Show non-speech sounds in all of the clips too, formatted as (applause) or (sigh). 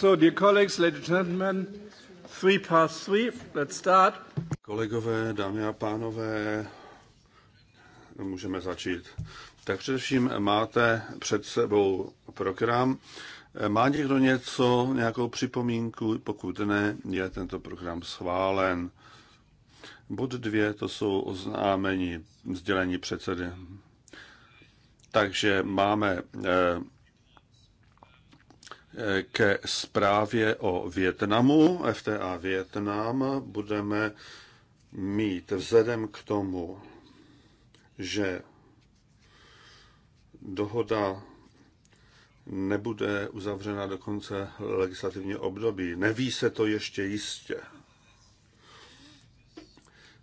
So, dear colleagues, ladies and gentlemen, three past three, let's start. Kolegové, dámy a pánové, můžeme začít. Tak především máte před sebou program. Má někdo něco, nějakou připomínku? Pokud ne, je tento program schválen. Bod dvě, to jsou oznámení, sdělení předsedy. Takže máme eh, ke zprávě o Větnamu, FTA Větnam, budeme mít vzhledem k tomu, že dohoda nebude uzavřena do konce legislativního období. Neví se to ještě jistě.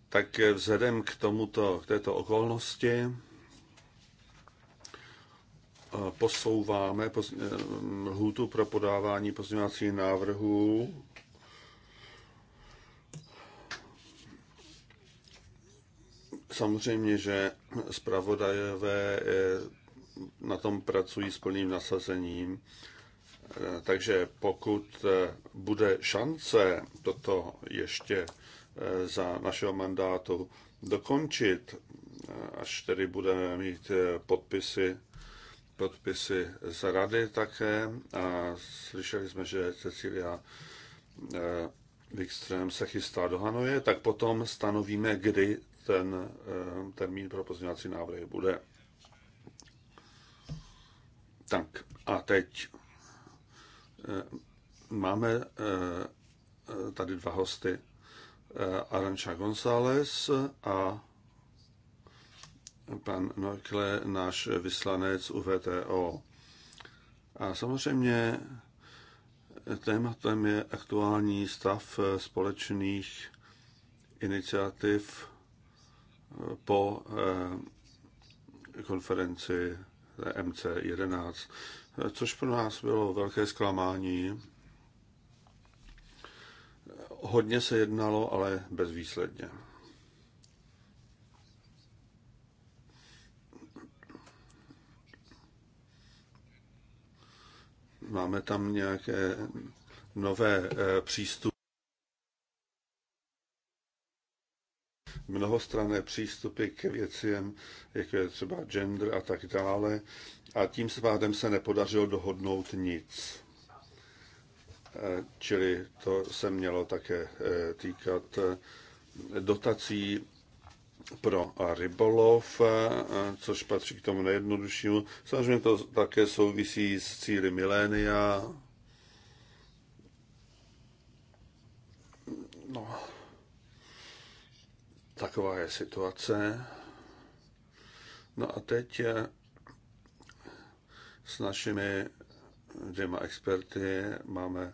Tak vzhledem k tomuto, k této okolnosti, posouváme eh, lhůtu pro podávání pozměňovacích návrhů Samozřejmě, že zpravodajové eh, na tom pracují s plným nasazením, eh, takže pokud bude šance toto ještě za našeho mandátu dokončit, až tedy budeme mít podpisy podpisy z rady také a slyšeli jsme, že Cecilia eh, Wikström se chystá do Hanoje, tak potom stanovíme, kdy ten eh, termín pro pozměňovací návrhy bude. Tak a teď eh, máme tady dva hosty, Arancha González a pan Nokle, náš vyslanec u VTO. A samozřejmě tématem je aktuální stav společných iniciativ po eh, konferenci MC11, což pro nás bylo velké zklamání. Hodně se jednalo, ale bezvýsledně. Máme tam nějaké nové eh, přístupy. mnohostranné přístupy k věcem, jako je třeba gender a tak dále. A tím svádem se nepodařilo dohodnout nic. Eh, čili to se mělo také eh, týkat dotací pro rybolov, eh, eh, což patří k tomu nejjednoduššímu. Samozřejmě to také souvisí s cíly milénia. No, taková je situace. No a teď je s našimi dvěma experty máme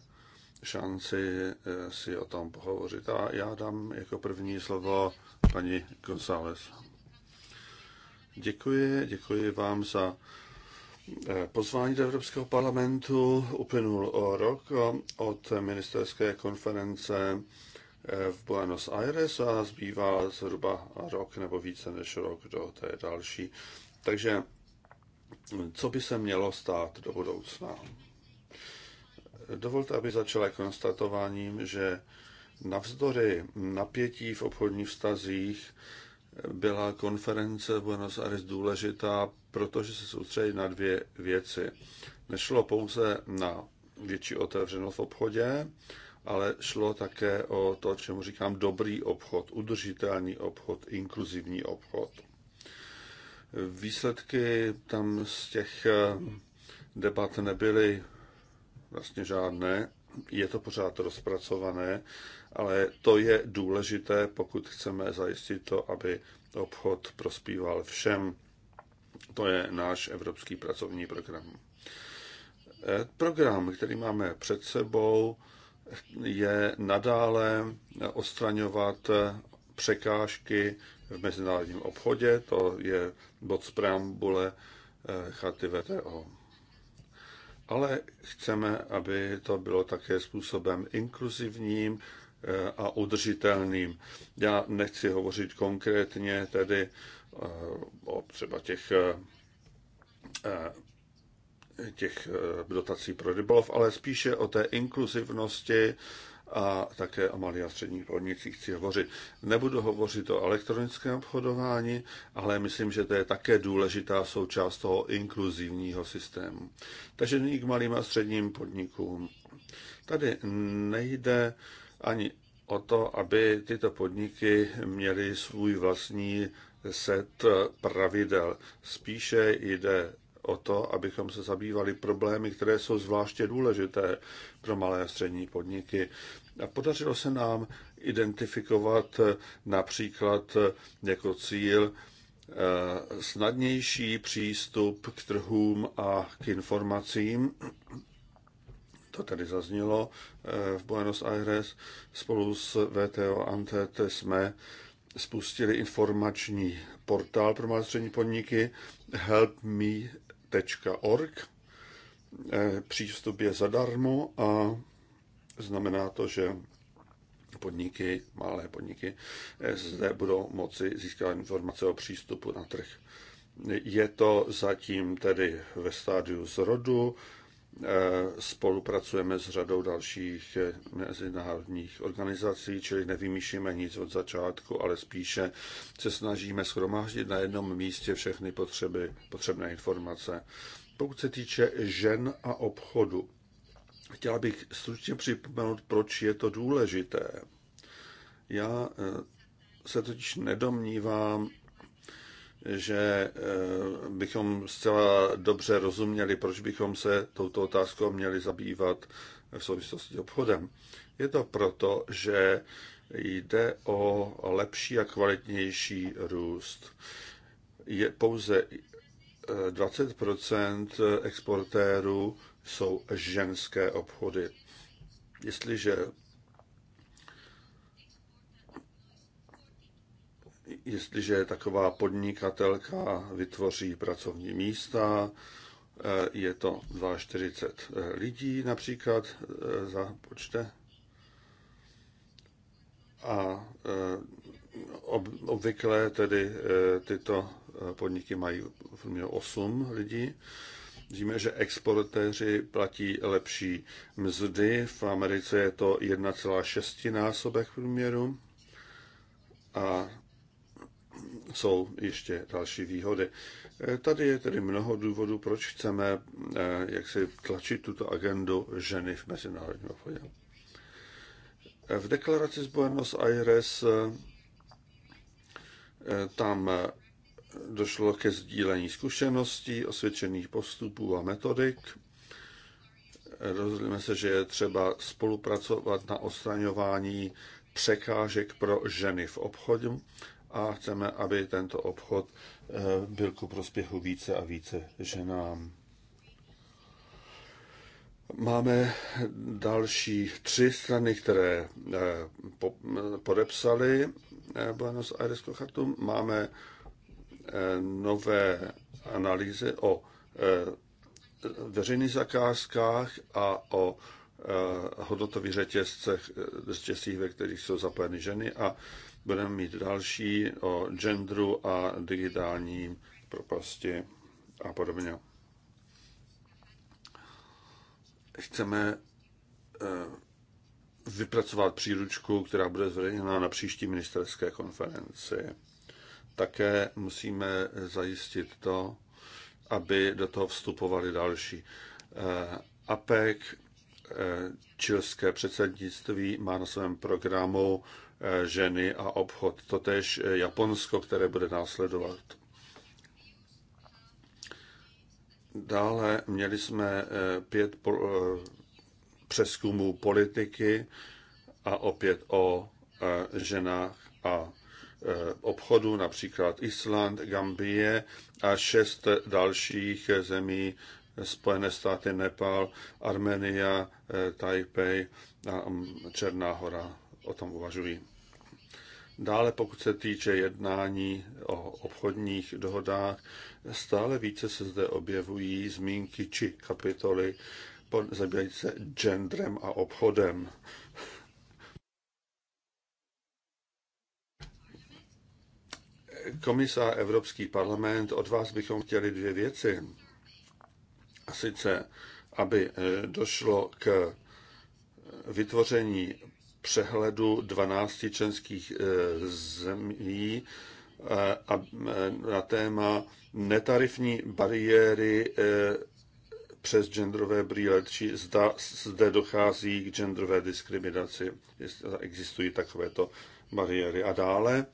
šanci eh, si o tom pohovořit. A já dám jako první slovo paní González. Děkuji, děkuji vám za eh, pozvání do Evropského parlamentu. Uplynul rok eh, od ministerské konference eh, v Buenos Aires a zbývá zhruba rok nebo více než rok do té další. Takže co by se mělo stát do budoucna? Dovolte, aby začala konstatováním, že Navzdory napětí v obchodních vztazích byla konference v Buenos Aires důležitá, protože se soustředí na dvě věci. Nešlo pouze na větší otevřenost v obchodě, ale šlo také o to, čemu říkám dobrý obchod, udržitelný obchod, inkluzivní obchod. Výsledky tam z těch eh, debat nebyly vlastně žádné, je to pořád rozpracované ale to je důležité, pokud chceme zajistit to, aby obchod prospíval všem. To je náš evropský pracovní program. Eh, program, který máme před sebou, je nadále odstraňovat překážky v mezinárodním obchodě, to je bod z preambule eh, chaty VTO. Ale chceme, aby to bylo také způsobem inkluzivním, Eh, a udržitelným. Já nechci hovořit konkrétně tedy eh, o třeba těch, eh, těch dotací pro rybolov, ale spíše o té inkluzivnosti a také o malých a středních podnicích chci hovořit. Nebudu hovořit o elektronickém obchodování, ale myslím, že to je také důležitá součást toho inkluzivního systému. Takže nyní k malým a středním podnikům. Tady nejde ani o to, aby tyto podniky měly svůj vlastní set pravidel. Spíše jde o to, abychom se zabývali problémy, které jsou zvláště důležité pro malé a střední podniky. A podařilo se nám identifikovat například jako cíl eh, snadnější přístup k trhům a k informacím to tady zaznělo eh, v Buenos Aires, spolu s VTO Antet jsme spustili informační portál pro malé střední podniky helpme.org. Eh, přístup je zadarmo a znamená to, že podniky, malé podniky, eh, zde budou moci získat informace o přístupu na trh. Je to zatím tedy ve stádiu zrodu, Eh, spolupracujeme s řadou dalších eh, mezinárodních organizací, čili nevymýšlíme nic od začátku, ale spíše se snažíme schromáždit na jednom místě všechny potřeby, potřebné informace. Pokud se týče žen a obchodu, chtěla bych stručně připomenout, proč je to důležité. Já eh, se totiž nedomnívám, že eh, bychom zcela dobře rozuměli, proč bychom se touto otázkou měli zabývat v souvislosti s obchodem. Je to proto, že jde o lepší a kvalitnější růst. Je pouze 20 eh, exportérů jsou ženské obchody. Jestliže jestliže taková podnikatelka vytvoří pracovní místa, eh, je to 240 eh, lidí například eh, za počte. A obvykle tedy tyto podniky mají 8 lidí. Víme, že exportéři platí lepší mzdy. V Americe je to 1,6 násobek průměru. A jsou ještě další výhody. E, tady je tedy mnoho důvodů, proč chceme e, jak si tlačit tuto agendu ženy v mezinárodním obchodě. E, v deklaraci z Buenos Aires tam došlo ke sdílení zkušeností, osvědčených postupů a metodik. Rozhodneme se, že je třeba spolupracovat na odstraňování překážek pro ženy v obchodu a chceme, aby tento obchod eh, byl ku prospěchu více a více ženám. Máme další tři strany, které eh, podepsaly eh, Buenos Aires chartu. Máme nové analýzy o veřejných zakázkách a o hodnotových řetězcech, řetězcích, ve kterých jsou zapojeny ženy a budeme mít další o genderu a digitální propasti a podobně. Chceme eh, vypracovat příručku, která bude zveřejněna na příští ministerské konferenci. Také musíme zajistit to, aby do toho vstupovali další. Eh, APEC, eh, čilské předsednictví, má na svém programu Eh, ženy a obchod. Totež eh, Japonsko, které bude následovat. Dále měli jsme eh, pět přeskumů politiky a opět o ženách a obchodu, například Island, Gambie a šest dalších zemí, Spojené státy, Nepal, Armenia, Taipei a mm, Černá hora o tom uvažují. Dále, pokud se týče jednání o obchodních dohodách, stále více se zde objevují zmínky či kapitoly zabývající se genderem a obchodem. Komisa Evropský parlament, od vás bychom chtěli dvě věci. A sice, aby eh, došlo k eh, vytvoření přehledu 12 členských eh, zemí eh, a eh, na téma netarifní bariéry přes genderové brýle, či zda zde dochází k genderové diskriminaci, existují takovéto bariéry. A dále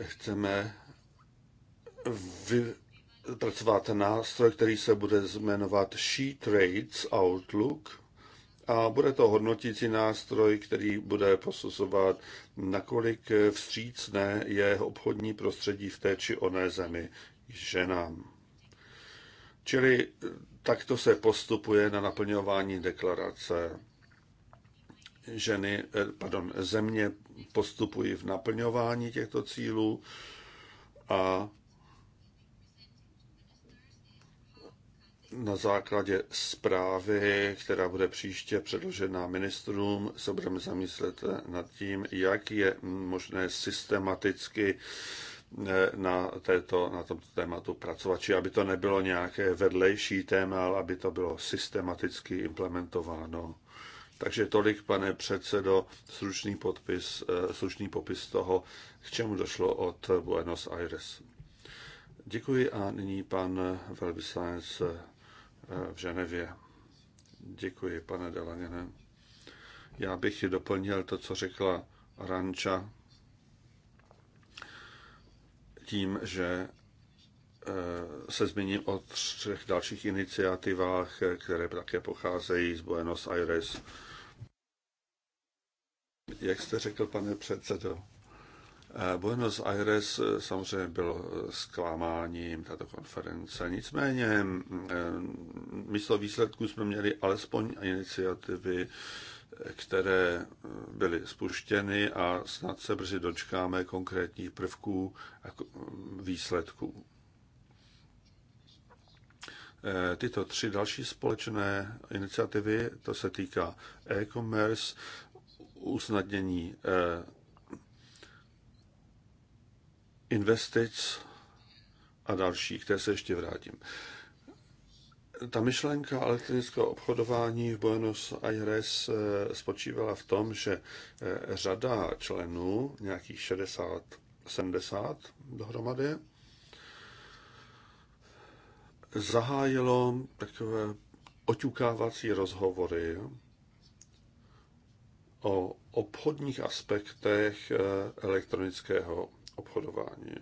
chceme vypracovat nástroj, který se bude zmenovat She Trades Outlook, a bude to hodnotící nástroj, který bude posuzovat, nakolik vstřícné je obchodní prostředí v té či oné zemi ženám. Čili takto se postupuje na naplňování deklarace. Ženy, pardon, země postupují v naplňování těchto cílů a na základě zprávy, která bude příště předložena ministrům, se budeme zamyslet nad tím, jak je možné systematicky eh, na, této, na tomto tématu pracovat, či aby to nebylo nějaké vedlejší téma, ale aby to bylo systematicky implementováno. Takže tolik, pane předsedo, slušný, podpis, eh, slušný popis toho, k čemu došlo od Buenos Aires. Děkuji a nyní pan velvyslanec v Ženevě. Děkuji, pane Delaněne. Já bych doplnil to, co řekla Ranča, tím, že eh, se zmíním o třech dalších iniciativách, které také pocházejí z Buenos Aires. Jak jste řekl, pane předsedo, Buenos Aires eh, samozřejmě bylo eh, zklamáním tato konference. Nicméně mm, eh, místo výsledků jsme měli alespoň iniciativy, které byly spuštěny a snad se brzy dočkáme konkrétních prvků a mm, výsledků. Tyto tři další společné iniciativy, to se týká e-commerce, usnadnění investic a další, které se ještě vrátím. Ta myšlenka elektronického obchodování v Buenos Aires eh, spočívala v tom, že eh, řada členů, nějakých 60, 70 dohromady, zahájilo takové oťukávací rozhovory o obchodních aspektech eh, elektronického obchodování.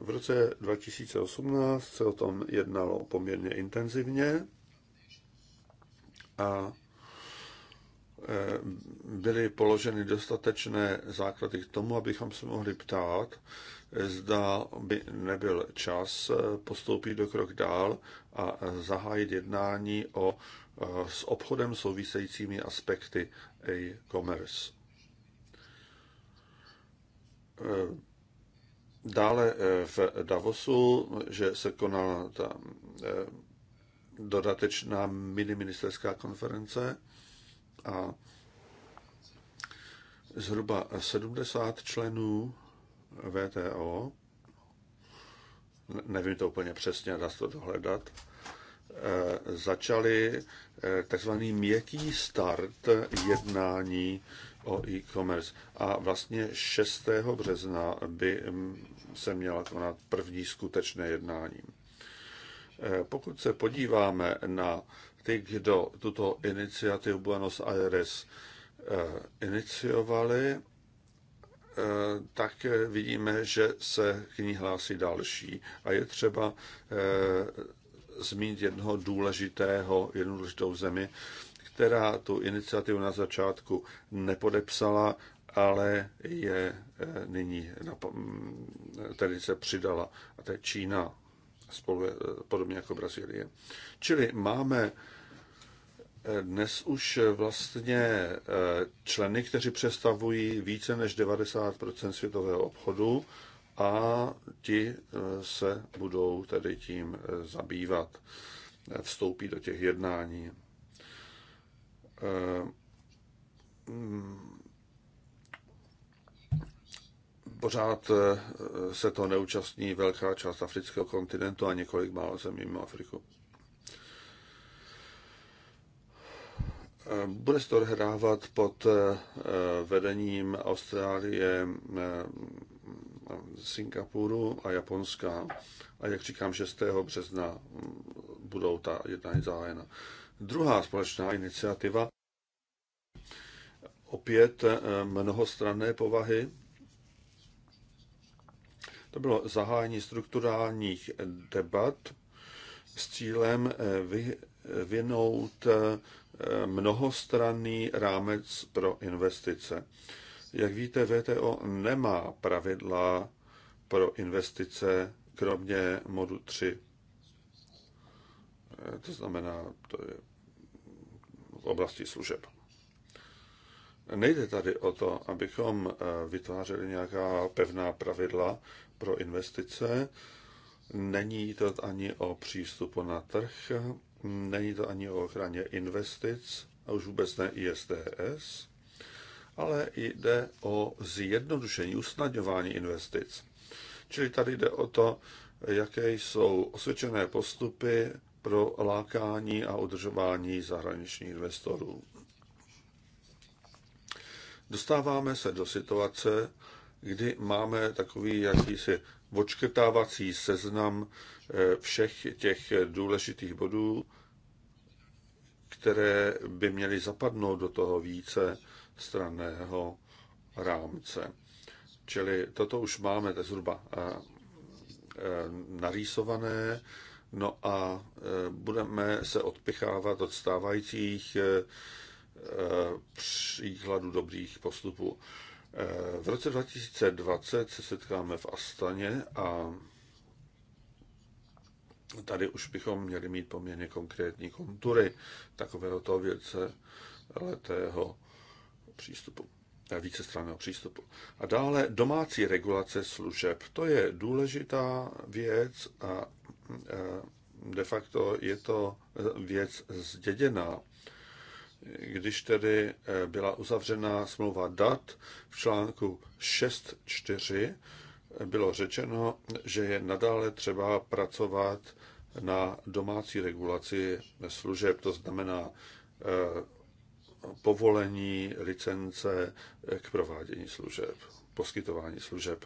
V roce 2018 se o tom jednalo poměrně intenzivně a e, byly položeny dostatečné základy k tomu, abychom se mohli ptát, zda by nebyl čas e, postoupit do krok dál a e, zahájit jednání o s obchodem souvisejícími aspekty e-commerce. Eh, dále eh, v Davosu, že se konala ta eh, dodatečná miniministerská konference a zhruba 70 členů VTO, nevím to úplně přesně, dá se to dohledat, začali takzvaný měkký start jednání o e-commerce. A vlastně 6. března by mm, se měla konat první skutečné jednání. E, pokud se podíváme na ty, kdo tuto iniciativu Buenos Aires e, iniciovali, e, tak vidíme, že se k ní hlásí další. A je třeba zmínit jednoho důležitého, jednu důležitou zemi, která tu iniciativu na začátku nepodepsala, ale je eh, nyní, tedy se přidala, a to je Čína, spolu, eh, podobně jako Brazílie. Čili máme eh, dnes už vlastně členy, kteří představují více než 90 světového obchodu a ti se budou tedy tím zabývat, vstoupí do těch jednání. Eh, mm, pořád eh, se to neúčastní velká část afrického kontinentu a několik málo zemí mimo Afriku. Eh, bude se to odhrávat pod vedením Austrálie, Singapuru a Japonska. A jak říkám, 6. března budou ta jednání zahájena. Druhá společná iniciativa, opět eh, mnohostranné povahy, to bylo zahájení strukturálních debat s cílem eh, vyvinout eh, mnohostranný rámec pro investice. Jak víte, VTO nemá pravidla pro investice, kromě modu 3. Eh, to znamená, to je v oblasti služeb. Nejde tady o to, abychom eh, vytvářeli nějaká pevná pravidla pro investice. Není to ani o přístupu na trh, není to ani o ochraně investic, a už vůbec ne ISDS, ale jde o zjednodušení, usnadňování investic. Čili tady jde o to, jaké jsou osvědčené postupy pro lákání a udržování zahraničních investorů. Dostáváme se do situace, kdy máme takový jakýsi očkrtávací seznam eh, všech těch důležitých bodů, které by měly zapadnout do toho více straného rámce. Čili toto už máme to zhruba eh, eh, narýsované, No a e, budeme se odpichávat od stávajících e, e, příkladů dobrých postupů. V roce 2020 se setkáme v Astaně a tady už bychom měli mít poměrně konkrétní kontury takového toho věce letého přístupu vícestranného přístupu. A dále domácí regulace služeb. To je důležitá věc a e, de facto je to e, věc zděděná. Když tedy e, byla uzavřena smlouva DAT v článku 6.4, bylo řečeno, že je nadále třeba pracovat na domácí regulaci služeb, to znamená povolení, licence k provádění služeb, poskytování služeb.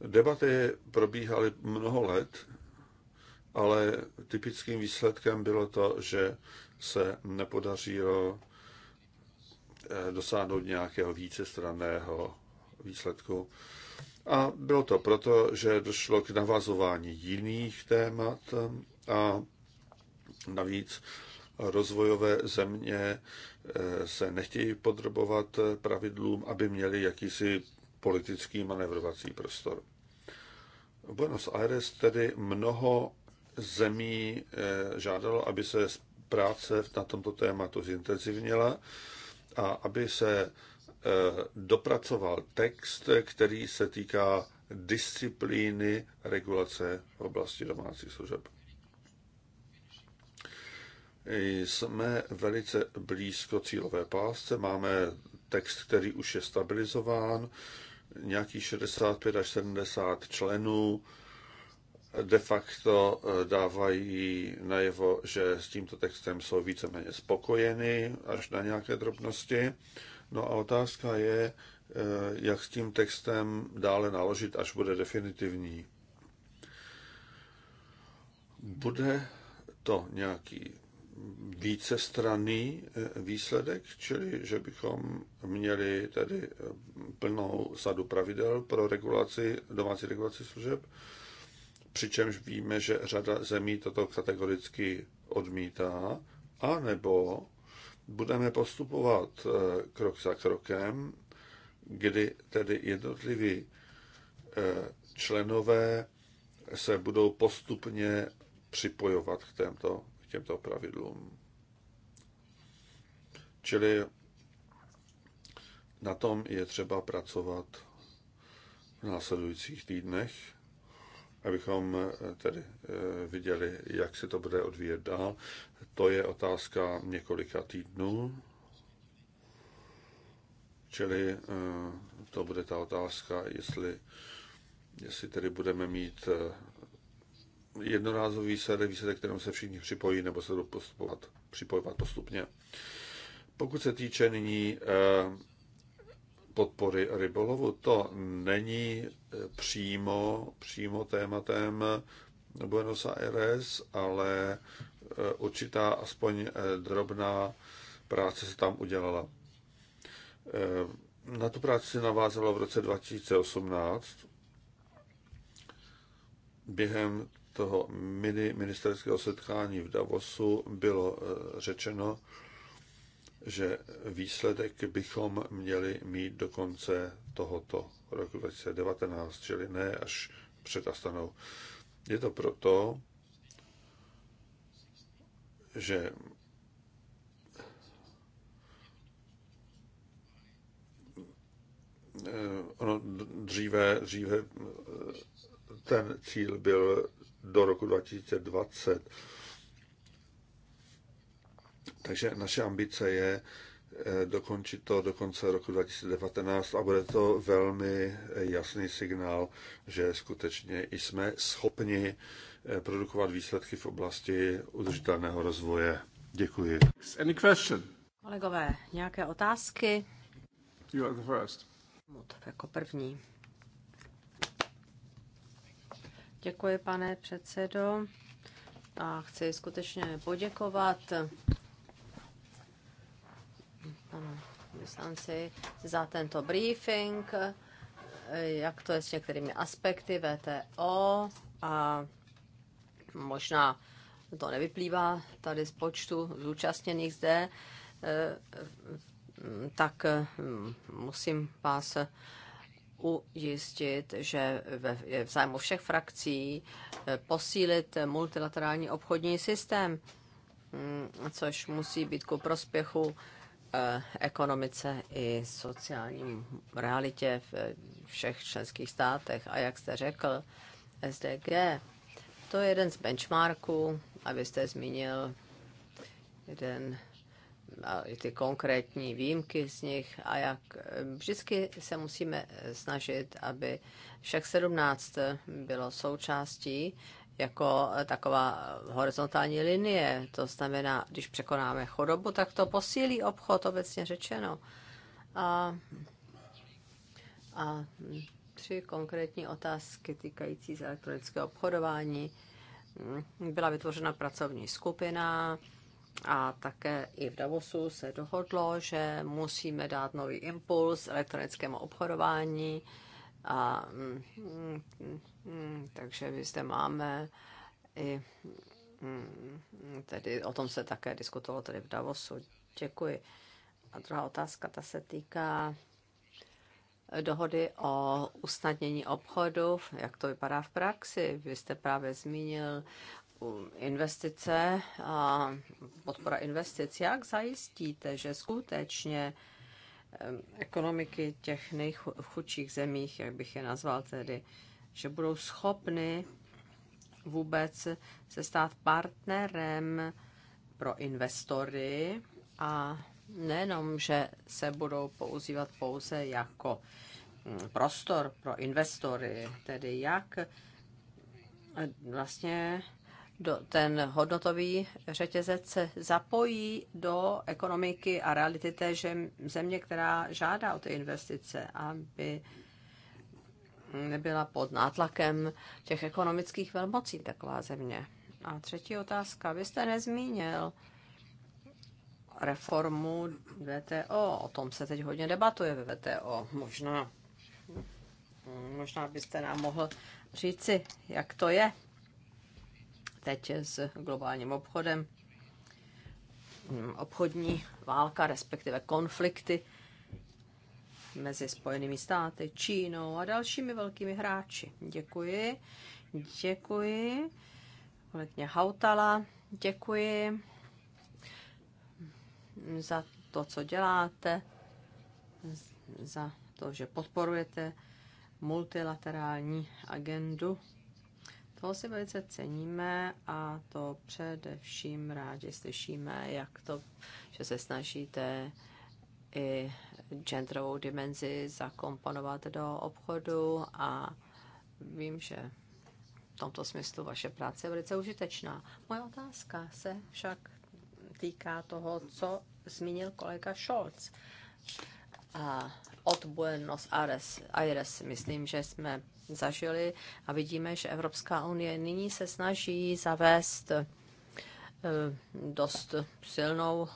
Debaty probíhaly mnoho let, ale typickým výsledkem bylo to, že se nepodařilo eh, dosáhnout nějakého vícestranného výsledku. A bylo to proto, že došlo k navazování jiných témat a navíc rozvojové země eh, se nechtějí podrobovat pravidlům, aby měli jakýsi politický manevrovací prostor. V Buenos Aires tedy mnoho zemí eh, žádalo, aby se práce na tomto tématu zintenzivnila a aby se eh, dopracoval text, který se týká disciplíny regulace v oblasti domácích služeb jsme velice blízko cílové pásce, máme text, který už je stabilizován, nějakých 65 až 70 členů de facto eh, dávají najevo, že s tímto textem jsou víceméně spokojeny až na nějaké drobnosti. No a otázka je, eh, jak s tím textem dále naložit, až bude definitivní. Bude to nějaký vícestranný eh, výsledek, čili že bychom měli tedy eh, plnou sadu pravidel pro regulaci, domácí regulaci služeb, přičemž víme, že řada zemí toto kategoricky odmítá, anebo budeme postupovat eh, krok za krokem, kdy tedy jednotliví členové se budou postupně připojovat k této těmto pravidlům. Čili na tom je třeba pracovat v následujících týdnech, abychom eh, tedy eh, viděli, jak se to bude odvíjet dál. To je otázka několika týdnů, čili eh, to bude ta otázka, jestli, jestli tedy budeme mít jednorázový výsledek, výsledek, kterému se všichni připojí nebo se budou postupovat, připojovat postupně. Pokud se týče nyní eh, podpory rybolovu, to není eh, přímo, přímo tématem Buenos Aires, ale eh, určitá aspoň drobná práce se tam udělala. Na tu práci se navázalo v roce 2018. Během toho mini ministerského setkání v Davosu bylo eh, řečeno, že výsledek bychom měli mít do konce tohoto roku 2019, čili ne až před Astanou. Je to proto, že eh, ono dříve, dříve eh, ten cíl byl do roku 2020. Takže naše ambice je eh, dokončit to do konce roku 2019 a bude to velmi eh, jasný signál, že skutečně jsme schopni eh, produkovat výsledky v oblasti udržitelného rozvoje. Děkuji. Any question? Kolegové, nějaké otázky? You are the first. Jako první. Děkuji, pane předsedo. A chci skutečně poděkovat panu vyslanci za tento briefing, jak to je s některými aspekty VTO a možná to nevyplývá tady z počtu zúčastněných zde, eh, tak hm, musím vás ujistit, že je v zájmu všech frakcí eh, posílit multilaterální obchodní systém, mm, což musí být ku prospěchu eh, ekonomice i sociální realitě v všech členských státech. A jak jste řekl, SDG, to je jeden z benchmarků, abyste zmínil jeden a ty konkrétní výjimky z nich a jak vždycky se musíme snažit, aby však 17 bylo součástí jako taková horizontální linie. To znamená, když překonáme chodobu, tak to posílí obchod, obecně řečeno. A, a tři konkrétní otázky týkající se elektronického obchodování. Byla vytvořena pracovní skupina, a také i v Davosu se dohodlo, že musíme dát nový impuls elektronickému obchodování. A, mm, mm, takže my zde máme i mm, tedy o tom se také diskutovalo tady v Davosu. Děkuji. A druhá otázka, ta se týká dohody o usnadnění obchodu, jak to vypadá v praxi. Vy jste právě zmínil investice a podpora investic, jak zajistíte, že skutečně ekonomiky těch nejchudších zemích, jak bych je nazval tedy, že budou schopny vůbec se stát partnerem pro investory a nejenom, že se budou používat pouze jako mm, prostor pro investory, tedy jak vlastně do, ten hodnotový řetězec se zapojí do ekonomiky a reality té že země, která žádá o ty investice, aby nebyla pod nátlakem těch ekonomických velmocí taková země. A třetí otázka. Vy jste nezmínil reformu VTO. O tom se teď hodně debatuje ve VTO. Možná, možná byste nám mohl říci, jak to je teď s globálním obchodem. Obchodní válka, respektive konflikty mezi Spojenými státy, Čínou a dalšími velkými hráči. Děkuji. Děkuji. Kolegyně Hautala, děkuji za to, co děláte, za to, že podporujete multilaterální agendu toho si velice ceníme a to především rádi slyšíme, jak to, že se snažíte i genderovou dimenzi zakomponovat do obchodu a vím, že v tomto smyslu vaše práce je velice užitečná. Moje otázka se však týká toho, co zmínil kolega Scholz. A od Buenos Aires. Aires. Myslím, že jsme zažili a vidíme, že Evropská unie nyní se snaží zavést eh, dost silnou,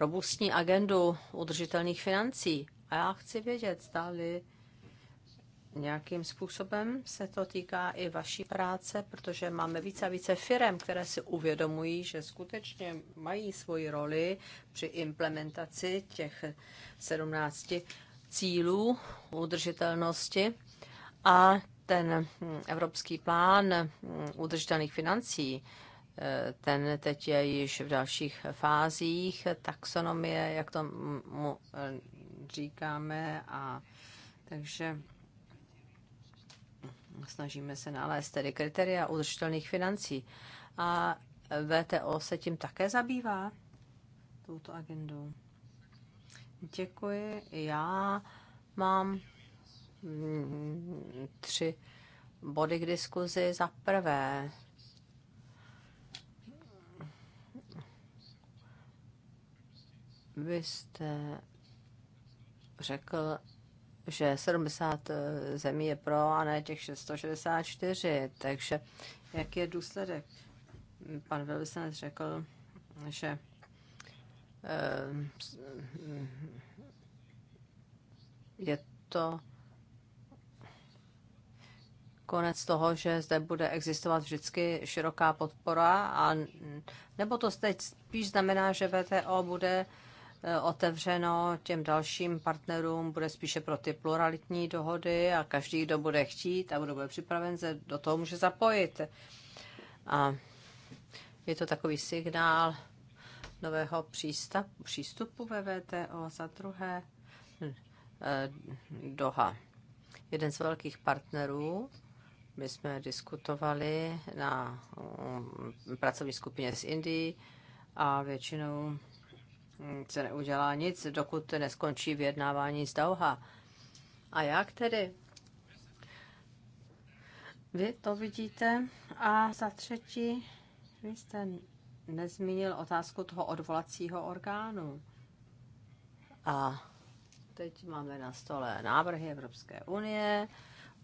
robustní agendu udržitelných financí. A já chci vědět, zdali nějakým způsobem se to týká i vaší práce, protože máme více a více firm, které si uvědomují, že skutečně mají svoji roli při implementaci těch 17 cílů udržitelnosti a ten evropský plán udržitelných financí, eh, ten teď je již v dalších fázích taxonomie, jak to mu eh, říkáme, a takže snažíme se nalézt tedy kritéria udržitelných financí. A eh, VTO se tím také zabývá, touto agendou. Děkuji. Já mám mm, tři body k diskuzi. Za prvé, vy jste řekl, že 70 zemí je pro a ne těch 664, takže jaký je důsledek? Pan velvyslanec řekl, že Eh, je to konec toho, že zde bude existovat vždycky široká podpora, a, nebo to teď spíš znamená, že VTO bude eh, otevřeno těm dalším partnerům, bude spíše pro ty pluralitní dohody a každý, kdo bude chtít a kdo bude připraven, se do toho může zapojit. A je to takový signál, nového přístav, přístupu ve VTO, za druhé hm, eh, Doha. Jeden z velkých partnerů, my jsme diskutovali na hm, pracovní skupině z Indii a většinou hm, se neudělá nic, dokud neskončí vyjednávání z doha. A jak tedy? Vy to vidíte. A za třetí, vy jste nezmínil otázku toho odvolacího orgánu. A teď máme na stole návrhy Evropské unie,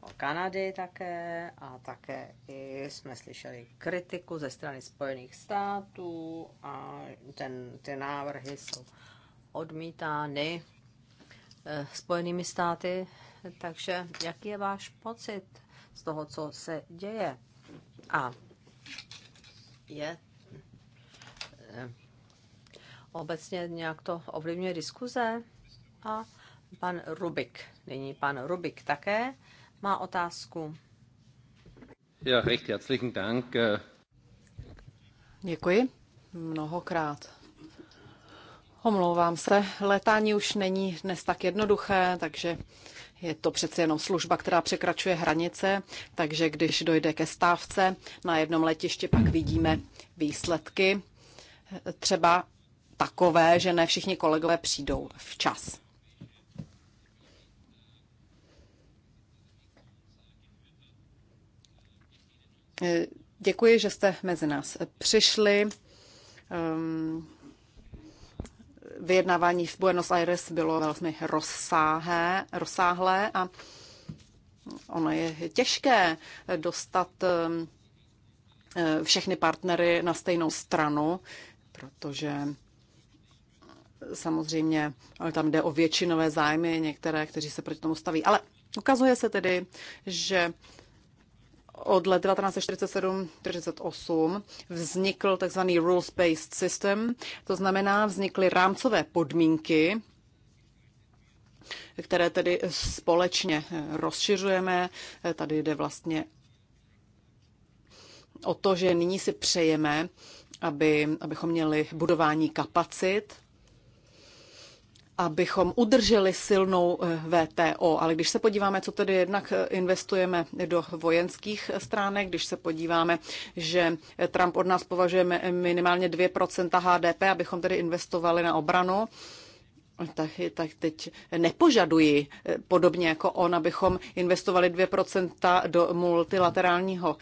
o Kanady také a také i jsme slyšeli kritiku ze strany Spojených států a ten, ty návrhy jsou odmítány eh, Spojenými státy. Takže jaký je váš pocit z toho, co se děje? A je obecně nějak to ovlivňuje diskuze. A pan Rubik, nyní pan Rubik také má otázku. Ja, recht herzlichen Dank. Äh. Děkuji mnohokrát. Omlouvám se, letání už není dnes tak jednoduché, takže je to přece jenom služba, která překračuje hranice, takže když dojde ke stávce na jednom letišti, pak vidíme výsledky třeba takové, že ne všichni kolegové přijdou včas. Děkuji, že jste mezi nás přišli. Ehm, vyjednávání v Buenos Aires bylo velmi rozsáhé, rozsáhlé a ono je těžké dostat ehm, všechny partnery na stejnou stranu protože samozřejmě ale tam jde o většinové zájmy některé, kteří se proti tomu staví. Ale ukazuje se tedy, že od let 1947 1948 vznikl tzv. rules-based system, to znamená vznikly rámcové podmínky, které tedy společně rozšiřujeme. Tady jde vlastně o to, že nyní si přejeme aby, abychom měli budování kapacit, abychom udrželi silnou eh, VTO. Ale když se podíváme, co tedy jednak eh, investujeme do vojenských stránek, když se podíváme, že eh, Trump od nás považuje minimálně 2% HDP, abychom tedy investovali na obranu, tak, tak teď nepožaduji, podobně jako on, abychom investovali 2% do multilaterálního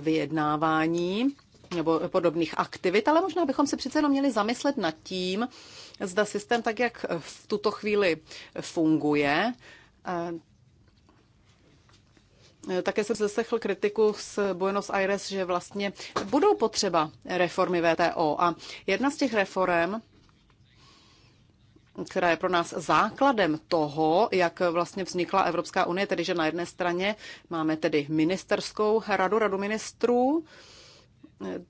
vyjednávání nebo podobných aktivit, ale možná bychom se přece jenom měli zamyslet nad tím, zda systém tak, jak v tuto chvíli funguje, eh, eh, také jsem zasechl kritiku z Buenos Aires, že vlastně budou potřeba reformy VTO. A jedna z těch reform, která je pro nás základem toho, jak vlastně vznikla Evropská unie, tedy že na jedné straně máme tedy ministerskou radu, radu ministrů,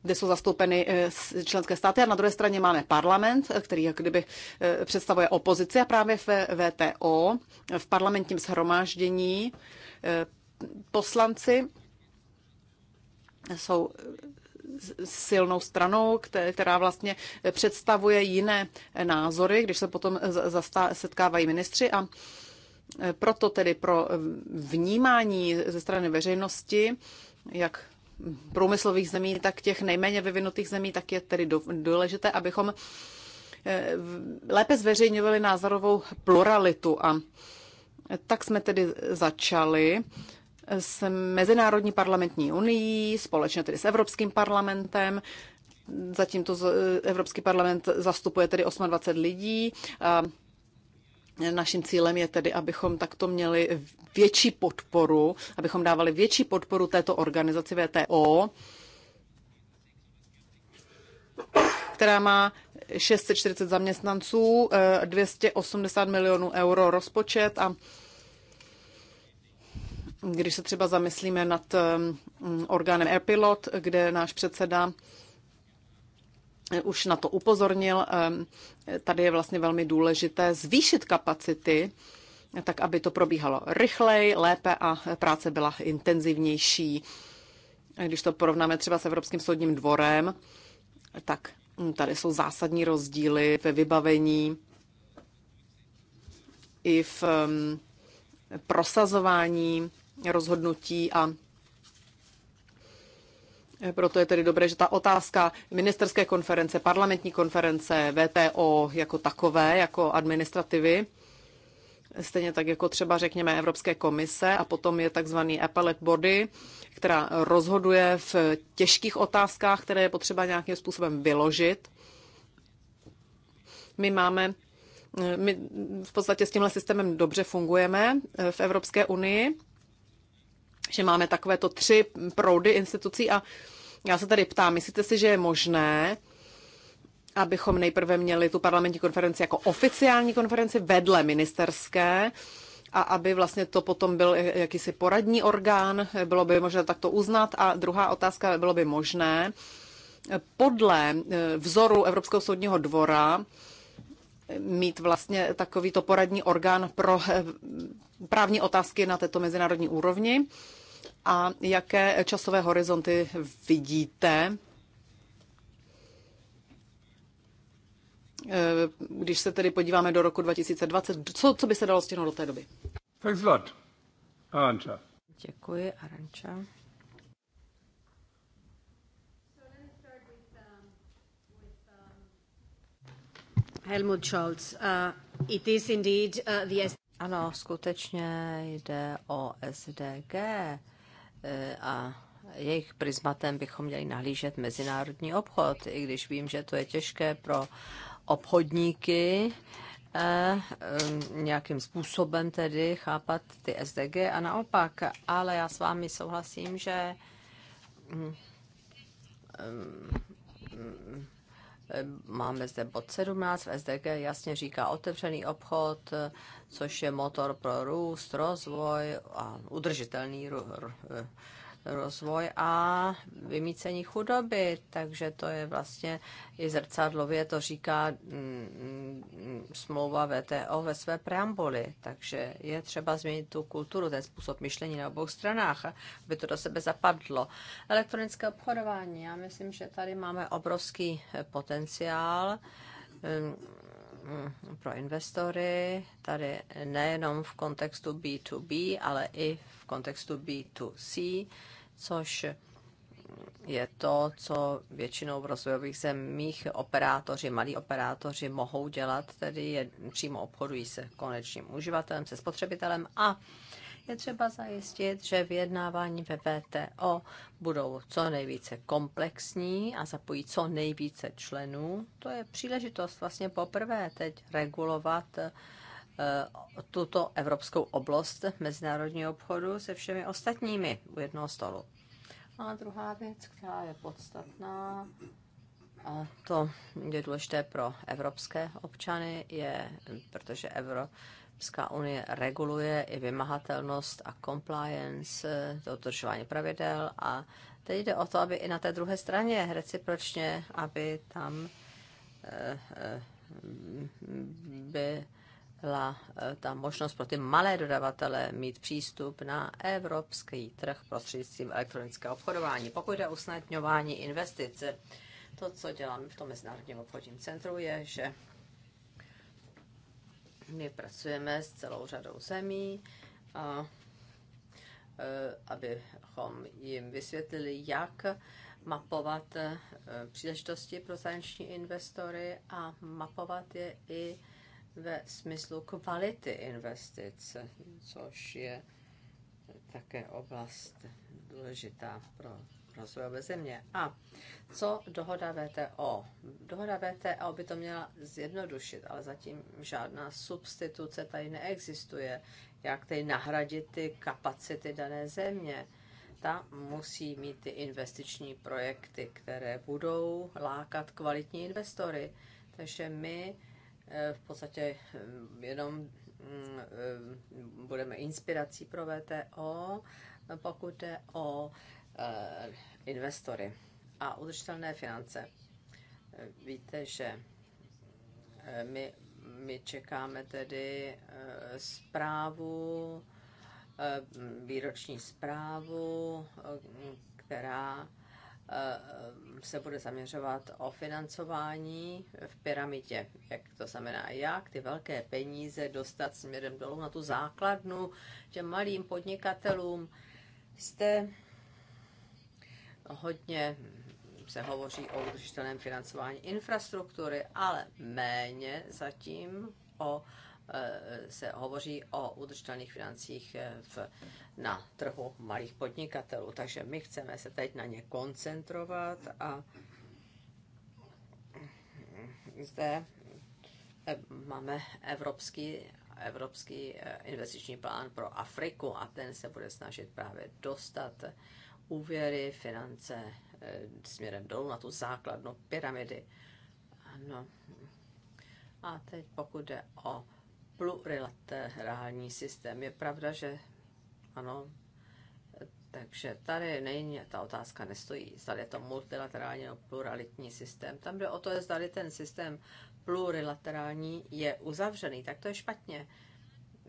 kde jsou zastoupeny eh, členské státy a na druhé straně máme parlament, který jak kdyby eh, představuje opozici a právě v VTO, v parlamentním shromáždění, eh, poslanci jsou silnou stranou, která vlastně představuje jiné názory, když se potom setkávají ministři a proto tedy pro vnímání ze strany veřejnosti, jak průmyslových zemí, tak těch nejméně vyvinutých zemí, tak je tedy důležité, abychom eh, lépe zveřejňovali názorovou pluralitu. A tak jsme tedy začali s Mezinárodní parlamentní unii, společně tedy s Evropským parlamentem. Zatím to Evropský parlament zastupuje tedy 28 lidí. A Naším cílem je tedy, abychom takto měli větší podporu, abychom dávali větší podporu této organizaci VTO, která má 640 zaměstnanců, 280 eh, milionů euro rozpočet a když se třeba zamyslíme nad ehm, orgánem Airpilot, kde náš předseda už na to upozornil. Tady je vlastně velmi důležité zvýšit kapacity, tak aby to probíhalo rychleji, lépe a práce byla intenzivnější. Když to porovnáme třeba s Evropským soudním dvorem, tak tady jsou zásadní rozdíly ve vybavení i v prosazování rozhodnutí a proto je tedy dobré, že ta otázka ministerské konference, parlamentní konference, VTO jako takové, jako administrativy, stejně tak jako třeba řekněme Evropské komise a potom je takzvaný appellate body, která rozhoduje v těžkých otázkách, které je potřeba nějakým způsobem vyložit. My máme my v podstatě s tímhle systémem dobře fungujeme v Evropské unii, že máme takovéto tři proudy institucí a já se tady ptám, myslíte si, že je možné, abychom nejprve měli tu parlamentní konferenci jako oficiální konferenci vedle ministerské, a aby vlastně to potom byl jakýsi poradní orgán, bylo by možné takto uznat. A druhá otázka, bylo by možné podle eh, vzoru Evropského soudního dvora mít vlastně takovýto poradní orgán pro eh, právní otázky na této mezinárodní úrovni a jaké časové horizonty vidíte, eh, když se tedy podíváme do roku 2020, co, co by se dalo stihnout do té doby? Thanks a lot. Aranča. Děkuji, Aranča. Helmut Scholz. Uh, it is indeed uh, the... Ano, skutečně jde o SDG. Eh, a jejich prismatem bychom měli nahlížet mezinárodní obchod, i když vím, že to je těžké pro obchodníky eh, eh, nějakým způsobem tedy chápat ty SDG a naopak, ale já s vámi souhlasím, že mm, mm, Máme zde bod 17 v SDG, jasně říká otevřený obchod, což je motor pro růst, rozvoj a udržitelný rozvoj a vymícení chudoby. Takže to je vlastně i zrcadlově, to říká mm, mm, smlouva VTO ve své preambuli. Takže je třeba změnit tu kulturu, ten způsob myšlení na obou stranách, aby to do sebe zapadlo. Elektronické obchodování. Já myslím, že tady máme obrovský potenciál mm, pro investory, tady nejenom v kontextu B2B, ale i v kontextu B2C, což je to, co většinou v rozvojových zemích operátoři, malí operátoři mohou dělat, tedy je, přímo obchodují se konečným uživatelem, se spotřebitelem a je třeba zajistit, že vyjednávání ve VTO budou co nejvíce komplexní a zapojí co nejvíce členů. To je příležitost vlastně poprvé teď regulovat Eh, tuto evropskou oblast mezinárodního obchodu se všemi ostatními u jednoho stolu. A druhá věc, která je podstatná, a to je důležité pro evropské občany, je, protože Evropská unie reguluje i vymahatelnost a compliance, eh, dodržování pravidel a teď jde o to, aby i na té druhé straně recipročně, aby tam eh, by la eh, ta možnost pro ty malé dodavatele mít přístup na evropský trh prostřednictvím elektronického obchodování. Pokud jde o usnadňování investice. to, co děláme v tom Mezinárodním obchodním centru, je, že my pracujeme s celou řadou zemí, a, eh, abychom jim vysvětlili, jak mapovat eh, příležitosti pro zahraniční investory a mapovat je i ve smyslu kvality investic, což je také oblast důležitá pro rozvojové země. A co dohoda VTO? Dohoda VTO by to měla zjednodušit, ale zatím žádná substituce tady neexistuje. Jak tady nahradit ty kapacity dané země? Ta musí mít ty investiční projekty, které budou lákat kvalitní investory. Takže my Eh, v podstatě eh, jenom mm, eh, budeme inspirací pro VTO, pokud jde o investory a udržitelné finance. Víte, že my, my čekáme tedy zprávu, výroční zprávu, která Eh, se bude zaměřovat o financování v pyramidě. Jak to znamená, jak ty velké peníze dostat směrem dolů na tu základnu těm malým podnikatelům. Jste hodně se hovoří o udržitelném financování infrastruktury, ale méně zatím o Eh, se hovoří o udržitelných financích eh, v, na trhu malých podnikatelů. Takže my chceme se teď na ně koncentrovat a zde eh, máme evropský, evropský investiční plán pro Afriku a ten se bude snažit právě dostat úvěry, finance směrem dolů na tu základnu pyramidy. Ano. A teď pokud jde o plurilaterální systém. Je pravda, že ano, takže tady není, ta otázka nestojí, zda je to multilaterální nebo pluralitní systém. Tam jde o to, zda ten systém plurilaterální je uzavřený, tak to je špatně.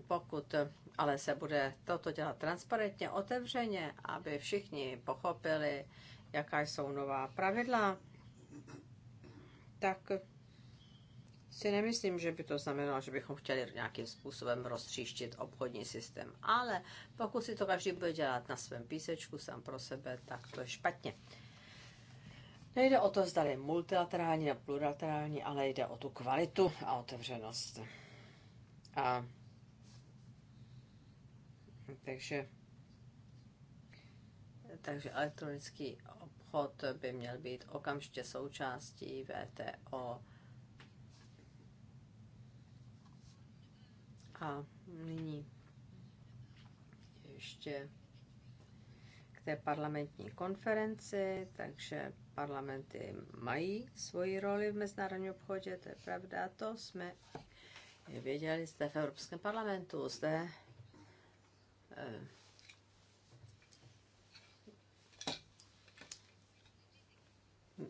Pokud ale se bude toto dělat transparentně, otevřeně, aby všichni pochopili, jaká jsou nová pravidla, tak si nemyslím, že by to znamenalo, že bychom chtěli nějakým způsobem roztříštit obchodní systém. Ale pokud si to každý bude dělat na svém písečku sám pro sebe, tak to je špatně. Nejde o to, zda je multilaterální nebo plurilaterální, ale jde o tu kvalitu a otevřenost. A takže, takže elektronický obchod by měl být okamžitě součástí VTO A nyní ještě k té parlamentní konferenci, takže parlamenty mají svoji roli v mezinárodním obchodě, to je pravda, to jsme věděli zde v Evropském parlamentu, zde eh,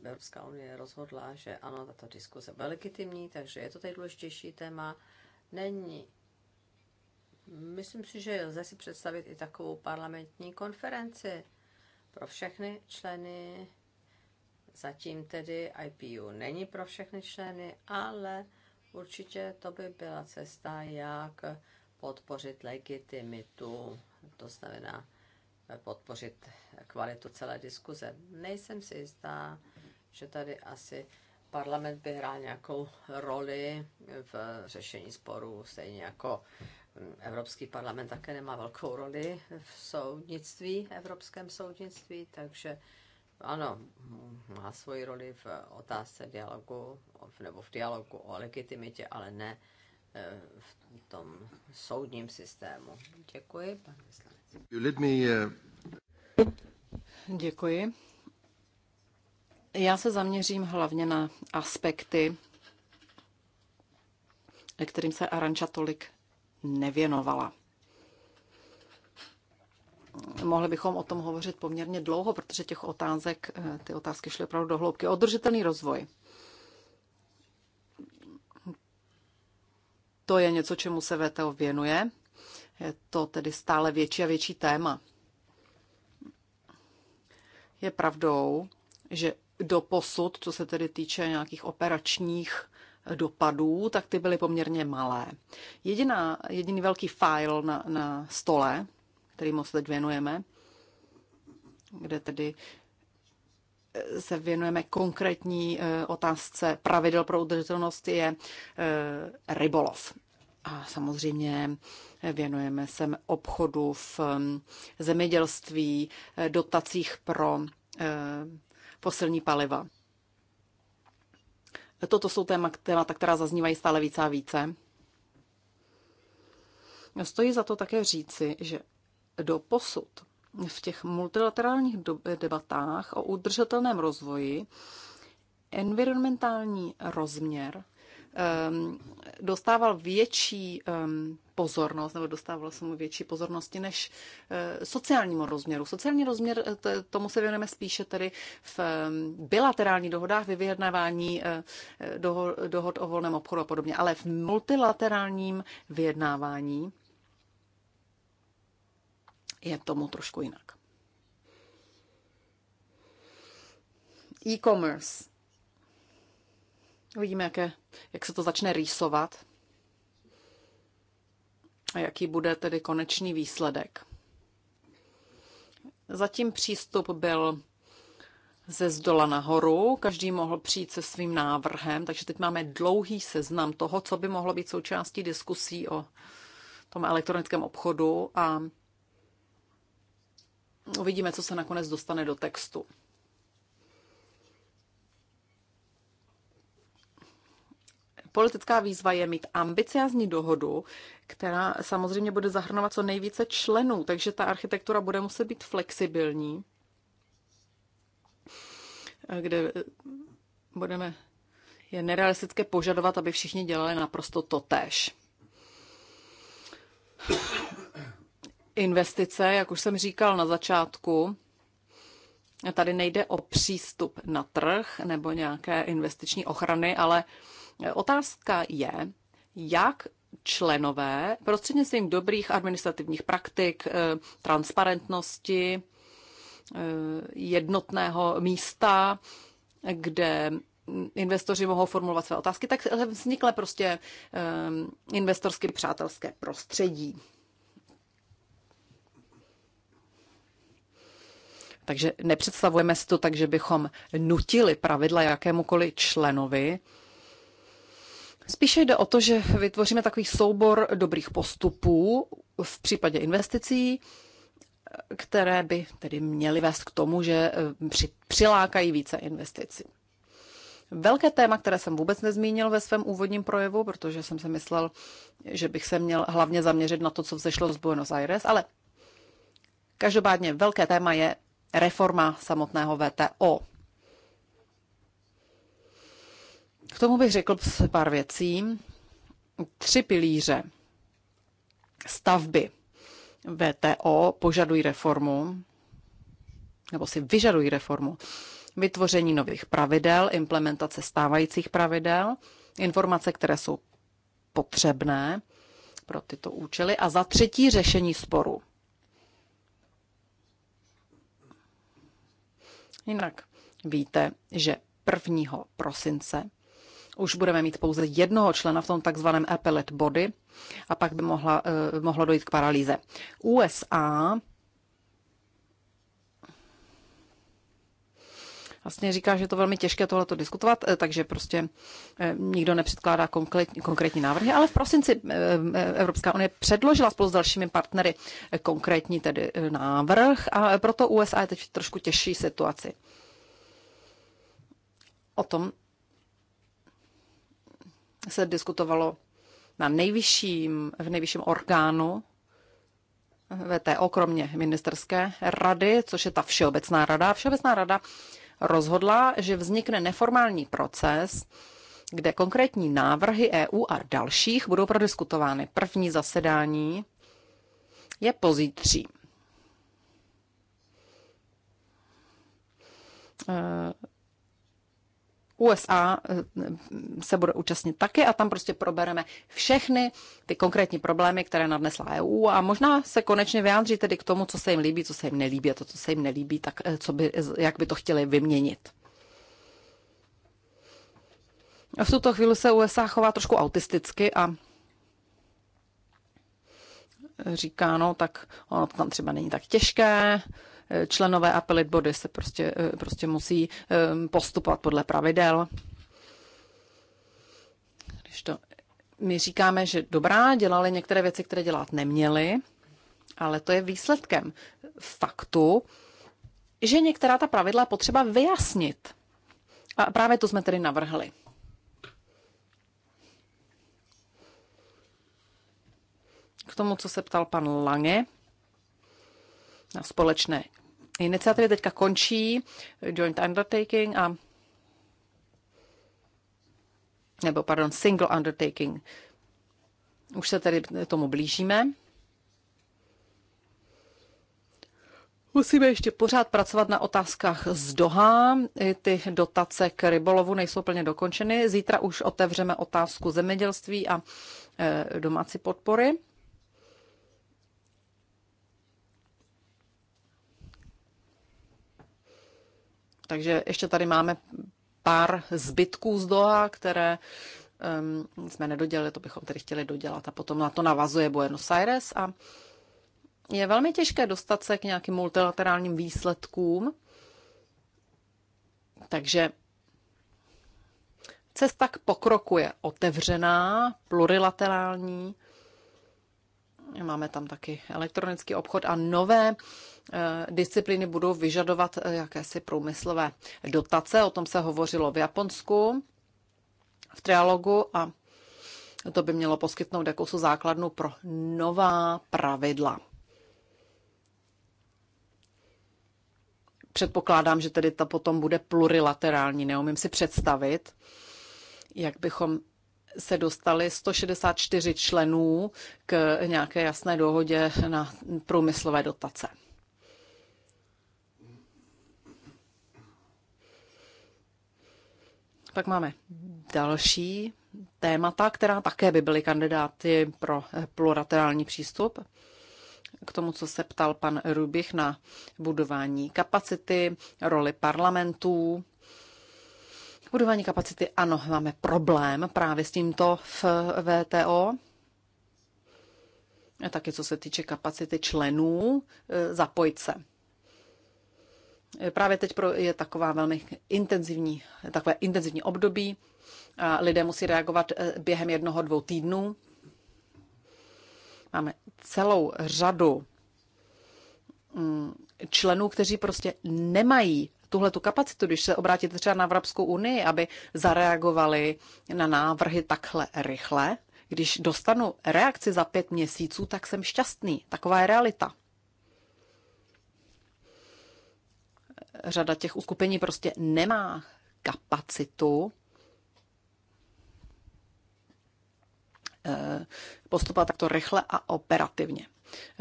Evropská unie rozhodla, že ano, tato diskuse byla legitimní, takže je to tady důležitější téma. Není Myslím si, že lze si představit i takovou parlamentní konferenci pro všechny členy. Zatím tedy IPU není pro všechny členy, ale určitě to by byla cesta, jak podpořit legitimitu, to znamená podpořit kvalitu celé diskuze. Nejsem si jistá, že tady asi parlament by hrál nějakou roli v řešení sporů, stejně jako Evropský parlament také nemá velkou roli v soudnictví, evropském soudnictví, takže ano, má svoji roli v otázce dialogu nebo v dialogu o legitimitě, ale ne eh, v tom soudním systému. Děkuji, pan vyslanec. Eh, Děkuji. Já se zaměřím hlavně na aspekty, kterým se Aranča tolik nevěnovala. Mohli bychom o tom hovořit poměrně dlouho, protože těch otázek, eh, ty otázky šly opravdu do hloubky. Održitelný rozvoj. To je něco, čemu se VTO věnuje. Je to tedy stále větší a větší téma. Je pravdou, že do posud, co se tedy týče nějakých operačních dopadů, tak ty byly poměrně malé. Jediná, jediný velký file na, na stole, kterým se teď věnujeme, kde tedy eh, se věnujeme konkrétní eh, otázce pravidel pro udržitelnost, je eh, rybolov. A samozřejmě věnujeme se obchodu v hm, zemědělství, dotacích pro fosilní paliva. Toto jsou témata, která zaznívají stále více a více. Stojí za to také říci, že do posud v těch multilaterálních debatách o udržitelném rozvoji environmentální rozměr Ehm, dostával větší ehm, pozornost, nebo dostával jsem mu větší pozornosti než eh, sociálnímu rozměru. Sociální rozměr, eh, tomu se věnujeme spíše tedy v ehm, bilaterální dohodách, uh, doho- dohod o volném obchodu a podobně, ale v multilaterálním vyjednávání je tomu trošku jinak. E-commerce Uvidíme, je, jak se to začne rýsovat a jaký bude tedy konečný výsledek. Zatím přístup byl ze zdola nahoru, každý mohl přijít se svým návrhem, takže teď máme dlouhý seznam toho, co by mohlo být součástí diskusí o tom elektronickém obchodu a uvidíme, co se nakonec dostane do textu. politická výzva je mít ambiciozní dohodu, která samozřejmě bude zahrnovat co nejvíce členů, takže ta architektura bude muset být flexibilní, kde budeme je nerealistické požadovat, aby všichni dělali naprosto tež. Investice, jak už jsem říkal na začátku, tady nejde o přístup na trh nebo nějaké investiční ochrany, ale Otázka je, jak členové prostřednictvím dobrých administrativních praktik, eh, transparentnosti, eh, jednotného místa, kde investoři mohou formulovat své otázky, tak vznikle prostě eh, investorsky přátelské prostředí. Takže nepředstavujeme si to tak, že bychom nutili pravidla jakémukoliv členovi, Spíše jde o to, že vytvoříme takový soubor dobrých postupů v případě investicí, které by tedy měly vést k tomu, že eh, při, přilákají více investicí. Velké téma, které jsem vůbec nezmínil ve svém úvodním projevu, protože jsem si myslel, že bych se měl hlavně zaměřit na to, co vzešlo z Buenos Aires, ale každopádně velké téma je reforma samotného VTO. K tomu bych řekl pár věcí. Tři pilíře. Stavby. VTO požadují reformu, nebo si vyžadují reformu. Vytvoření nových pravidel, implementace stávajících pravidel, informace, které jsou potřebné pro tyto účely a za třetí řešení sporu. Jinak víte, že 1. prosince už budeme mít pouze jednoho člena v tom takzvaném appellate body a pak by mohla, eh, mohlo dojít k paralýze. USA vlastně říká, že je to velmi těžké tohleto diskutovat, eh, takže prostě eh, nikdo nepředkládá konkrétní návrhy, ale v prosinci Evropská unie předložila spolu s dalšími partnery konkrétní tedy návrh a proto USA je teď v trošku těžší situaci. O tom se diskutovalo na nejvyšším, v nejvyšším orgánu VTO, kromě ministerské rady, což je ta Všeobecná rada. Všeobecná rada rozhodla, že vznikne neformální proces, kde konkrétní návrhy EU a dalších budou prodiskutovány. První zasedání je pozítří. USA eh, se bude účastnit taky a tam prostě probereme všechny ty konkrétní problémy, které nadnesla EU a možná se konečně vyjádří tedy k tomu, co se jim líbí, co se jim nelíbí a to, co se jim nelíbí, tak eh, co by, jak by to chtěli vyměnit. V tuto chvíli se USA chová trošku autisticky a říká, no tak ono to tam třeba není tak těžké, Eh, členové a body se prostě, eh, prostě musí eh, postupovat podle pravidel. Když to my říkáme, že dobrá, dělali některé věci, které dělat neměli, ale to je výsledkem faktu, že některá ta pravidla potřeba vyjasnit. A právě to jsme tedy navrhli. K tomu, co se ptal pan Lange, na společné iniciativy. Teďka končí joint undertaking a nebo pardon, single undertaking. Už se tedy tomu blížíme. Musíme ještě pořád pracovat na otázkách z Doha. Ty dotace k rybolovu nejsou plně dokončeny. Zítra už otevřeme otázku zemědělství a eh, domácí podpory. Takže ještě tady máme pár zbytků z Doha, které um, jsme nedodělali, to bychom tedy chtěli dodělat. A potom na to navazuje Buenos Aires a je velmi těžké dostat se k nějakým multilaterálním výsledkům. Takže cesta k pokroku je otevřená, plurilaterální. Máme tam taky elektronický obchod a nové Eh, disciplíny budou vyžadovat eh, jakési průmyslové dotace. O tom se hovořilo v Japonsku v trialogu a to by mělo poskytnout jakousi základnu pro nová pravidla. Předpokládám, že tedy ta potom bude plurilaterální. Neumím si představit, jak bychom se dostali 164 členů k nějaké jasné dohodě na průmyslové dotace. Pak máme další témata, která také by byly kandidáty pro eh, pluraterální přístup. K tomu, co se ptal pan Rubich na budování kapacity, roli parlamentů. Budování kapacity, ano, máme problém právě s tímto v eh, VTO. A taky co se týče kapacity členů, eh, zapojit se. Eh, právě teď je taková velmi intenzivní, takové intenzivní období. A lidé musí reagovat eh, během jednoho, dvou týdnů. Máme celou řadu mm, členů, kteří prostě nemají tuhle tu kapacitu, když se obrátíte třeba na Evropskou unii, aby zareagovali na návrhy takhle rychle. Když dostanu reakci za pět měsíců, tak jsem šťastný. Taková je realita. řada těch uskupení prostě nemá kapacitu eh, postupovat takto rychle a operativně.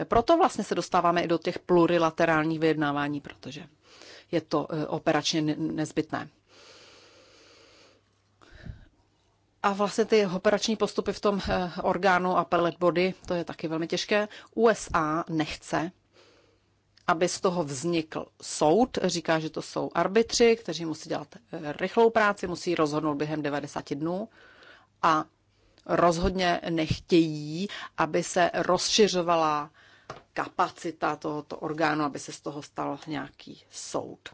Proto vlastně se dostáváme i do těch plurilaterálních vyjednávání, protože je to eh, operačně nezbytné. A vlastně ty operační postupy v tom eh, orgánu a pellet body, to je taky velmi těžké. USA nechce aby z toho vznikl soud. Říká, že to jsou arbitři, kteří musí dělat eh, rychlou práci, musí rozhodnout během 90 dnů a rozhodně nechtějí, aby se rozšiřovala kapacita tohoto orgánu, aby se z toho stal nějaký soud.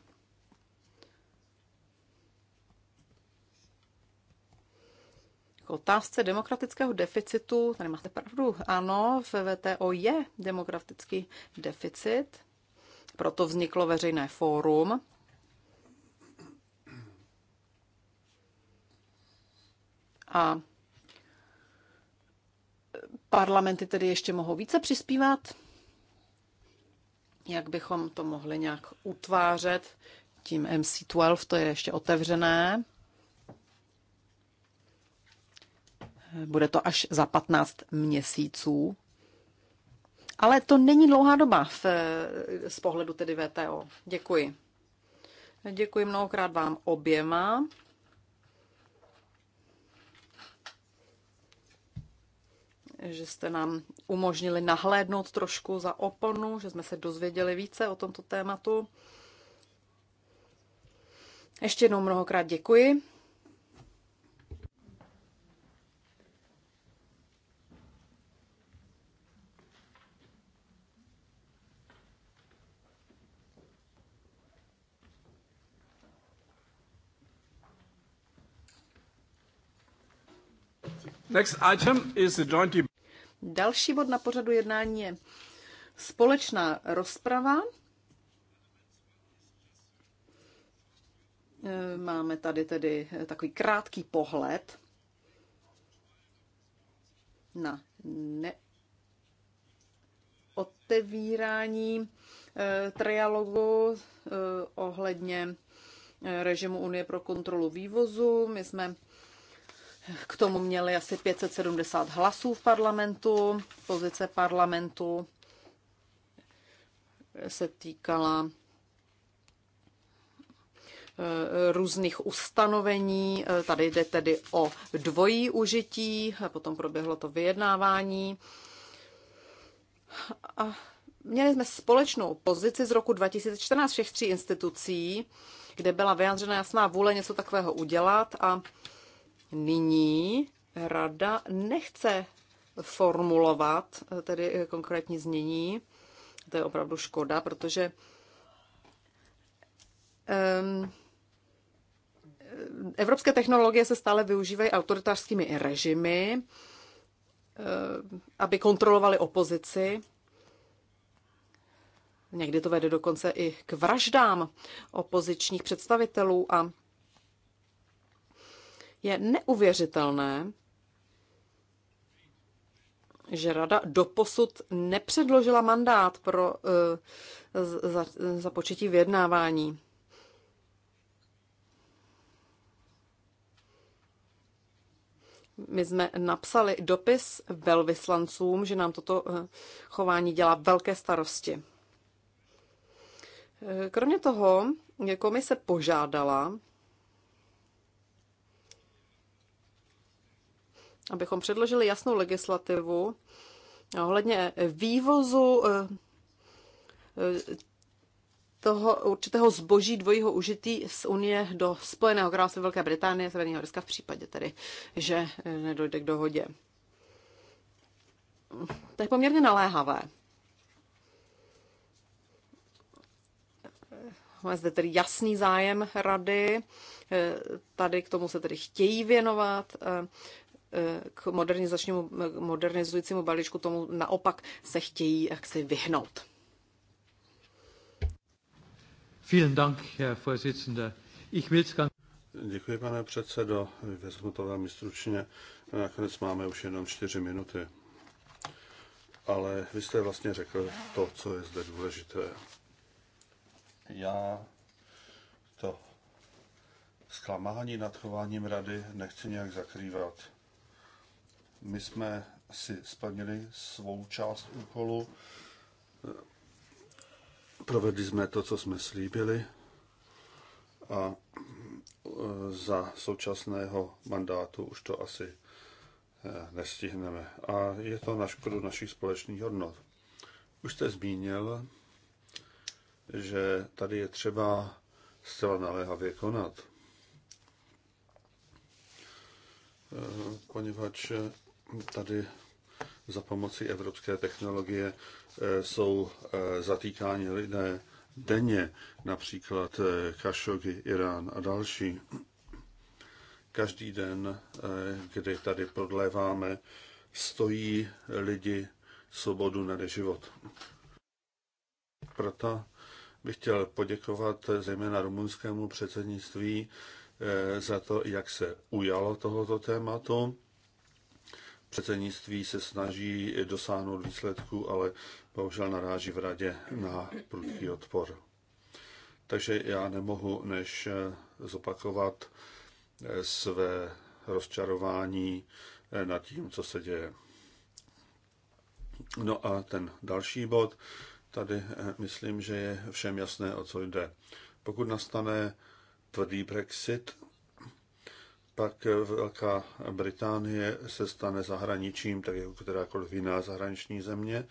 K otázce demokratického deficitu, tady máte pravdu, ano, v VTO je demokratický deficit. Proto vzniklo veřejné fórum, a parlamenty tedy ještě mohou více přispívat? Jak bychom to mohli nějak utvářet? Tím MC12 to je ještě otevřené. Bude to až za 15 měsíců ale to není dlouhá doba v, eh, z pohledu tedy VTO. Děkuji. Děkuji mnohokrát vám oběma. že jste nám umožnili nahlédnout trošku za oponu, že jsme se dozvěděli více o tomto tématu. Ještě jednou mnohokrát děkuji. Next item is the joint Další bod na pořadu jednání je společná rozprava. E, máme tady tedy e, takový krátký pohled na ne- otevírání e, trialogu e, ohledně e, režimu Unie pro kontrolu vývozu. My jsme k tomu měli asi 570 hlasů v parlamentu. Pozice parlamentu se týkala eh, různých ustanovení. Eh, tady jde tedy o dvojí užití, potom proběhlo to vyjednávání. A měli jsme společnou pozici z roku 2014 všech tří institucí, kde byla vyjádřena jasná vůle něco takového udělat a Nyní rada nechce formulovat eh, tedy eh, konkrétní znění. To je opravdu škoda, protože um, evropské technologie se stále využívají autoritářskými režimy, aby kontrolovali opozici. Někdy to vede dokonce i k vraždám opozičních představitelů a je neuvěřitelné, že rada doposud nepředložila mandát pro eh, započetí za, za vyjednávání. My jsme napsali dopis velvyslancům, že nám toto eh, chování dělá velké starosti. Eh, kromě toho komise požádala abychom předložili jasnou legislativu ohledně vývozu eh, eh, toho určitého zboží dvojího užití z Unie do Spojeného království Velké Británie, Severního Ryska v případě tedy, že eh, nedojde k dohodě. To je poměrně naléhavé. Máme zde tedy jasný zájem rady, tady k tomu se tedy chtějí věnovat k modernizačnímu, modernizujícímu balíčku tomu naopak se chtějí jaksi vyhnout. Vielen Dank, Herr Vorsitzender. Ich will's ganz Děkuji, pane předsedo. Vezmu to velmi stručně. Nakonec máme už jenom čtyři minuty. Ale vy jste vlastně řekl to, co je zde důležité. Já to zklamání nad chováním rady nechci nějak zakrývat. My jsme si splnili svou část úkolu. Provedli jsme to, co jsme slíbili a e, za současného mandátu už to asi e, nestihneme. A je to na škodu našich společných hodnot. Už jste zmínil, že tady je třeba zcela naléhavě konat, e, poněvadž tady za pomoci evropské technologie eh, jsou eh, zatýkáni lidé denně, například eh, Khashoggi, Irán a další. Každý den, kdy tady prodléváme, stojí lidi svobodu nad život. Proto bych chtěl poděkovat zejména rumunskému předsednictví za to, jak se ujalo tohoto tématu předsednictví se snaží dosáhnout výsledku, ale bohužel naráží v radě na prudký odpor. Takže já nemohu než eh, zopakovat eh, své rozčarování eh, nad tím, co se děje. No a ten další bod, tady myslím, že je všem jasné, o co jde. Pokud nastane tvrdý Brexit, pak Velká Británie se stane zahraničím, tak jako kterákoliv jiná zahraniční země,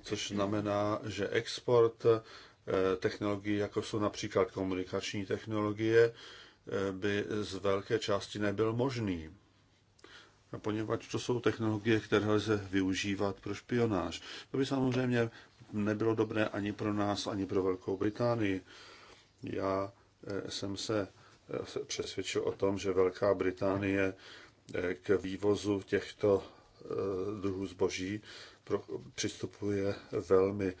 což znamená, že export eh, technologií, jako jsou například komunikační technologie, eh, by z velké části nebyl možný. Poněvadž to jsou technologie, které lze využívat pro špionáž. To by samozřejmě nebylo dobré ani pro nás, ani pro Velkou Británii. Já eh, jsem se se přesvědčil o tom, že Velká Británie eh, k vývozu těchto eh, druhů zboží přistupuje velmi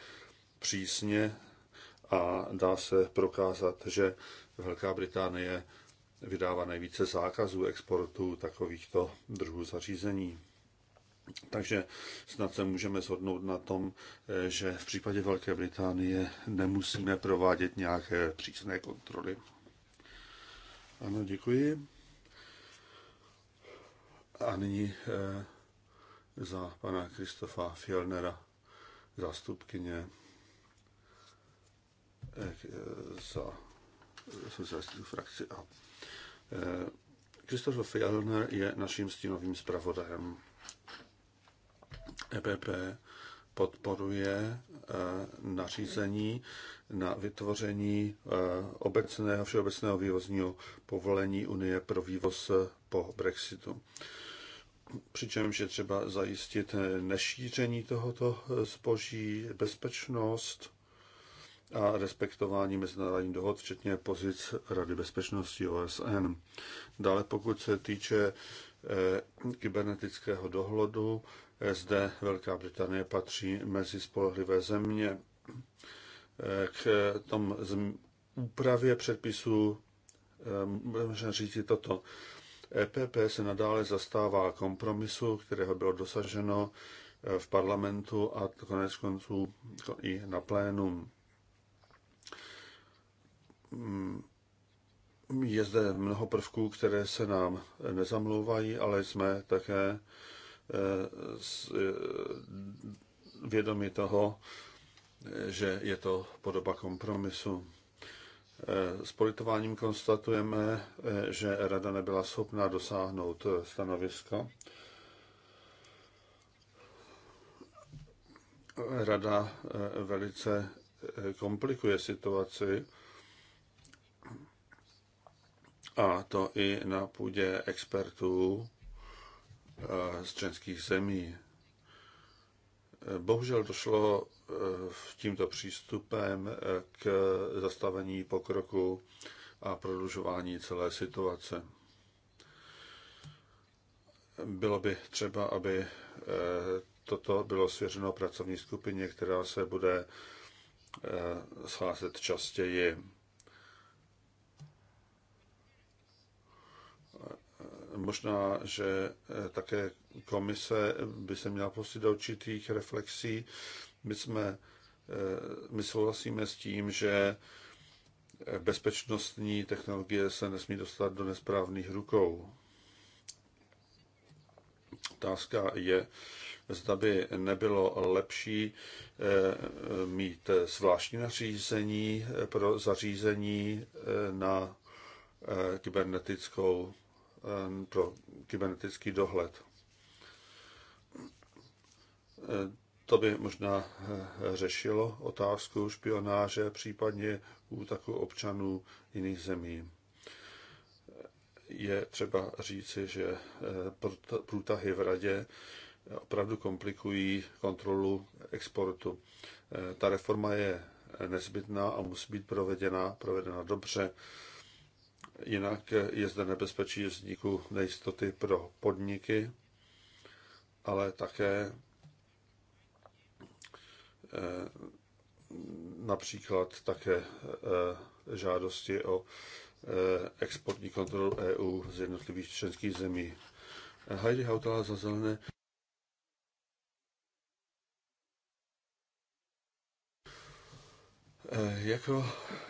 přísně a dá se prokázat, že Velká Británie vydává nejvíce zákazů exportu takovýchto druhů zařízení. Takže snad se můžeme shodnout na tom, eh, že v případě Velké Británie nemusíme provádět nějaké přísné kontroly. Ano, děkuji. A nyní eh, za pana Kristofa Fjellnera, zástupkyně eh, eh, za socialistickou frakci Kristof Kristof Fjellner je naším stínovým zpravodajem. EPP podporuje eh, nařízení na vytvoření eh, obecného všeobecného vývozního povolení Unie pro vývoz eh, po Brexitu. Přičemž je třeba zajistit nešíření tohoto zboží, bezpečnost a respektování mezinárodních dohod, včetně pozic Rady bezpečnosti OSN. Dále pokud se týče kybernetického dohledu, zde Velká Británie patří mezi spolehlivé země. K tom úpravě předpisů eh, můžeme říct toto. EPP se nadále zastává kompromisu, kterého bylo dosaženo eh, v parlamentu a konec konců i na plénum. Mm, je zde mnoho prvků, které se nám nezamlouvají, ale jsme také Eh, eh, vědomi toho, že je to podoba kompromisu. Eh, s politováním konstatujeme, že Rada nebyla schopná dosáhnout stanoviska. Rada velice komplikuje situaci a to i na půdě expertů, z členských zemí. Bohužel došlo e, tímto přístupem e, k zastavení pokroku a prodlužování celé situace. Bylo by třeba, aby e, toto bylo svěřeno pracovní skupině, která se bude scházet častěji. Možná, že eh, také komise by se měla pustit do určitých reflexí. My, jsme, eh, my souhlasíme s tím, že eh, bezpečnostní technologie se nesmí dostat do nesprávných rukou. Otázka je, zda by nebylo lepší mít zvláštní nařízení pro zařízení na kybernetickou Um, pro kybernetický dohled. Eh, to by možná eh, řešilo otázku špionáže, případně útaku občanů jiných zemí. Eh, je třeba říci, že průtahy v radě opravdu komplikují kontrolu exportu. Ta reforma je nezbytná a musí být provedena, provedena dobře Jinak je zde nebezpečí vzniku nejistoty pro podniky, ale také eh, například také eh, žádosti o eh, exportní kontrolu EU z jednotlivých členských zemí. Heidi Hautala za zelené. Eh, jako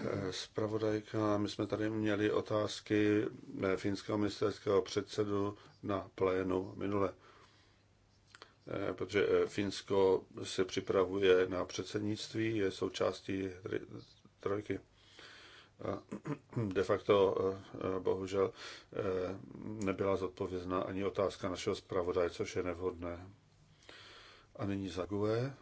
eh, zpravodajka, my jsme tady měli otázky eh, finského ministerského předsedu na plénu minule, protože Finsko se připravuje na předsednictví, je součástí trojky. De facto, bohužel, nebyla zodpovězná ani otázka našeho zpravodaje, což je nevhodné. A nyní Zagué. E.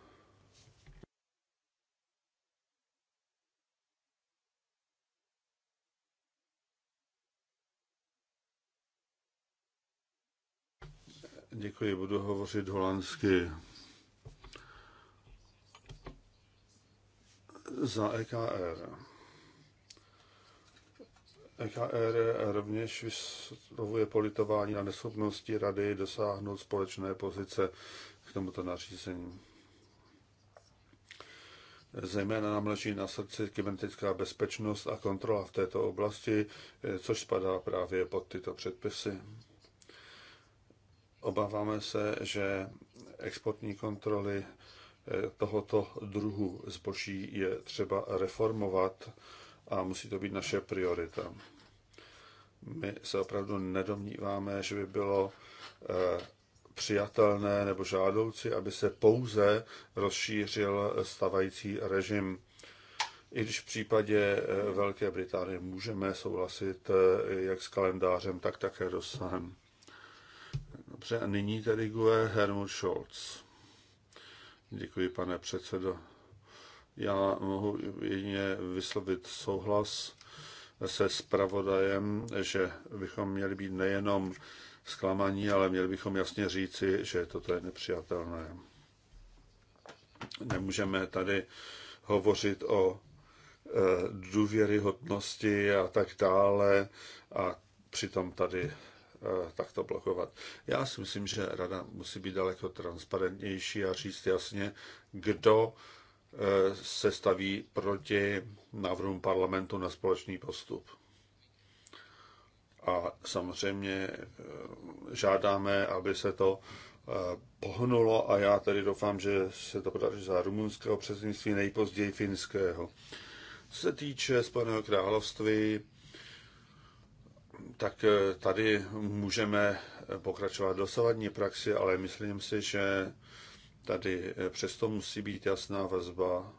Děkuji, budu hovořit holandsky. Za EKR. EKR rovněž vyslovuje politování na neschopnosti rady dosáhnout společné pozice k tomuto nařízení. Zejména nám leží na srdci kybernetická bezpečnost a kontrola v této oblasti, což spadá právě pod tyto předpisy. Obáváme se, že exportní kontroly eh, tohoto druhu zboží je třeba reformovat a musí to být naše priorita. My se opravdu nedomníváme, že by bylo eh, přijatelné nebo žádoucí, aby se pouze rozšířil stavající režim. I když v případě eh, Velké Británie můžeme souhlasit jak s kalendářem, tak také rozsahem. Dobře, a nyní tedy guje Hermut Scholz. Děkuji, pane předsedo. Já mohu jedině vyslovit souhlas se spravodajem, že bychom měli být nejenom zklamaní, ale měli bychom jasně říci, že toto je nepřijatelné. Nemůžeme tady hovořit o e, důvěryhodnosti a tak dále a přitom tady Eh, takto blokovat. Já si myslím, že rada musí být daleko transparentnější a říct jasně, kdo eh, se staví proti návrhům parlamentu na společný postup. A samozřejmě eh, žádáme, aby se to pohnulo a já tedy doufám, že se to podaří za rumunského předsednictví, nejpozději finského. Co se týče Spojeného království, tak eh, tady můžeme pokračovat dosavadní praxi, ale myslím si, že tady eh, přesto musí být jasná vazba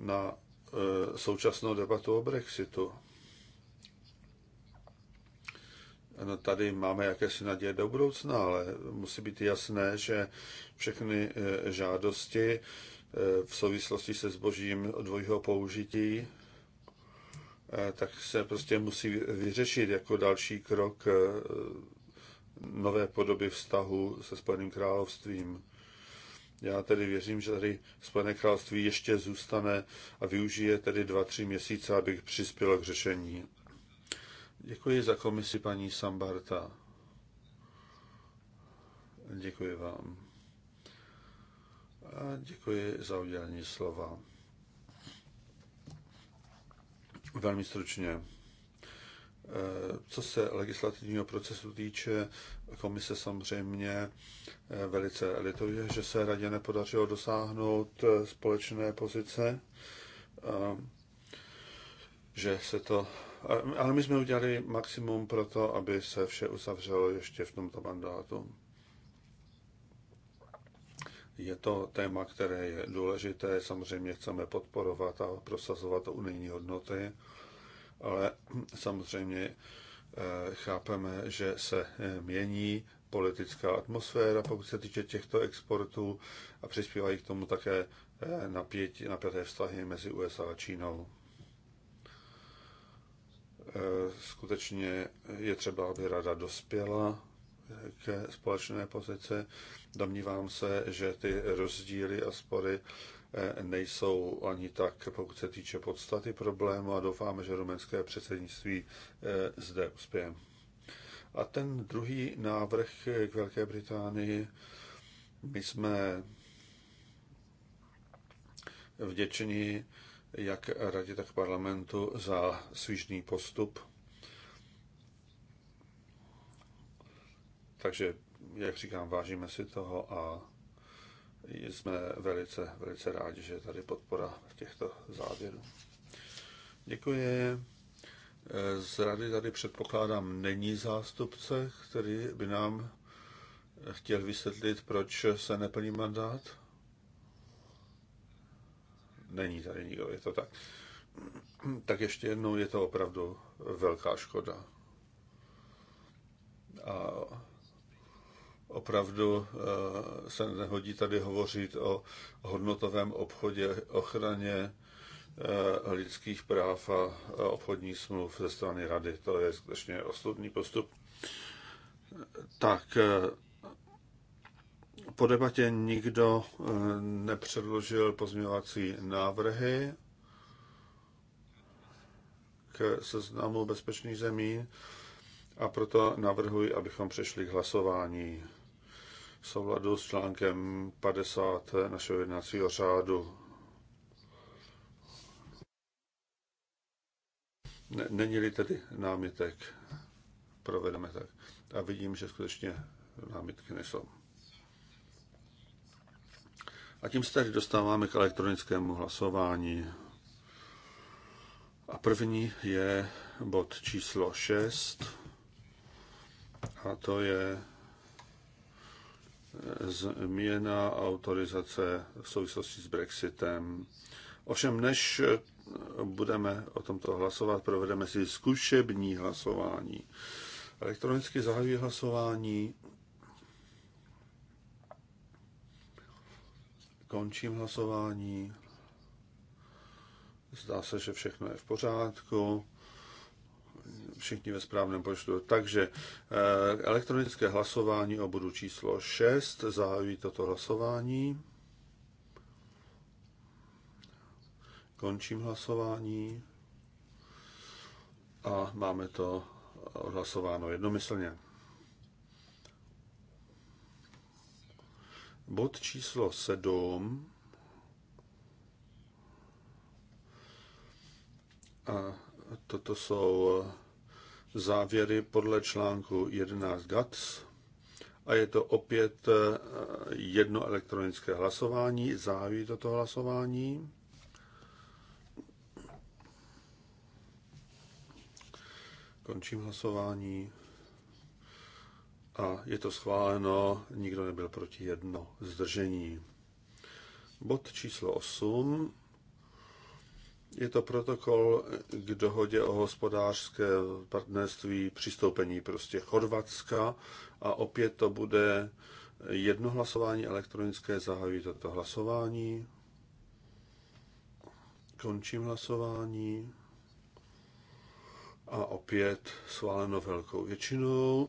na eh, současnou debatu o Brexitu. No, tady máme jakési naděje do budoucna, ale musí být jasné, že všechny žádosti Eh, v souvislosti se zbožím dvojího použití, eh, tak se prostě musí vyřešit jako další krok eh, nové podoby vztahu se Spojeným královstvím. Já tedy věřím, že tady Spojené království ještě zůstane a využije tedy dva, tři měsíce, abych přispěl k řešení. Děkuji za komisi paní Sambarta. Děkuji vám. A děkuji za udělení slova. Velmi stručně. E, co se legislativního procesu týče, komise samozřejmě e, velice elituje, že se radě nepodařilo dosáhnout e, společné pozice, že se to. Ale my jsme udělali maximum pro to, aby se vše uzavřelo ještě v tomto mandátu. Je to téma, které je důležité, samozřejmě chceme podporovat a prosazovat unijní hodnoty, ale samozřejmě eh, chápeme, že se eh, mění politická atmosféra, pokud se týče těchto exportů a přispívají k tomu také eh, napětí, napěté vztahy mezi USA a Čínou. Skutečně je třeba, aby rada dospěla k společné pozici. Domnívám se, že ty rozdíly a spory eh, nejsou ani tak, pokud se týče podstaty problému a doufáme, že rumenské předsednictví eh, zde uspěje. A ten druhý návrh k Velké Británii, my jsme vděční jak radě, tak parlamentu za svížný postup Takže, jak říkám, vážíme si toho a jsme velice, velice rádi, že je tady podpora těchto závěrů. Děkuji. Z rady tady předpokládám není zástupce, který by nám chtěl vysvětlit, proč se neplní mandát. Není tady nikdo, je to tak. Tak ještě jednou je to opravdu velká škoda. A opravdu eh, se nehodí tady hovořit o hodnotovém obchodě, ochraně eh, lidských práv a obchodních smluv ze strany rady. To je skutečně ostudný postup. Tak eh, po debatě nikdo nepředložil pozměňovací návrhy k seznamu bezpečných zemí a proto navrhuji, abychom přešli k hlasování v souladu s článkem 50 našeho jednacího řádu. Není-li tedy námitek, provedeme tak. A vidím, že skutečně námitky nejsou. A tím se tady dostáváme k elektronickému hlasování. A první je bod číslo 6. A to je změna autorizace v souvislosti s Brexitem. Ovšem, než budeme o tomto hlasovat, provedeme si zkušební hlasování. Elektronicky zahajuji hlasování. Končím hlasování. Zdá se, že všechno je v pořádku všichni ve správném počtu. Takže eh, elektronické hlasování o bodu číslo 6. Zahajuji toto hlasování. Končím hlasování. A máme to odhlasováno eh, jednomyslně. Bod číslo 7. A Toto jsou závěry podle článku 11 GATS a je to opět eh, jedno elektronické hlasování. Zahájí toto hlasování. Končím hlasování. A je to schváleno, nikdo nebyl proti jedno zdržení. Bod číslo 8. Je to protokol k dohodě o hospodářské partnerství přistoupení prostě Chorvatska a opět to bude jedno hlasování elektronické, zahajuji toto hlasování. Končím hlasování. A opět sváleno velkou většinou.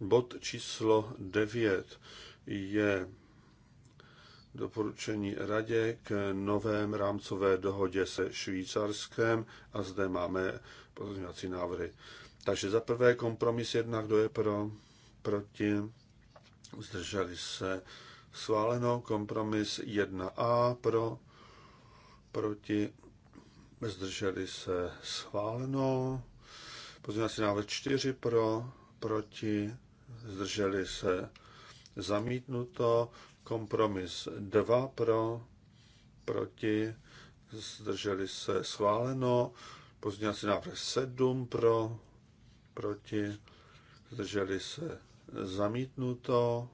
Bod číslo 9 je doporučení radě k novém rámcové dohodě se Švýcarskem a zde máme pozměňovací návrhy. Takže za prvé kompromis jedna, kdo je pro, proti, zdrželi se schváleno, kompromis 1a pro, proti, zdrželi se schváleno, pozměňovací návrh 4 pro, proti, zdrželi se zamítnuto, Kompromis 2 pro, proti, zdrželi se schváleno. Pozměňovací návrh 7 pro, proti, zdrželi se zamítnuto.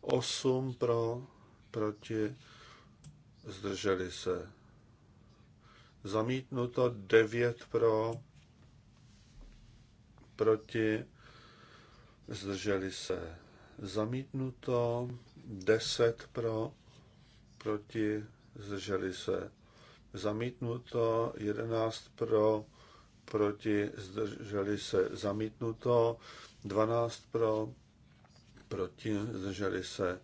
8 pro, proti, zdrželi se zamítnuto. 9 pro, proti, zdrželi se zamítnuto, 10 pro, proti, zdrželi se. Zamítnuto, 11 pro, proti, zdrželi se. Zamítnuto, 12 pro, proti, zdrželi se.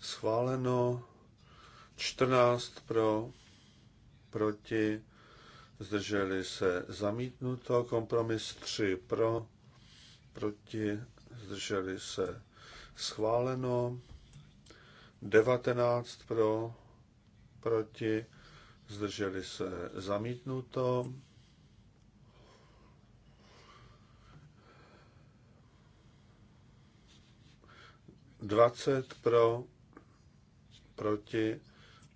Schváleno, 14 pro, proti, zdrželi se. Zamítnuto, kompromis 3 pro, proti, zdrželi se schváleno, 19 pro, proti, zdrželi se zamítnuto. Dvacet pro, proti,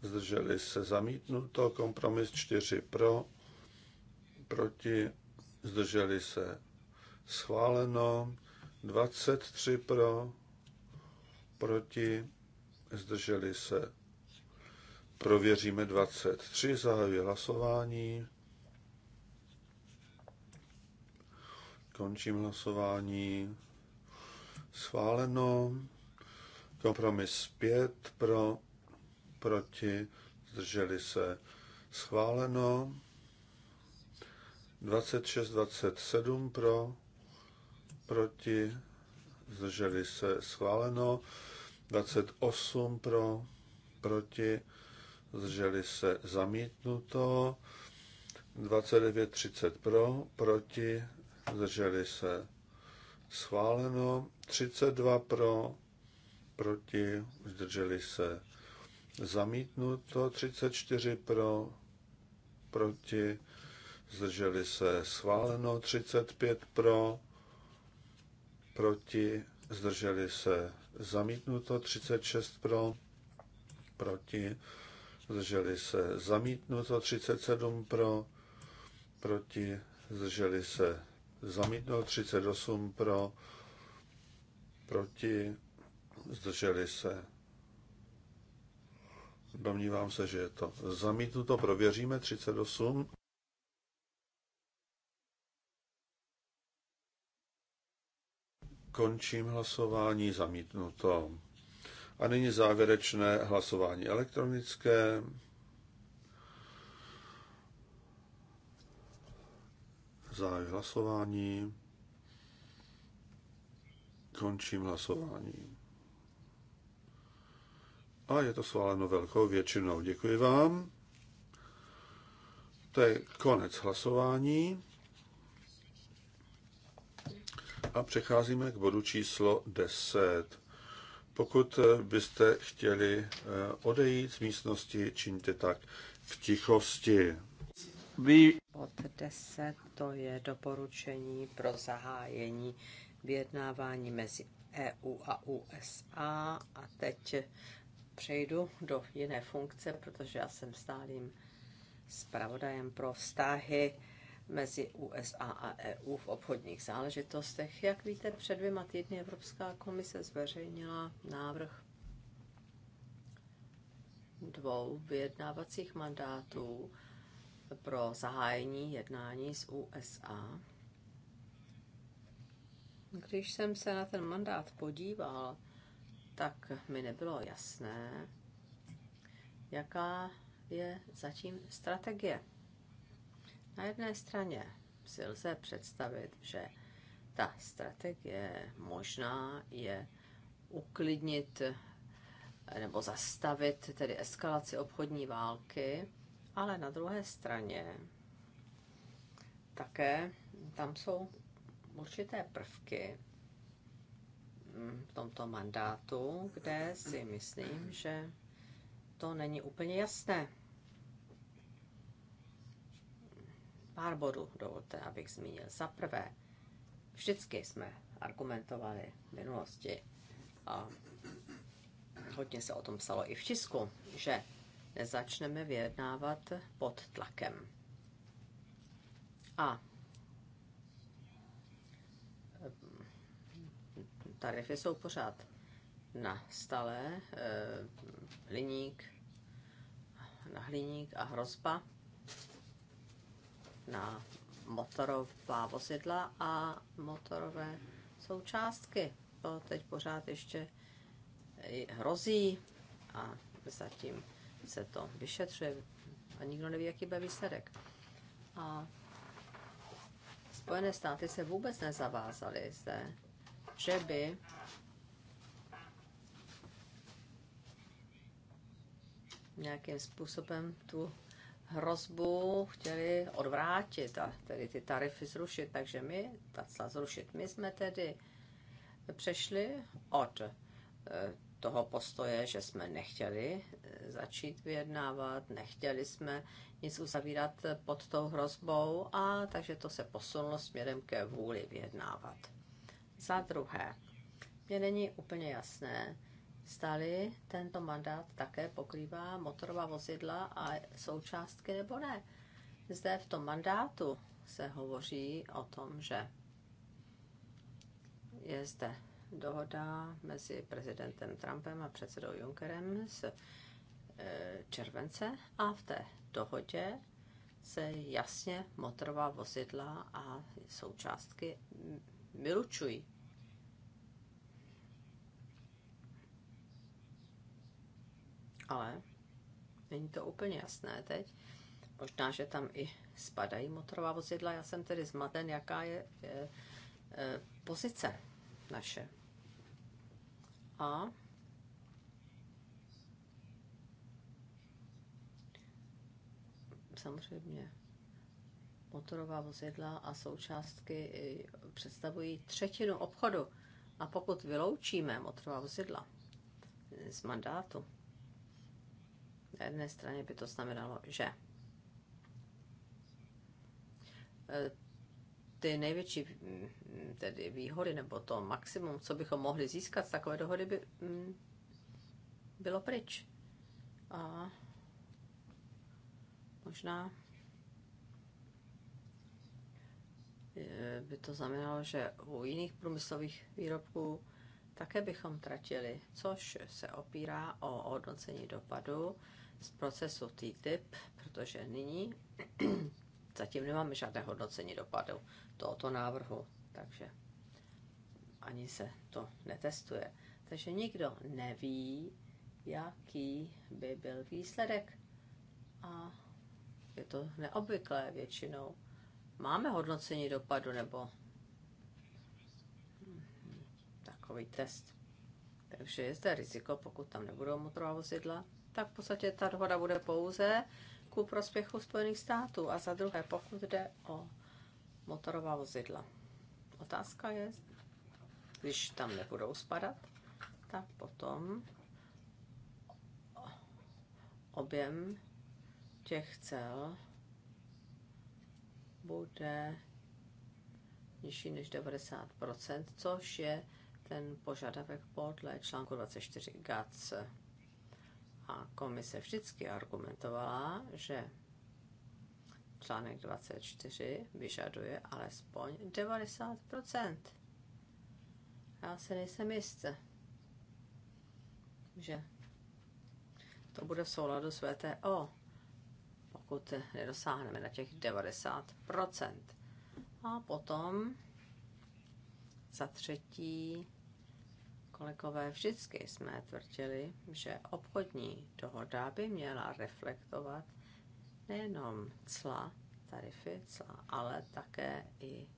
zdrželi se zamítnuto, kompromis čtyři pro, proti, zdrželi se schváleno, dvacet tři pro, proti, zdrželi se. Prověříme 23, zahajuji hlasování. Končím hlasování. Schváleno. Kompromis 5 pro, proti, zdrželi se. Schváleno. 26, 27 pro, proti, zdrželi se. Schváleno. 28 pro, proti, zdrželi se zamítnuto, 29, 30 pro, proti, zdrželi se schváleno, 32 pro, proti, zdrželi se zamítnuto, 34 pro, proti, zdrželi se schváleno, 35 pro, proti, zdrželi se zamítnuto, 36 pro, proti, zdrželi se zamítnuto, 37 pro, proti, zdrželi se zamítnuto, 38 pro, proti, zdrželi se. Domnívám se, že je to zamítnuto, prověříme 38. Končím hlasování zamítnuto. A nyní závěrečné hlasování elektronické. Zahajuji hlasování. Končím hlasování. A je to schváleno velkou většinou. Děkuji vám. To je konec hlasování. A přecházíme k bodu číslo 10. Pokud byste chtěli eh, odejít z místnosti, čiňte tak v tichosti. Bod 10 to je doporučení pro zahájení vyjednávání mezi EU a USA. A teď přejdu do jiné funkce, protože já jsem stálým zpravodajem pro vztahy mezi USA a EU v obchodních záležitostech. Jak víte, před dvěma týdny Evropská komise zveřejnila návrh dvou vyjednávacích mandátů pro zahájení jednání s USA. Když jsem se na ten mandát podíval, tak mi nebylo jasné, jaká je zatím strategie na jedné straně si lze představit, že ta strategie možná je uklidnit nebo zastavit tedy eskalaci obchodní války, ale na druhé straně také tam jsou určité prvky v tomto mandátu, kde si myslím, že to není úplně jasné. Pár bodů dovolte, abych zmínil. Za prvé, vždycky jsme argumentovali v minulosti a hodně se o tom psalo i v Česku, že nezačneme vyjednávat pod tlakem. A tarify jsou pořád na stále eh, hliník, na hliník a hrozba na motorová vozidla a motorové součástky. To teď pořád ještě hrozí a zatím se to vyšetřuje a nikdo neví, jaký bude výsledek. A Spojené státy se vůbec nezavázaly zde, že by nějakým způsobem tu hrozbu chtěli odvrátit a tedy ty tarify zrušit. Takže my, ta zrušit, my jsme tedy přešli od e, toho postoje, že jsme nechtěli e, začít vyjednávat, nechtěli jsme nic uzavírat pod tou hrozbou a takže to se posunulo směrem ke vůli vyjednávat. Za druhé, mně není úplně jasné, Stali tento mandát také pokrývá motorová vozidla a součástky nebo ne. Zde v tom mandátu se hovoří o tom, že je zde dohoda mezi prezidentem Trumpem a předsedou Junckerem z e, července a v té dohodě se jasně motorová vozidla a součástky vylučují. ale není to úplně jasné teď. Možná, že tam i spadají motorová vozidla. Já jsem tedy zmaten, jaká je, je, je pozice naše. A samozřejmě motorová vozidla a součástky představují třetinu obchodu. A pokud vyloučíme motorová vozidla z mandátu, na jedné straně by to znamenalo, že eh, ty největší mm, tedy výhody nebo to maximum, co bychom mohli získat z takové dohody, by mm, bylo pryč. A možná eh, by to znamenalo, že u jiných průmyslových výrobků také bychom tratili, což se opírá o hodnocení dopadu, z procesu TTIP, protože nyní (clears throat) zatím nemáme žádné hodnocení dopadu tohoto návrhu, takže ani se to netestuje. Takže nikdo neví, jaký by byl výsledek. A je to neobvyklé většinou. Máme hodnocení dopadu nebo takový test. Takže je zde riziko, pokud tam nebudou motorová vozidla, tak v podstatě ta dohoda bude pouze ku prospěchu Spojených států. A za druhé, pokud jde o motorová vozidla. Otázka je, když tam nebudou spadat, tak potom objem těch cel bude nižší než 90%, což je ten požadavek podle článku 24 GATS. A komise vždycky argumentovala, že článek 24 vyžaduje alespoň 90%. Já se nejsem jist, že to bude v souladu s VTO, pokud nedosáhneme na těch 90%. A potom za třetí kolegové, vždycky jsme tvrdili, že obchodní dohoda by měla reflektovat nejenom cla, tarify cla, ale také i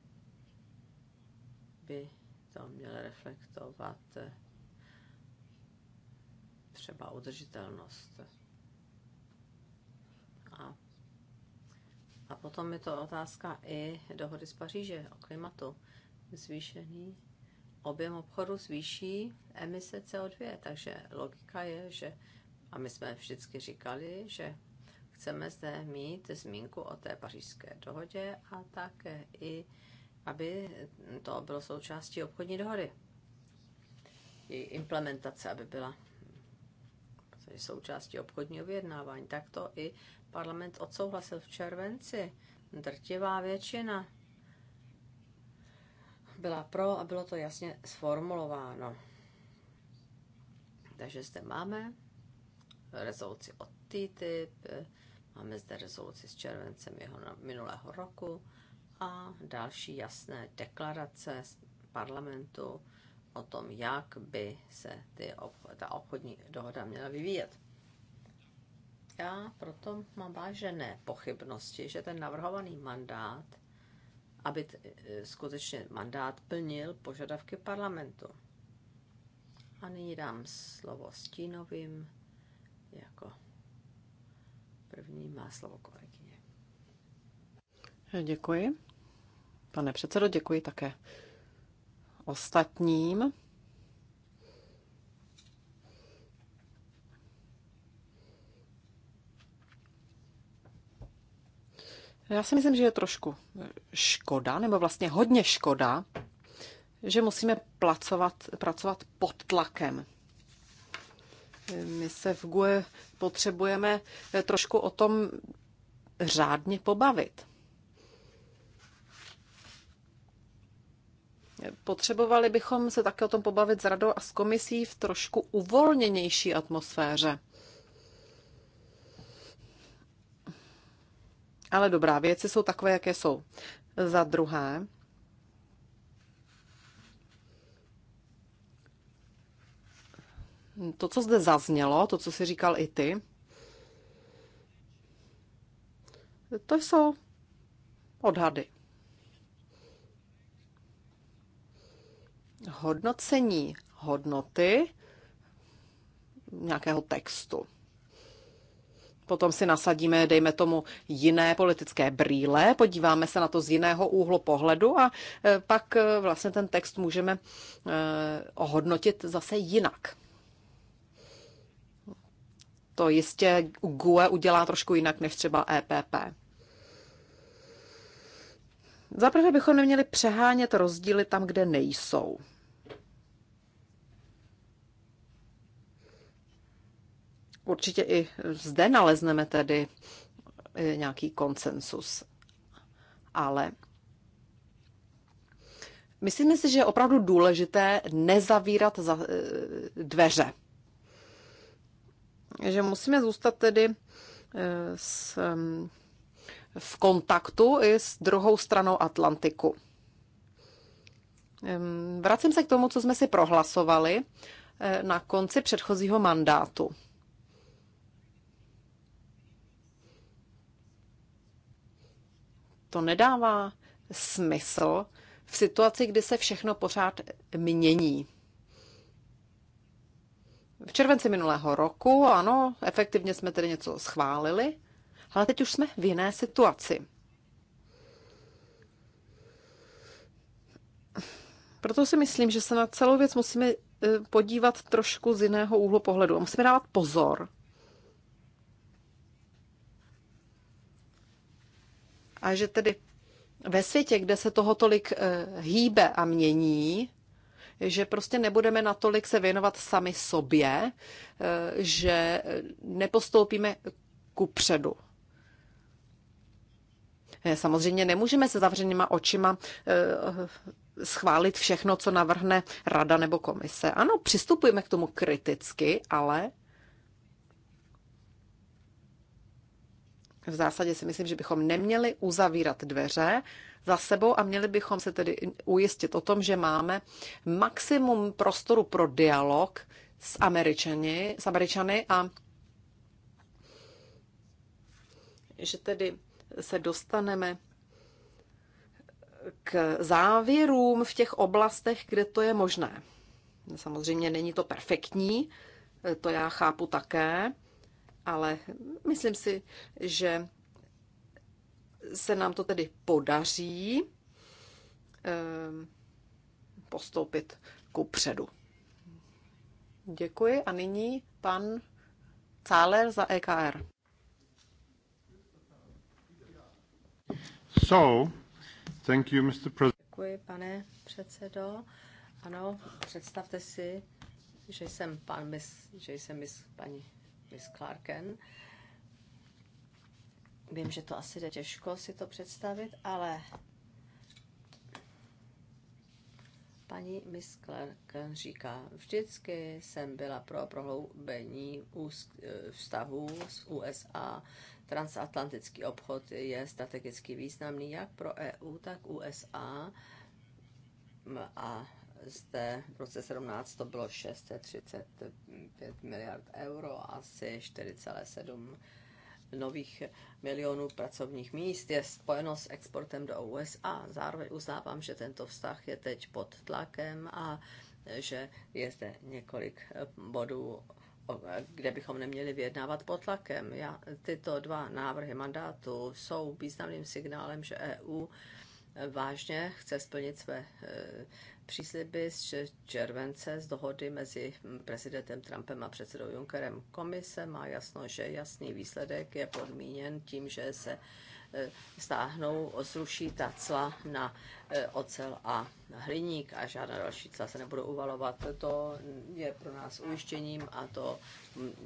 by to měl reflektovat eh, třeba udržitelnost. A, a potom je to otázka i dohody z Paříže o klimatu. Zvýšený objem obchodu zvýší emise CO2, takže logika je, že, a my jsme vždycky říkali, že chceme zde mít zmínku o té pařížské dohodě a také i, aby to bylo součástí obchodní dohody. i implementace, aby byla součástí obchodního vyjednávání. Tak to i parlament odsouhlasil v červenci. Drtivá většina byla pro a bylo to jasně sformulováno. Takže zde máme rezoluci od TTIP, máme zde rezoluci s červencem jeho minulého roku a další jasné deklarace z parlamentu o tom, jak by se ty obchod, ta obchodní dohoda měla vyvíjet. Já proto mám vážené pochybnosti, že ten navrhovaný mandát aby eh, skutečně mandát plnil požadavky parlamentu. A nyní dám slovo Stínovým. Jako první má slovo kolegyně. Děkuji. Pane předsedo, děkuji také ostatním Já si myslím, že je trošku škoda, nebo vlastně hodně škoda, že musíme placovat, pracovat pod tlakem. My se v GUE potřebujeme trošku o tom řádně pobavit. Potřebovali bychom se také o tom pobavit s radou a s komisí v trošku uvolněnější atmosféře. Ale dobrá, věci jsou takové, jaké jsou. Za druhé, to, co zde zaznělo, to, co si říkal i ty, to jsou odhady. Hodnocení hodnoty nějakého textu. Potom si nasadíme, dejme tomu, jiné politické brýle, podíváme se na to z jiného úhlu pohledu a e, pak e, vlastně ten text můžeme e, ohodnotit zase jinak. To jistě GUE udělá trošku jinak než třeba EPP. Zaprvé bychom neměli přehánět rozdíly tam, kde nejsou. určitě i zde nalezneme tedy eh, nějaký konsensus. Ale myslím si, že je opravdu důležité nezavírat za, eh, dveře. Že musíme zůstat tedy eh, s, mm, v kontaktu i s druhou stranou Atlantiku. Vracím se k tomu, co jsme si prohlasovali na konci předchozího mandátu. To nedává smysl v situaci, kdy se všechno pořád mění. V červenci minulého roku, ano, efektivně jsme tedy něco schválili, ale teď už jsme v jiné situaci. Proto si myslím, že se na celou věc musíme eh, podívat trošku z jiného úhlu pohledu a musíme dávat pozor, a že tedy ve světě, kde se toho tolik eh, hýbe a mění, že prostě nebudeme natolik se věnovat sami sobě, eh, že nepostoupíme ku předu. Eh, samozřejmě nemůžeme se zavřenýma očima schválit všechno, co navrhne rada nebo komise. Ano, přistupujeme k tomu kriticky, ale v zásadě si myslím, že bychom neměli uzavírat dveře za sebou a měli bychom se tedy ujistit o tom, že máme maximum prostoru pro dialog s Američany, s Američany a že tedy se dostaneme k závěrům v těch oblastech, kde to je možné. Samozřejmě není to perfektní, to já chápu také, ale myslím si, že se nám to tedy podaří ehm, postoupit ku předu. Děkuji a nyní pan Cáler za EKR. So, thank you, Mr. President. Děkuji, pane předsedo. Ano, představte si, že jsem, pan, že jsem mis, paní Liz Clarken. Vím, že to asi jde těžko si to představit, ale paní Miss Clark říká, vždycky jsem byla pro prohloubení e, vztahů z USA. Transatlantický obchod je strategicky významný jak pro EU, tak USA. A zde v roce 17 to bylo 635 miliard euro, asi 4,7 nových milionů pracovních míst je spojeno s exportem do USA. Zároveň uznávám, že tento vztah je teď pod tlakem a že je zde několik bodů, kde bychom neměli vyjednávat pod tlakem. Já, tyto dva návrhy mandátu jsou významným signálem, že EU vážně chce splnit své eh, přísliby z července z dohody mezi prezidentem Trumpem a předsedou Junckerem. Komise má jasno, že jasný výsledek je podmíněn tím, že se E, stáhnou, zruší ta cla na e, ocel a hliník a žádná další cla se nebudou uvalovat. To je pro nás ujištěním a to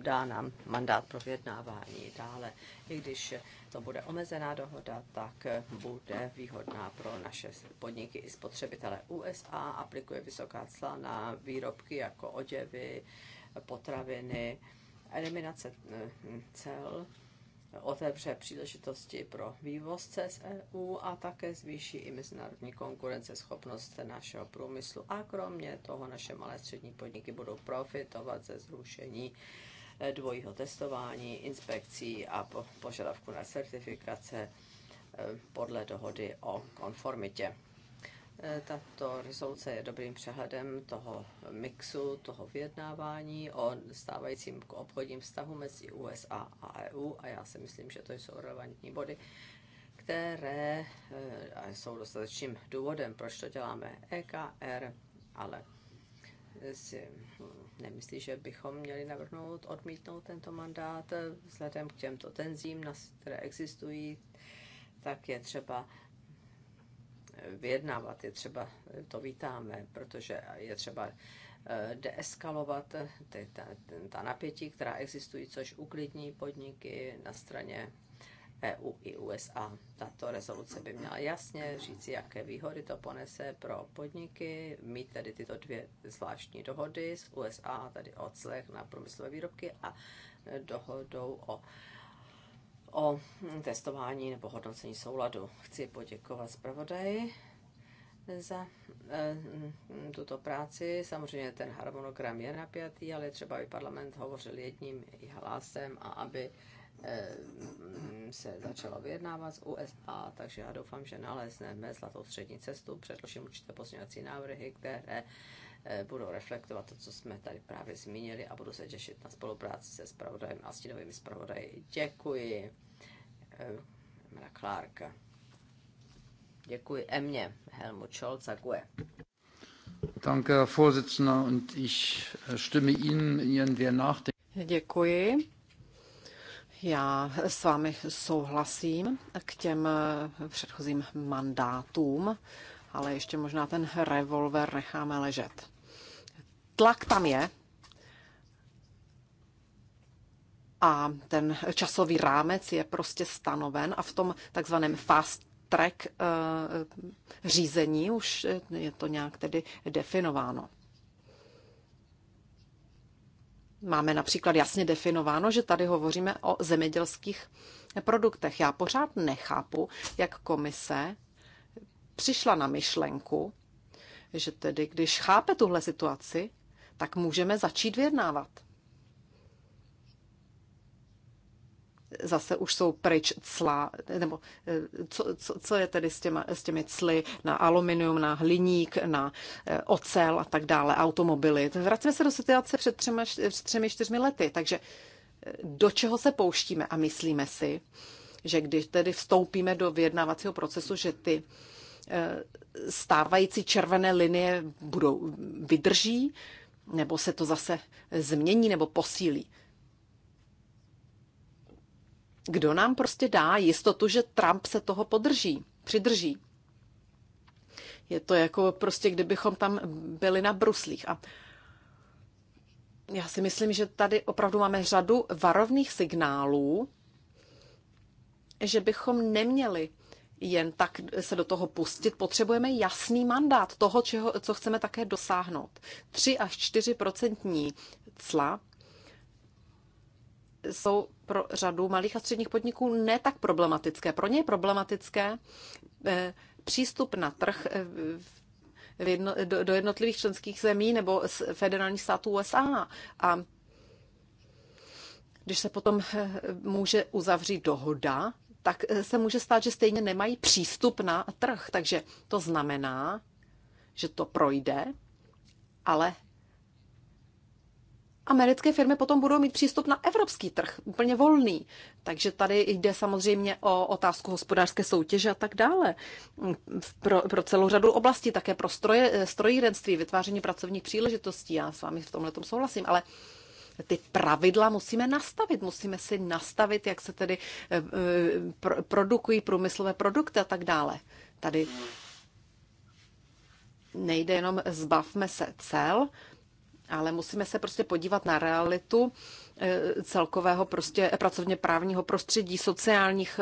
dá nám mandát pro vyjednávání dále. I když to bude omezená dohoda, tak e, bude výhodná pro naše podniky i spotřebitele. USA aplikuje vysoká cla na výrobky jako oděvy, potraviny, eliminace cel otevře příležitosti pro vývozce z EU a také zvýší i mezinárodní konkurenceschopnost našeho průmyslu. A kromě toho naše malé střední podniky budou profitovat ze zrušení eh, dvojího testování, inspekcí a požadavku na certifikace eh, podle dohody o konformitě. Eh, tato rezoluce je dobrým přehledem toho mixu, toho vyjednávání o stávajícím obchodním vztahu mezi USA a EU a já si myslím, že to jsou relevantní body, které eh, jsou dostatečným důvodem, proč to děláme EKR, ale eh, si nemyslí, že bychom měli navrhnout odmítnout tento mandát vzhledem k těmto tenzím, které existují, tak je třeba vyjednávat. Je třeba, to vítáme, protože je třeba eh, deeskalovat eh, ty, ta, ta napětí, která existují, což uklidní podniky na straně EU i USA. Tato rezoluce by měla jasně říct, jaké výhody to ponese pro podniky, mít tedy tyto dvě zvláštní dohody z USA, tedy o clech na průmyslové výrobky a eh, dohodou o uh, o testování nebo hodnocení souladu. Chci poděkovat zpravodaji za e, tuto práci. Samozřejmě ten harmonogram je napjatý, ale třeba i parlament hovořil jedním hlasem a aby e, se začalo vyjednávat z USA, takže já doufám, že nalezneme zlatou střední cestu, předložím určité pozměňovací návrhy, které Eh, budou reflektovat to, co jsme tady právě zmínili a budu se těšit na spolupráci se spravodajem a stínovými spravodaji. Děkuji, eh, Emra Clark. Děkuji Emě, Helmut Scholz Gue. Danke, Vorsitzender, und ich äh, stimme Ihnen in Ihren Děkuji. Já s vámi souhlasím k těm eh, předchozím mandátům, ale ještě možná ten revolver necháme ležet tlak tam je. A ten časový rámec je prostě stanoven a v tom takzvaném fast track eh, řízení už eh, je to nějak tedy definováno. Máme například jasně definováno, že tady hovoříme o zemědělských produktech. Já pořád nechápu, jak komise přišla na myšlenku, že tedy když chápe tuhle situaci, tak můžeme začít vyjednávat. Zase už jsou pryč cla, nebo eh, co, co, co je tedy s, těma, s těmi cly na aluminium, na hliník, na eh, ocel a tak dále, automobily. Vracíme se do situace před třemi, třemi čtyřmi lety, takže eh, do čeho se pouštíme a myslíme si, že když tedy vstoupíme do vyjednávacího procesu, že ty stávající červené linie budou, vydrží, nebo se to zase změní nebo posílí. Kdo nám prostě dá jistotu, že Trump se toho podrží, přidrží? Je to jako prostě, kdybychom tam byli na bruslích. A já si myslím, že tady opravdu máme řadu varovných signálů, že bychom neměli jen tak se do toho pustit, potřebujeme jasný mandát toho, čeho, co chceme také dosáhnout. 3 až 4 procentní cla jsou pro řadu malých a středních podniků ne tak problematické. Pro ně je problematické eh, přístup na trh eh, do, do jednotlivých členských zemí nebo z federálních států USA. A když se potom eh, může uzavřít dohoda, tak eh, se může stát, že stejně nemají přístup na trh. Takže to znamená, že to projde, ale americké firmy potom budou mít přístup na evropský trh, úplně volný. Takže tady jde samozřejmě o otázku hospodářské soutěže a tak dále. Pro, pro celou řadu oblastí, také pro stroje, eh, strojírenství, vytváření pracovních příležitostí. Já s vámi v tomhle souhlasím, ale uh, ty pravidla musíme nastavit. Musíme si nastavit, jak se tedy eh, eh, produkují průmyslové produkty a tak dále. Tady nejde jenom zbavme se cel, ale musíme se prostě podívat na realitu eh, celkového prostě pracovně právního prostředí, sociálních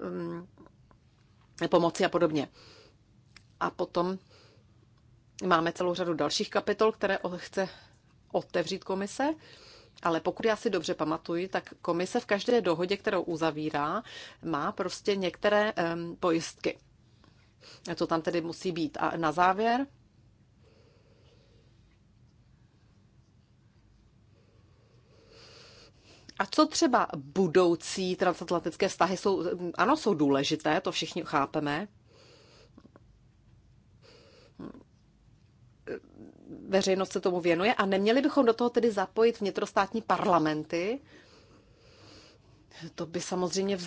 mm, pomoci a podobně. A potom máme celou řadu dalších kapitol, které chce otevřít komise, ale pokud já si dobře pamatuji, tak komise v každé dohodě, kterou uzavírá, má prostě některé um, pojistky. To tam tedy musí být. A na závěr A co třeba budoucí transatlantické vztahy jsou, ano, jsou důležité, to všichni chápeme, veřejnost se tomu věnuje a neměli bychom do toho tedy zapojit vnitrostátní parlamenty. To by samozřejmě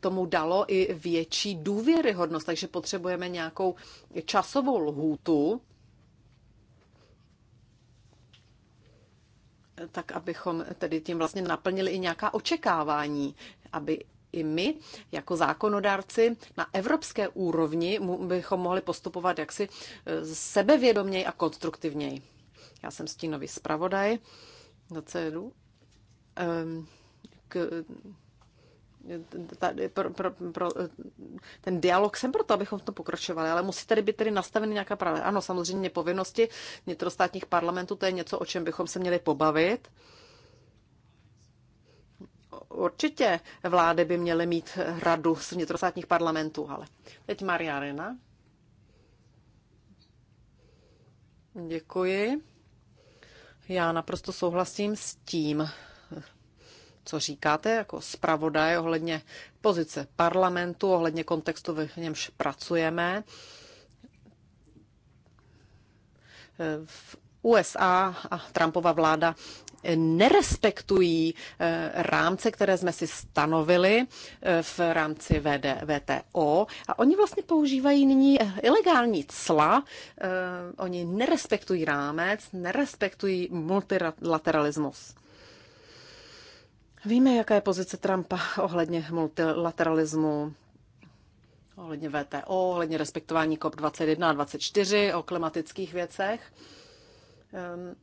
tomu dalo i větší důvěryhodnost, takže potřebujeme nějakou časovou lhůtu, tak abychom tedy tím vlastně naplnili i nějaká očekávání, aby i my jako zákonodárci na evropské úrovni bychom mohli postupovat jaksi e, sebevědoměji a konstruktivněji. Já jsem stínový zpravodaj na CEDu. Ehm, k, tady, pro, pro, pro, ten dialog jsem proto, abychom v tom pokračovali, ale musí tady být tedy nastaveny nějaká pravidla. Ano, samozřejmě povinnosti vnitrostátních parlamentů, to je něco, o čem bychom se měli pobavit. Určitě vlády by měly mít radu z vnitrostátních parlamentů, ale teď Maria Rena. Děkuji. Já naprosto souhlasím s tím, co říkáte jako zpravodaj ohledně pozice parlamentu, ohledně kontextu, v němž pracujeme. V USA a Trumpova vláda nerespektují eh, rámce, které jsme si stanovili eh, v rámci VD, VTO a oni vlastně používají nyní eh, ilegální cla, oni nerespektují rámec, nerespektují multilateralismus. Víme, jaká je pozice Trumpa ohledně multilateralismu, ohledně VTO, ohledně respektování COP21 a 24 o klimatických věcech. Ehm,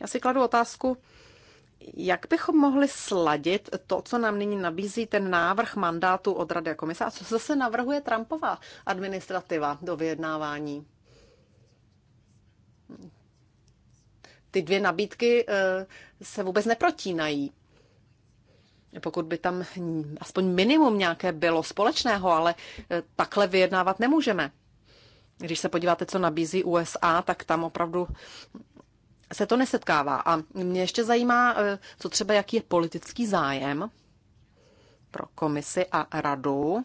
já si kladu otázku, jak bychom mohli sladit to, co nám nyní nabízí ten návrh mandátu od Rady a komise a co zase navrhuje Trumpová administrativa do vyjednávání? Ty dvě nabídky eh, se vůbec neprotínají. Pokud by tam aspoň minimum nějaké bylo společného, ale eh, takhle vyjednávat nemůžeme. Když se podíváte, co nabízí USA, tak tam opravdu se to nesetkává. A mě ještě zajímá, eh, co třeba, jaký je politický zájem pro komisi a radu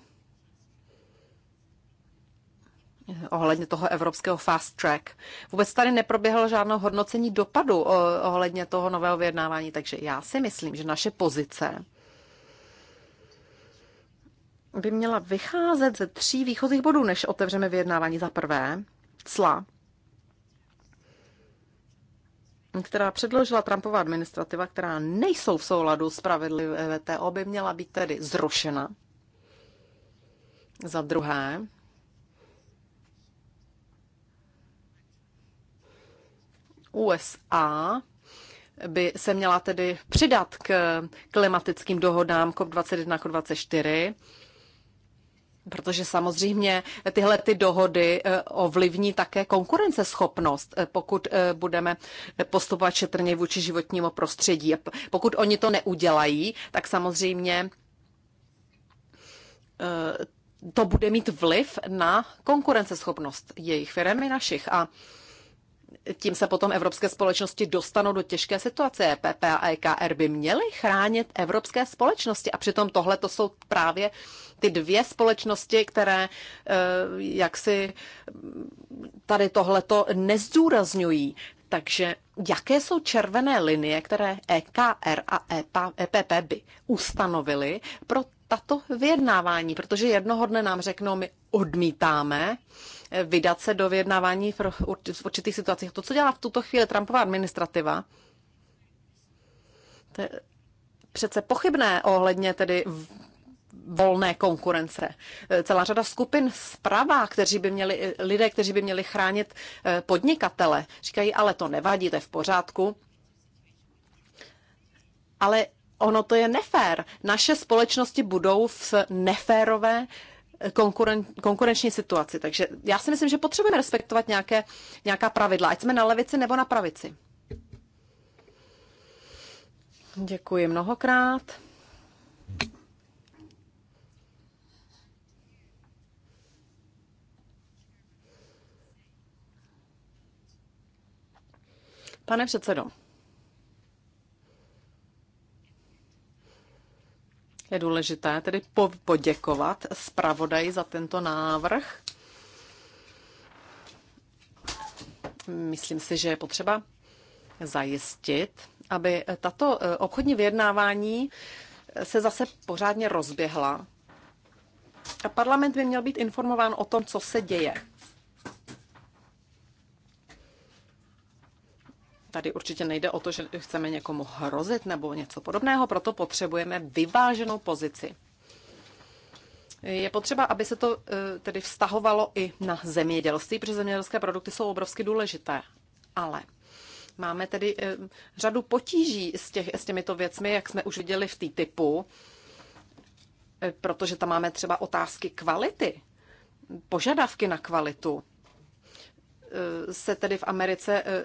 eh, ohledně toho evropského fast track. Vůbec tady neproběhlo žádné hodnocení dopadu eh, ohledně toho nového vyjednávání, takže já si myslím, že naše pozice by měla vycházet ze tří výchozích bodů, než otevřeme vyjednávání. Za prvé, cla která předložila Trumpova administrativa, která nejsou v souladu s pravidly VTO, by měla být tedy zrušena. Za druhé, USA by se měla tedy přidat k klimatickým dohodám COP21 a COP24 Protože samozřejmě tyhle ty dohody eh, ovlivní také konkurenceschopnost, eh, pokud eh, budeme postupovat šetrně vůči životnímu prostředí. Pokud oni to neudělají, tak samozřejmě to bude mít vliv na konkurenceschopnost jejich firmy našich. A tím se potom evropské společnosti dostanou do těžké situace. EPP a EKR by měly chránit evropské společnosti a přitom tohle to jsou právě ty dvě společnosti, které eh, jak si tady tohleto nezdůrazňují. Takže jaké jsou červené linie, které EKR a EPP e by ustanovily pro tato vyjednávání? Protože jednoho dne nám řeknou, my odmítáme eh, vydat se do vyjednávání v určitých situacích. To, co dělá v tuto chvíli Trumpová administrativa, to je přece pochybné ohledně tedy volné konkurence. Eh, celá řada skupin zprava, kteří by měli, eh, lidé, kteří by měli chránit eh, podnikatele, říkají, ale to nevadí, to je v pořádku. Ale ono to je nefér. Naše společnosti budou v neférové konkuren, konkurenční situaci. Takže já si myslím, že potřebujeme respektovat nějaké, nějaká pravidla, ať jsme na levici nebo na pravici. Děkuji mnohokrát. Pane předsedo, je důležité tedy poděkovat zpravodaji za tento návrh. Myslím si, že je potřeba zajistit, aby tato eh, obchodní vyjednávání se zase pořádně rozběhla. A parlament by měl být informován o tom, co se děje. tady určitě nejde o to, že chceme někomu hrozit nebo něco podobného, proto potřebujeme vyváženou pozici. Je potřeba, aby se to eh, tedy vztahovalo i na zemědělství, protože zemědělské produkty jsou obrovsky důležité. Ale máme tedy eh, řadu potíží s, těch, s těmito věcmi, jak jsme už viděli v té typu, eh, protože tam máme třeba otázky kvality, požadavky na kvalitu. Eh, se tedy v Americe eh,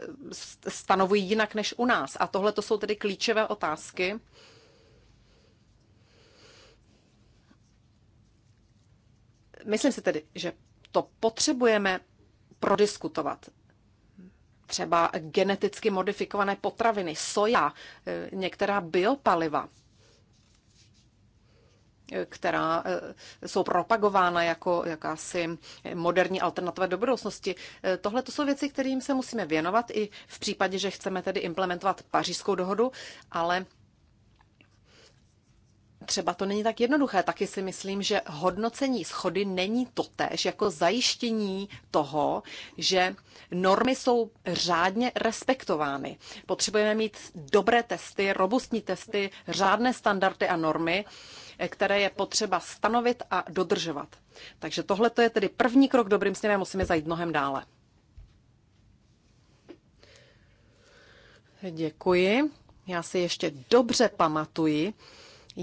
stanovují jinak než u nás. A tohle to jsou tedy klíčové otázky. Myslím si tedy, že to potřebujeme prodiskutovat. Třeba geneticky modifikované potraviny, soja, eh, některá biopaliva která eh, jsou propagována jako jakási moderní alternativa do budoucnosti. Eh, tohle to jsou věci, kterým se musíme věnovat i v případě, že chceme tedy implementovat pařížskou dohodu, ale třeba to není tak jednoduché. Taky si myslím, že hodnocení schody není totéž jako zajištění toho, že normy jsou řádně respektovány. Potřebujeme mít dobré testy, robustní testy, řádné standardy a normy, které je potřeba stanovit a dodržovat. Takže tohle je tedy první krok dobrým směrem, musíme zajít mnohem dále. Děkuji. Já si ještě dobře pamatuji,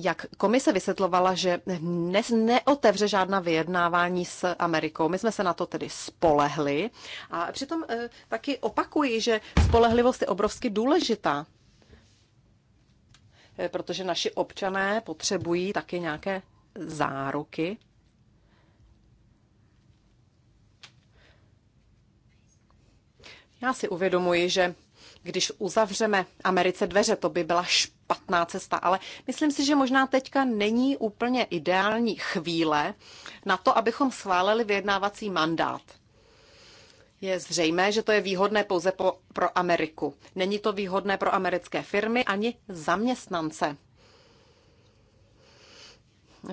jak komise vysvětlovala, že ne, neotevře žádná vyjednávání s Amerikou. My jsme se na to tedy spolehli a přitom e, taky opakuji, že spolehlivost je obrovsky důležitá, e, protože naši občané potřebují taky nějaké záruky. Já si uvědomuji, že když uzavřeme Americe dveře, to by byla špatná špatná cesta, ale myslím si, že možná teďka není úplně ideální chvíle na to, abychom schválili vyjednávací mandát. Je zřejmé, že to je výhodné pouze po, pro Ameriku. Není to výhodné pro americké firmy ani zaměstnance.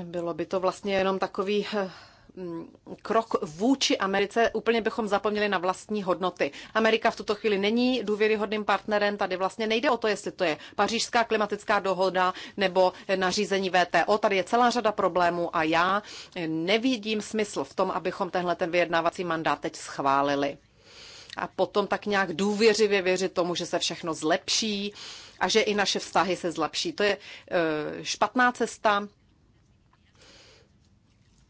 Bylo by to vlastně jenom takový eh, Mm, krok vůči Americe, úplně bychom zapomněli na vlastní hodnoty. Amerika v tuto chvíli není důvěryhodným partnerem, tady vlastně nejde o to, jestli to je pařížská klimatická dohoda nebo nařízení VTO, tady je celá řada problémů a já nevidím smysl v tom, abychom tenhle ten vyjednávací mandát teď schválili. A potom tak nějak důvěřivě věřit tomu, že se všechno zlepší a že i naše vztahy se zlepší. To je eh, špatná cesta,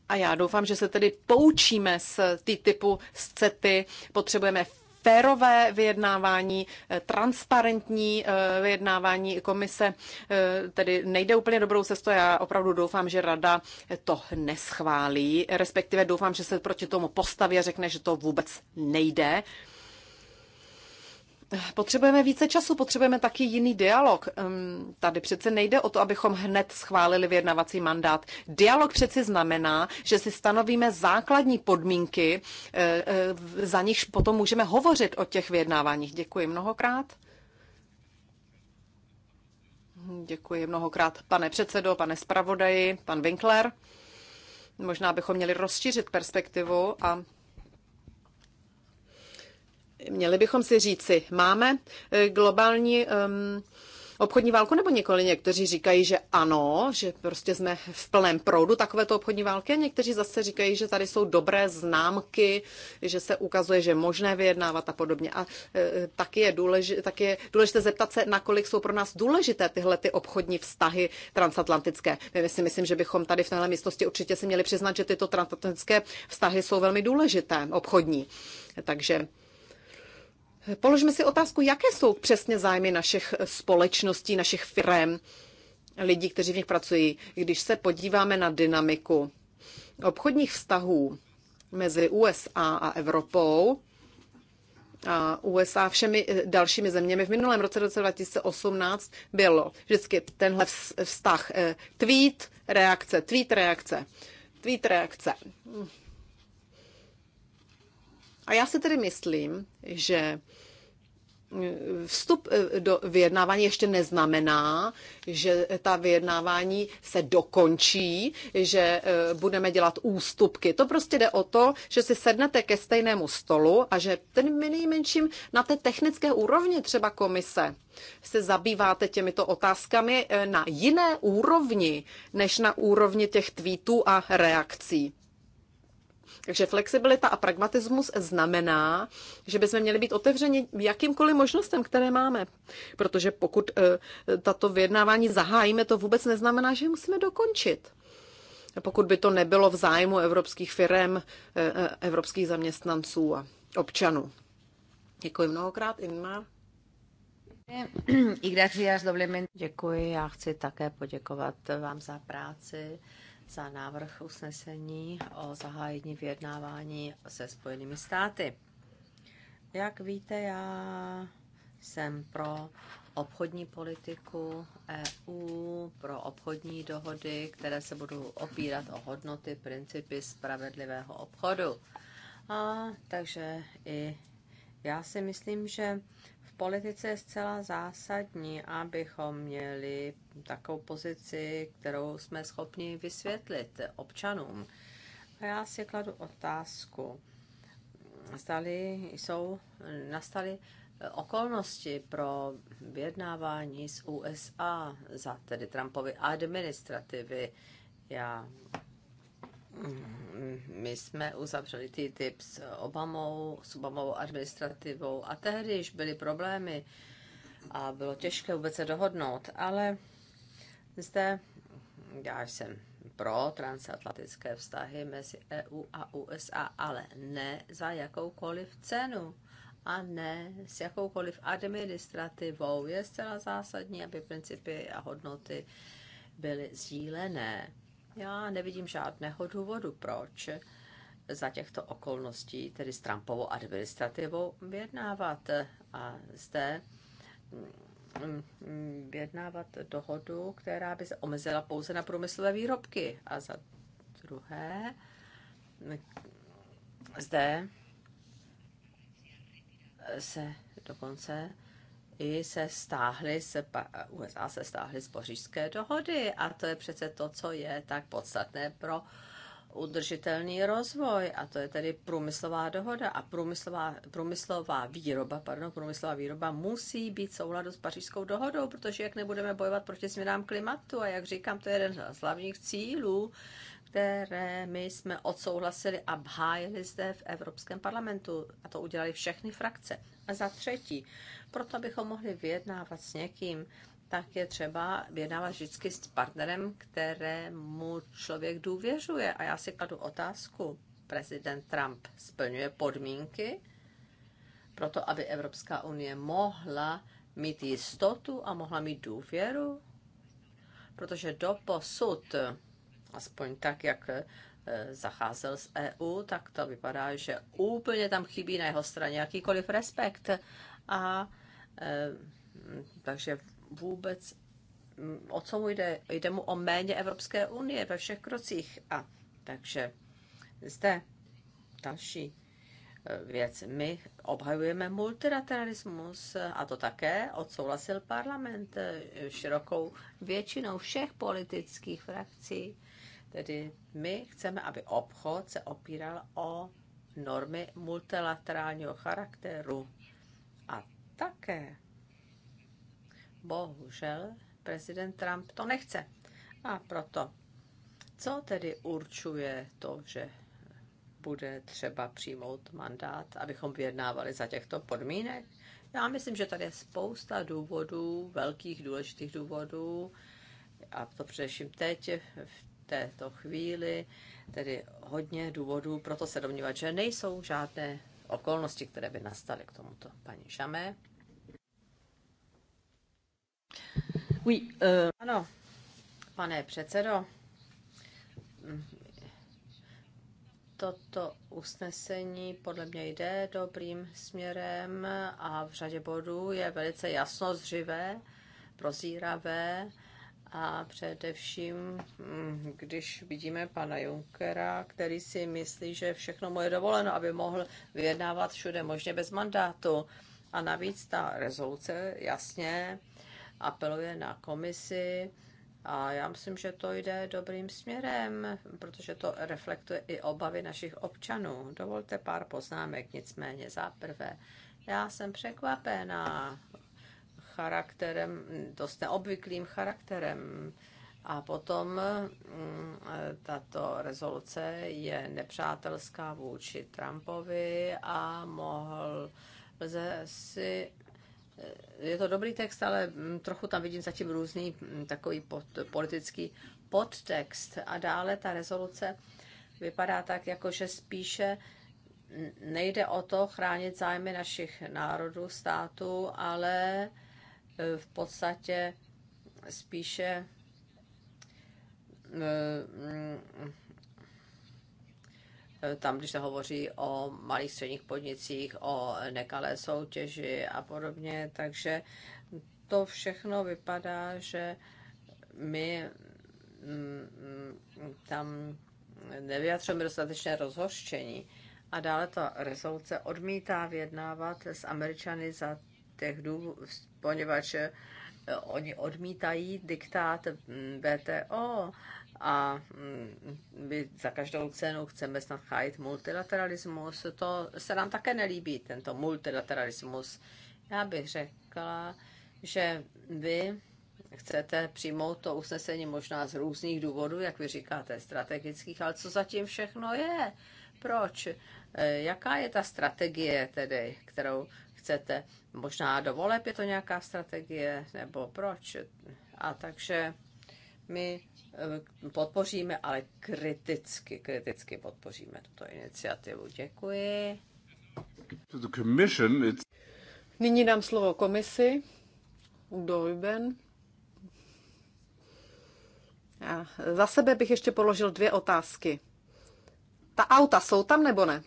a já doufám, že se tedy poučíme z ty typu z CETY. Potřebujeme férové vyjednávání, eh, transparentní eh, vyjednávání komise, eh, tedy nejde úplně dobrou cestou. Já opravdu doufám, že rada to neschválí, respektive doufám, že se proti tomu postaví a řekne, že to vůbec nejde. Potřebujeme více času, potřebujeme taky jiný dialog. Tady přece nejde o to, abychom hned schválili vyjednavací mandát. Dialog přeci znamená, že si stanovíme základní podmínky, eh, eh, za nichž potom můžeme hovořit o těch vyjednáváních. Děkuji mnohokrát. Děkuji mnohokrát, pane předsedo, pane zpravodaji, pan Winkler. Možná bychom měli rozšířit perspektivu a Měli bychom si říci, máme eh, globální um, obchodní válku, nebo nikoli někteří říkají, že ano, že prostě jsme v plném proudu takovéto obchodní války a někteří zase říkají, že tady jsou dobré známky, že se ukazuje, že je možné vyjednávat a podobně. A e, taky, je důležité, taky je důležité zeptat se, nakolik jsou pro nás důležité tyhle ty obchodní vztahy transatlantické. My si myslím, že bychom tady v téhle místnosti určitě si měli přiznat, že tyto transatlantické vztahy jsou velmi důležité, obchodní. Takže Položme si otázku, jaké jsou přesně zájmy našich společností, našich firm, lidí, kteří v nich pracují. Když se podíváme na dynamiku obchodních vztahů mezi USA a Evropou, a USA všemi eh, dalšími zeměmi v minulém roce, roce 2018, bylo vždycky tenhle vztah eh, tweet, reakce, tweet, reakce, tweet, reakce. A já si tedy myslím, že mm, vstup eh, do vyjednávání ještě neznamená, že ta vyjednávání se dokončí, že eh, budeme dělat ústupky. To prostě jde o to, že si sednete ke stejnému stolu a že ten nejmenším na té technické úrovni třeba komise se zabýváte těmito otázkami eh, na jiné úrovni, než na úrovni těch tweetů a reakcí. Takže flexibilita a pragmatismus znamená, že bychom měli být otevřeni jakýmkoliv možnostem, které máme. Protože pokud eh, tato vyjednávání zahájíme, to vůbec neznamená, že je musíme dokončit. Pokud by to nebylo v zájmu evropských firm, eh, eh, evropských zaměstnanců a občanů. Děkuji mnohokrát, Inmar. Děkuji, já chci také poděkovat vám za práci za návrh usnesení o zahájení vyjednávání se Spojenými státy. Jak víte, já jsem pro obchodní politiku EU, pro obchodní dohody, které se budou opírat o hodnoty, principy spravedlivého obchodu. A takže i já si myslím, že v politice je zcela zásadní, abychom měli takovou pozici, kterou jsme schopni vysvětlit občanům. A já si kladu otázku, Stali, jsou, nastaly okolnosti pro vyjednávání s USA za tedy Trumpovy administrativy. Já jsme uzavřeli TTIP s Obamou, s Obamovou administrativou a tehdy již byly problémy a bylo těžké vůbec se dohodnout, ale zde já jsem pro transatlantické vztahy mezi EU a USA, ale ne za jakoukoliv cenu a ne s jakoukoliv administrativou. Je zcela zásadní, aby principy a hodnoty byly sdílené. Já nevidím žádného důvodu, proč za těchto okolností, tedy s Trumpovou administrativou, vyjednávat. A zde mm, mm, vyjednávat dohodu, která by se omezila pouze na průmyslové výrobky. A za druhé, zde se dokonce i se stáhly, se, USA se stáhly z pořížské dohody a to je přece to, co je tak podstatné pro udržitelný rozvoj a to je tedy průmyslová dohoda a průmyslová, průmyslová výroba, pardon, průmyslová výroba musí být souladu s pařížskou dohodou, protože jak nebudeme bojovat proti změnám klimatu a jak říkám, to je jeden z hlavních cílů, které my jsme odsouhlasili a bhájili zde v Evropském parlamentu a to udělali všechny frakce. A za třetí, proto abychom mohli vyjednávat s někým, tak je třeba vědávat vždycky s partnerem, kterému člověk důvěřuje. A já si kladu otázku, prezident Trump splňuje podmínky pro to, aby Evropská unie mohla mít jistotu a mohla mít důvěru? Protože do posud, aspoň tak, jak eh, zacházel s EU, tak to vypadá, že úplně tam chybí na jeho straně jakýkoliv respekt. A eh, takže vůbec, mm, o co mu jde? Jde mu o méně Evropské unie ve všech krocích. A takže zde další e, věc. My obhajujeme multilateralismus a to také odsouhlasil parlament e, širokou většinou všech politických frakcí. Tedy my chceme, aby obchod se opíral o normy multilaterálního charakteru. A také bohužel prezident Trump to nechce. A proto, co tedy určuje to, že bude třeba přijmout mandát, abychom vyjednávali za těchto podmínek? Já myslím, že tady je spousta důvodů, velkých důležitých důvodů, a to především teď, v této chvíli, tedy hodně důvodů, proto se domnívat, že nejsou žádné okolnosti, které by nastaly k tomuto. Paní Šamé. Oui, euh... Ano, pane předsedo, toto usnesení podle mě jde dobrým směrem a v řadě bodů je velice jasno zřivé, prozíravé a především, mm, když vidíme pana Junkera, který si myslí, že všechno mu je dovoleno, aby mohl vyjednávat všude možně bez mandátu. A navíc ta rezoluce jasně apeluje na komisi a já myslím, že to jde dobrým směrem, protože to reflektuje i obavy našich občanů. Dovolte pár poznámek, nicméně za prvé. Já jsem překvapená charakterem, dost neobvyklým charakterem. A potom mm, tato rezoluce je nepřátelská vůči Trumpovi a mohl lze si je to dobrý text, ale mm, trochu tam vidím zatím různý mm, takový pod, politický podtext. A dále ta rezoluce vypadá tak, jako že spíše nejde o to chránit zájmy našich národů, států, ale e, v podstatě spíše e, mm, tam, když se hovoří o malých středních podnicích, o nekalé soutěži a podobně, takže to všechno vypadá, že my mm, mm, tam nevyjadřujeme dostatečné rozhořčení. A dále ta rezoluce odmítá vyjednávat s Američany za těch důvodů, poněvadž oni odmítají diktát BTO a mm, my za každou cenu chceme snad hájit multilateralismus. To se nám také nelíbí, tento multilateralismus. Já bych řekla, že vy chcete přijmout to usnesení možná z různých důvodů, jak vy říkáte, strategických, ale co zatím všechno je? Proč? E, jaká je ta strategie tedy, kterou chcete? Možná dovoleb je to nějaká strategie, nebo proč? A takže my eh, podpoříme, ale kriticky, kriticky podpoříme tuto iniciativu. Děkuji. Nyní dám slovo komisi. Dojben. Já za sebe bych ještě položil dvě otázky. Ta auta jsou tam nebo ne?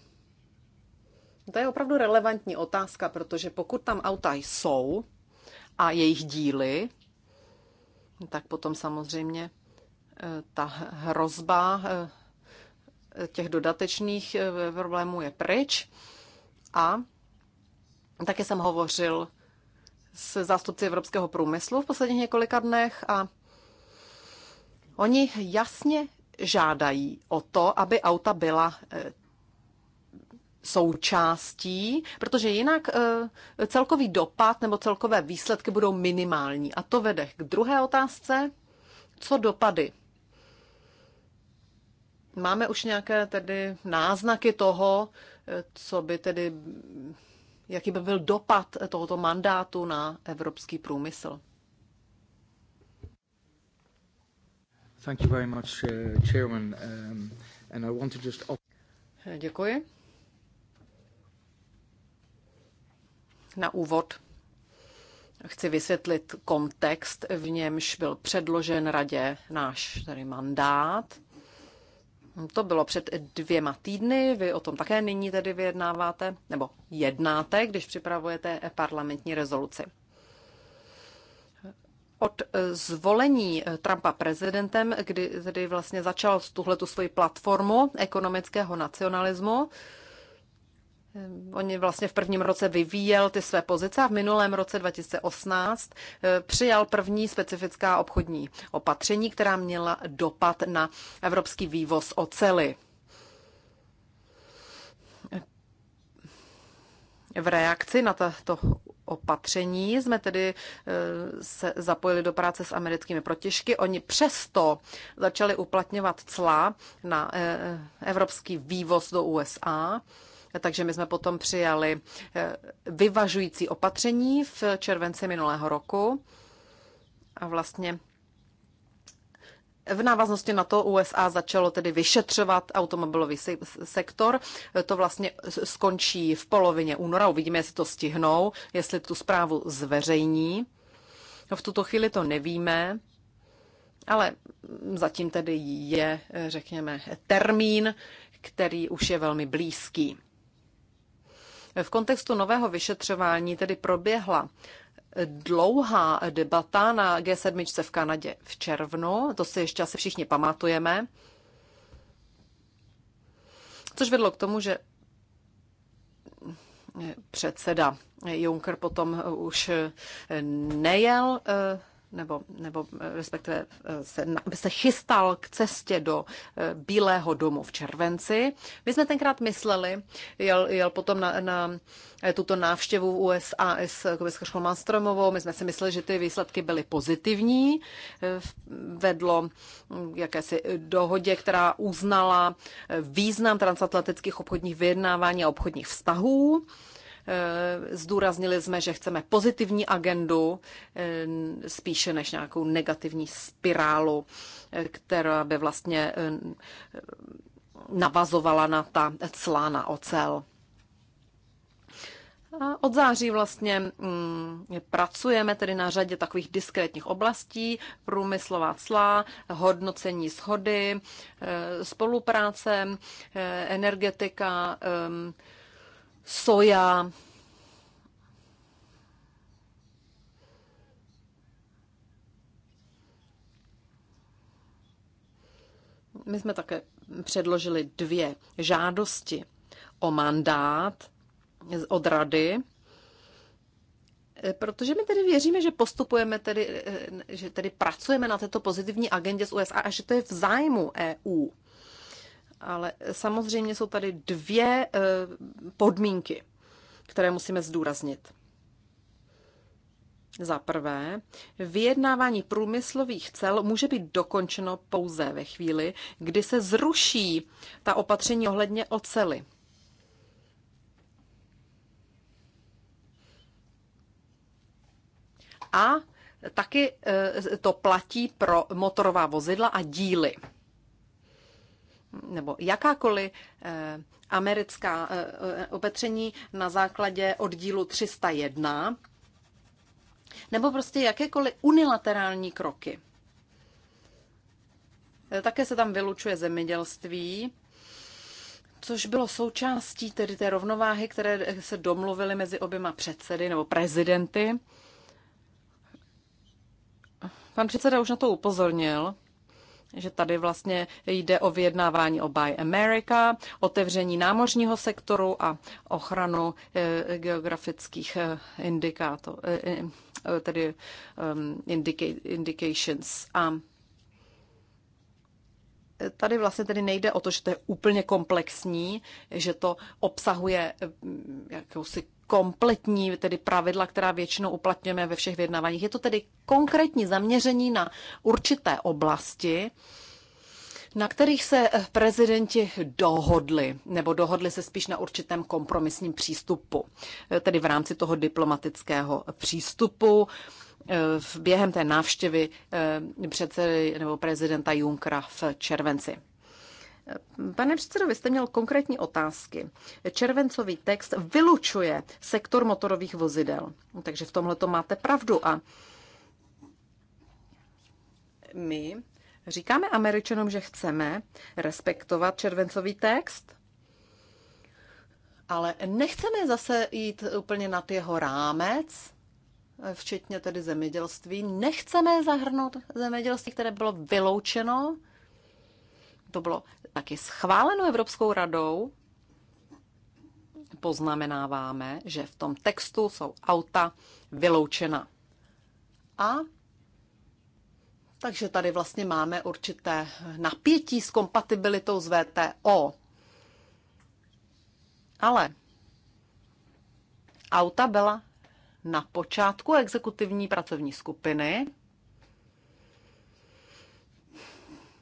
To je opravdu relevantní otázka, protože pokud tam auta jsou a jejich díly, tak potom samozřejmě eh, ta hrozba eh, těch dodatečných eh, problémů je pryč. A také jsem hovořil s zástupci evropského průmyslu v posledních několika dnech a oni jasně žádají o to, aby auta byla součástí, protože jinak eh, celkový dopad nebo celkové výsledky budou minimální. A to vede k druhé otázce, co dopady. Máme už nějaké tedy náznaky toho, eh, co by tedy, jaký by byl dopad tohoto mandátu na evropský průmysl? Thank you very much, uh, Chairman. Um, and I want to just... Děkuji. Na úvod chci vysvětlit kontext, v němž byl předložen radě náš tedy mandát. To bylo před dvěma týdny, vy o tom také nyní tedy vyjednáváte, nebo jednáte, když připravujete parlamentní rezoluci. Od zvolení Trumpa prezidentem, kdy tedy vlastně začal tuhletu svoji platformu ekonomického nacionalismu, Oni vlastně v prvním roce vyvíjel ty své pozice a v minulém roce 2018 eh, přijal první specifická obchodní opatření, která měla dopad na evropský vývoz ocely. V reakci na tato opatření jsme tedy eh, se zapojili do práce s americkými protěžky. Oni přesto začali uplatňovat cla na eh, evropský vývoz do USA takže my jsme potom přijali eh, vyvažující opatření v červenci minulého roku a vlastně v návaznosti na to USA začalo tedy vyšetřovat automobilový sektor. To vlastně skončí v polovině února. Uvidíme, jestli to stihnou, jestli tu zprávu zveřejní. No v tuto chvíli to nevíme, ale zatím tedy je, eh, řekněme, termín, který už je velmi blízký. V kontextu nového vyšetřování tedy proběhla dlouhá debata na G7 v Kanadě v červnu, to si ještě asi všichni pamatujeme, což vedlo k tomu, že předseda Juncker potom už nejel eh, nebo, nebo eh, respektive eh, se, se chystal k cestě do eh, Bílého domu v červenci. My jsme tenkrát mysleli, jel, jel potom na, na tuto návštěvu USA s komisařkou Malmstromovou, my jsme si mysleli, že ty výsledky byly pozitivní, vedlo hm, jakési dohodě, která uznala význam transatlantických obchodních vyjednávání a obchodních vztahů Eh, zdůraznili jsme, že chceme pozitivní agendu eh, spíše než nějakou negativní spirálu, eh, která by vlastně navazovala na ta clá na ocel. A od září vlastně mm, pracujeme tedy na řadě takových diskrétních oblastí, průmyslová cla, hodnocení schody, spolupráce, energetika, soja, My jsme také předložili dvě žádosti o mandát od rady, eh, protože my tedy věříme, že postupujeme tedy, eh, že tedy pracujeme na této pozitivní agendě z USA a že to je v zájmu EU. Ale eh, samozřejmě jsou tady dvě eh, podmínky, které musíme zdůraznit. Za prvé, vyjednávání průmyslových cel může být dokončeno pouze ve chvíli, kdy se zruší ta opatření ohledně ocely. A taky eh, to platí pro motorová vozidla a díly nebo jakákoliv eh, americká eh, eh, opatření na základě oddílu 301, nebo prostě jakékoliv unilaterální kroky. Také se tam vylučuje zemědělství, což bylo součástí tedy té rovnováhy, které se domluvily mezi oběma předsedy nebo prezidenty. Pan předseda už na to upozornil že tady vlastně jde o vyjednávání o Buy America, otevření námořního sektoru a ochranu eh, geografických eh, indikátorů, eh, tedy ehm, indications. A tady vlastně tedy nejde o to, že to je úplně komplexní, že to obsahuje mm, jakousi kompletní tedy pravidla, která většinou uplatňujeme ve všech vyjednáváních. Je to tedy konkrétní zaměření na určité oblasti, na kterých se prezidenti dohodli, nebo dohodli se spíš na určitém kompromisním přístupu, tedy v rámci toho diplomatického přístupu, Eh, v během té návštěvy eh, předsedy nebo prezidenta Junkra v červenci. Eh, pane předsedo, vy jste měl konkrétní otázky. Červencový text vylučuje sektor motorových vozidel, takže v tomhle to máte pravdu. A my říkáme Američanům, že chceme respektovat červencový text, ale nechceme zase jít úplně nad jeho rámec včetně tedy zemědělství. Nechceme zahrnout zemědělství, které bylo vyloučeno. To bylo taky schváleno Evropskou radou. Poznamenáváme, že v tom textu jsou auta vyloučena. A takže tady vlastně máme určité napětí s kompatibilitou s VTO. Ale auta byla na počátku exekutivní pracovní skupiny.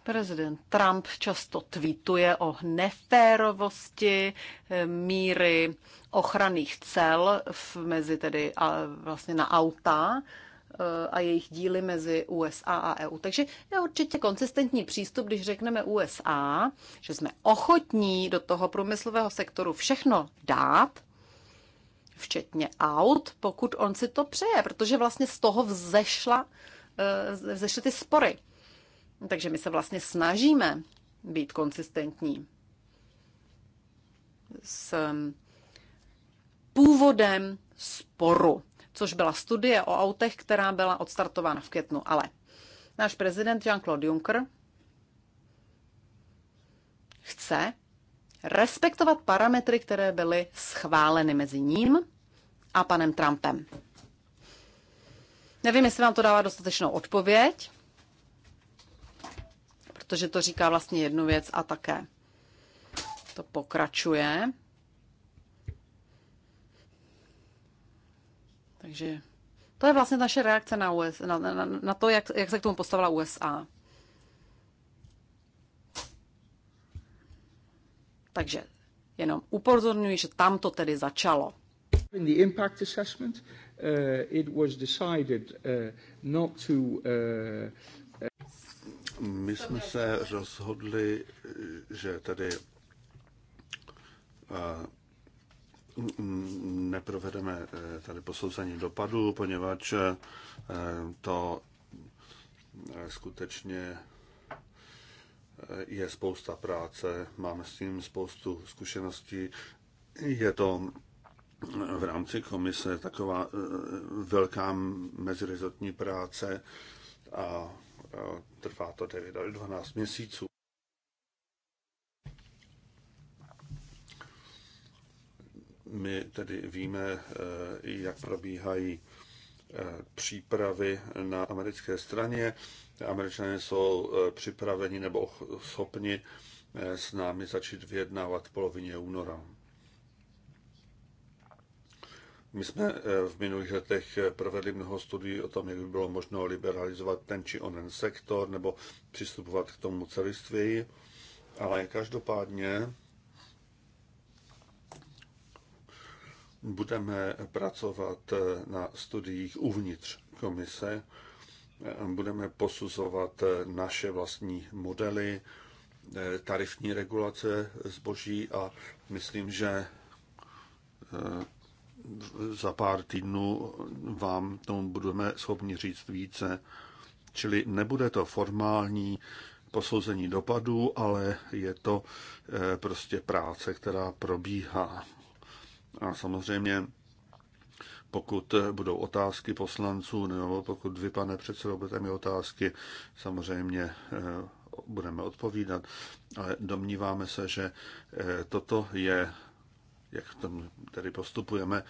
Prezident Trump často tweetuje o neférovosti eh, míry ochranných cel v, mezi tedy a vlastně na auta eh, a jejich díly mezi USA a EU. Takže je určitě konsistentní přístup, když řekneme USA, že jsme ochotní do toho průmyslového sektoru všechno dát, včetně aut, pokud on si to přeje, protože vlastně z toho vzešla, eh, vzešly ty spory. Takže my se vlastně snažíme být konsistentní s mm, původem sporu, což byla studie o autech, která byla odstartována v květnu. Ale náš prezident Jean-Claude Juncker chce, respektovat parametry, které byly schváleny mezi ním a panem Trumpem. Nevím, jestli vám to dává dostatečnou odpověď, protože to říká vlastně jednu věc a také to pokračuje. Takže to je vlastně naše reakce na, US, na, na, na to, jak, jak se k tomu postavila USA. Takže jenom upozorňuji, že tam to tedy začalo. In the impact assessment, uh, it was decided uh, not to uh, uh my jsme se rozhodli, že tedy uh, neprovedeme uh, tady posouzení dopadu, poněvadž to skutečně je spousta práce, máme s tím spoustu zkušeností. Je to v rámci komise taková eh, velká mezirezotní práce a trvá to 9 až 12 měsíců. My tedy víme, eh, jak probíhají eh, přípravy na americké straně. Američané jsou e, připraveni nebo schopni e, s námi začít vyjednávat v polovině února. My jsme e, v minulých letech provedli mnoho studií o tom, jak by bylo možno liberalizovat ten či onen sektor nebo přistupovat k tomu celistvěji, ale každopádně budeme pracovat na studiích uvnitř komise, budeme posuzovat naše vlastní modely tarifní regulace zboží a myslím, že eh, za pár týdnů vám tomu budeme schopni říct více. Čili nebude to formální posouzení dopadů, ale je to eh, prostě práce, která probíhá. A samozřejmě pokud budou otázky poslanců, nebo pokud vy, pane předsedo, budete mít otázky, samozřejmě eh, budeme odpovídat, ale domníváme se, že eh, toto je, jak v tom tedy postupujeme,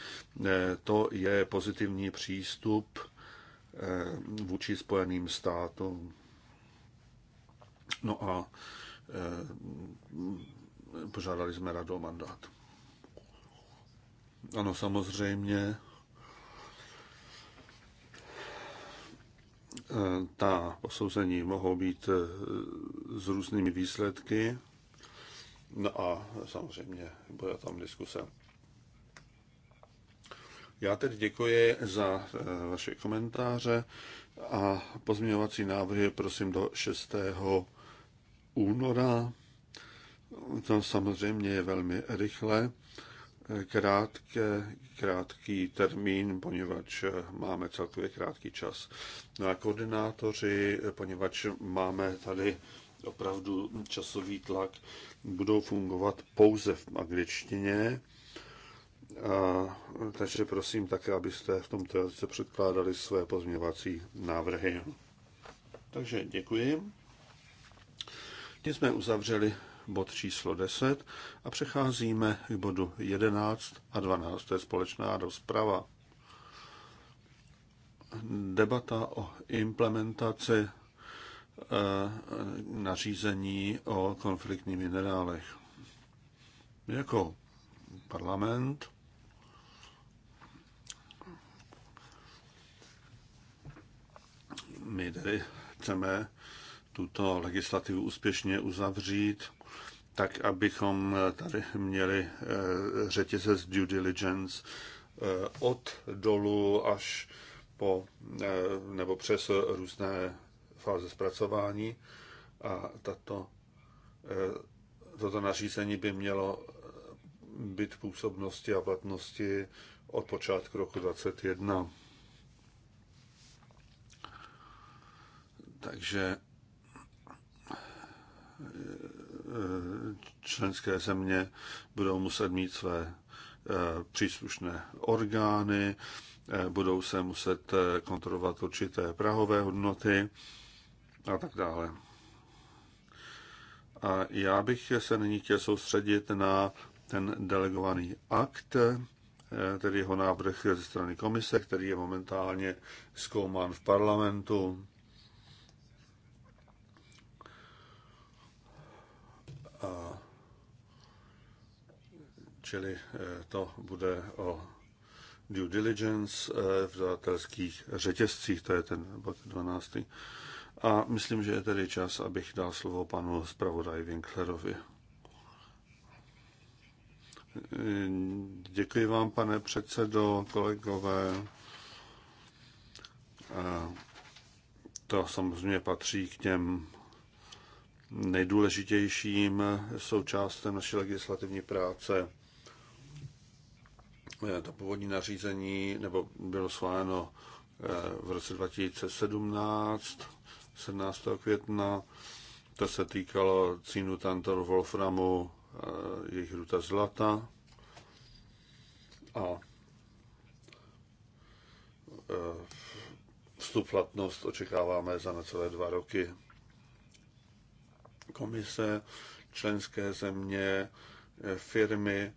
eh, to je pozitivní přístup vůči Spojeným státům. No a požádali jsme radu o mandát. Ano, samozřejmě Eh, ta posouzení mohou být eh, s různými výsledky. No a samozřejmě bude tam diskuse. Já tedy děkuji za eh, vaše komentáře a pozměňovací návrhy prosím do 6. února. To samozřejmě je velmi rychle krátké, krátký termín, poněvadž máme celkově krátký čas. No a koordinátoři, poněvadž máme tady opravdu časový tlak, budou fungovat pouze v angličtině. A, takže prosím také, abyste v tomto se předkládali své pozměňovací návrhy. Takže děkuji. Tím jsme uzavřeli bod číslo 10 a přecházíme k bodu 11 a 12, to je společná rozprava. Debata o implementaci eh, nařízení o konfliktních minerálech. Jako parlament my tedy chceme tuto legislativu úspěšně uzavřít tak abychom eh, tady měli eh, řetězec due diligence eh, od dolu až po, nebo přes různé fáze zpracování a tato, toto nařízení by mělo být v působnosti a platnosti od počátku roku 2021. Takže členské země budou muset mít své eh, příslušné orgány, eh, budou se muset eh, kontrolovat určité prahové hodnoty a tak dále. A já bych se nyní chtěl soustředit na ten delegovaný akt, tedy jeho návrh ze strany komise, který je momentálně zkoumán v parlamentu. čili eh, to bude o due diligence eh, v dodatelských řetězcích, to je ten bod 12. A myslím, že je tedy čas, abych dal slovo panu zpravodaji Winklerovi. Eh, děkuji vám, pane předsedo, kolegové. To samozřejmě patří k těm nejdůležitějším součástem naší legislativní práce. Eh, to původní nařízení nebo bylo schváleno eh, v roce 2017, 17. května. To se týkalo cínu tantor Wolframu, eh, jejich ruta zlata. A vstup platnost očekáváme za necelé dva roky. Komise, členské země, firmy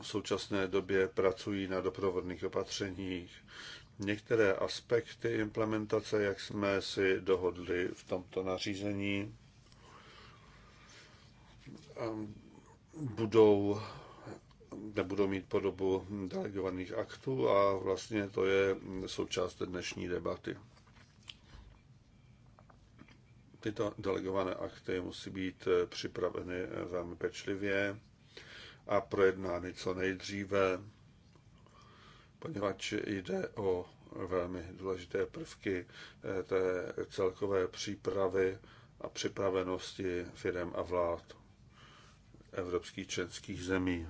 v současné době pracují na doprovodných opatřeních. Některé aspekty implementace, jak jsme si dohodli v tomto nařízení, um, budou nebudou mít podobu delegovaných aktů a vlastně to je součást dnešní debaty. Tyto delegované akty musí být připraveny velmi pečlivě a projednány co nejdříve, poněvadž jde o velmi důležité prvky eh, té celkové přípravy a připravenosti firm a vlád evropských členských zemí.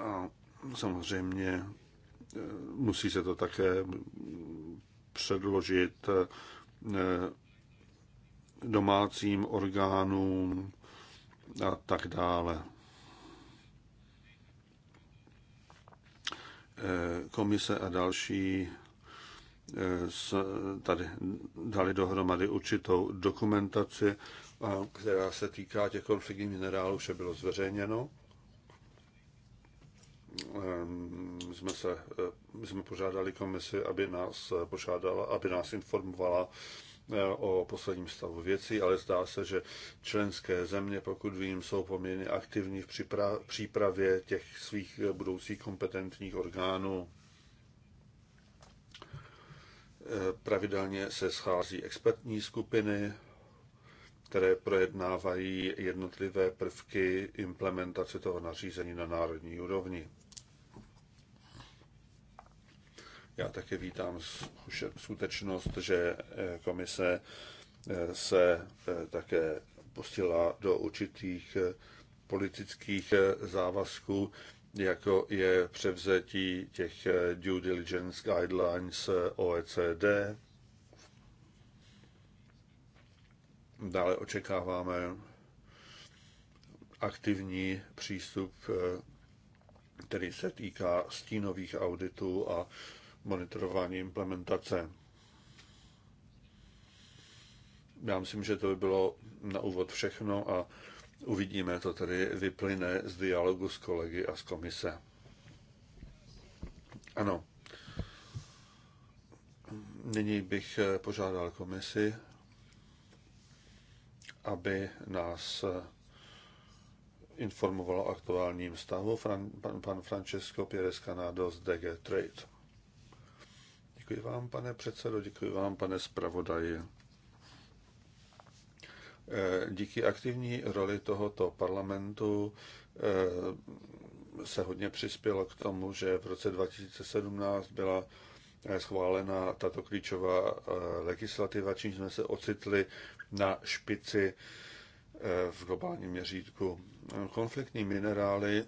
A samozřejmě eh, musí se to také předložit eh, domácím orgánům a tak dále. Eh, komise a další eh, tady dali dohromady určitou dokumentaci, která se týká těch konfliktních minerálů, vše bylo zveřejněno. Ehm, jsme, se, eh, jsme požádali komisi, aby nás požádala, aby nás informovala o posledním stavu věcí, ale zdá se, že členské země, pokud vím, jsou poměrně aktivní v přípravě těch svých budoucích kompetentních orgánů. Eh, pravidelně se schází expertní skupiny, které projednávají jednotlivé prvky implementace toho nařízení na národní úrovni. Já také vítám skutečnost, že eh, komise eh, se eh, také postila do určitých politických závazků, jako je převzetí těch due diligence guidelines OECD. Dále očekáváme aktivní přístup, který se týká stínových auditů a monitorování implementace. Já myslím, že to by bylo na úvod všechno a uvidíme, to tedy vyplyne z dialogu s kolegy a z komise. Ano. Nyní bych eh, požádal komisi, aby nás eh, informovala o aktuálním stavu. Fran, pan, pan Francesco Pérez Canado z DG Trade. Děkuji vám, pane předsedo, děkuji vám, pane zpravodaji. Eh, díky aktivní roli tohoto parlamentu eh, se hodně přispělo k tomu, že v roce 2017 byla eh, schválena tato klíčová legislativa, čím jsme se ocitli na špici v globálním měřítku. Konfliktní minerály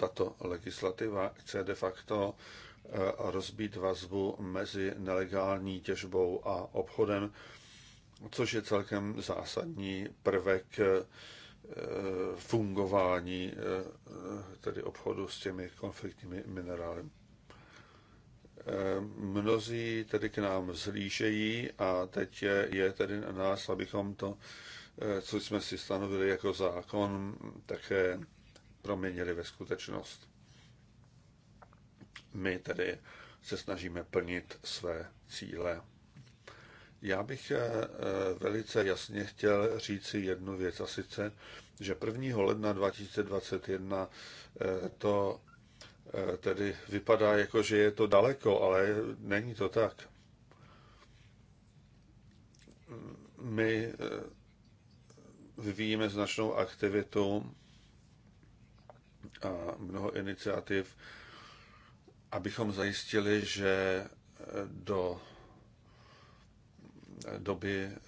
tato legislativa chce de facto eh, rozbít vazbu mezi nelegální těžbou a obchodem, což je celkem zásadní prvek eh, fungování eh, tedy obchodu s těmi konfliktními minerály. Mnozí tedy k nám zlížejí a teď je, je tedy na nás, abychom to, co jsme si stanovili jako zákon, také proměnili ve skutečnost. My tedy se snažíme plnit své cíle. Já bych eh, eh, velice jasně chtěl říci jednu věc, a sice, že 1. ledna 2021 eh, to tedy vypadá jako, že je to daleko, ale není to tak. My vyvíjíme značnou aktivitu a mnoho iniciativ, abychom zajistili, že eh, do doby, eh,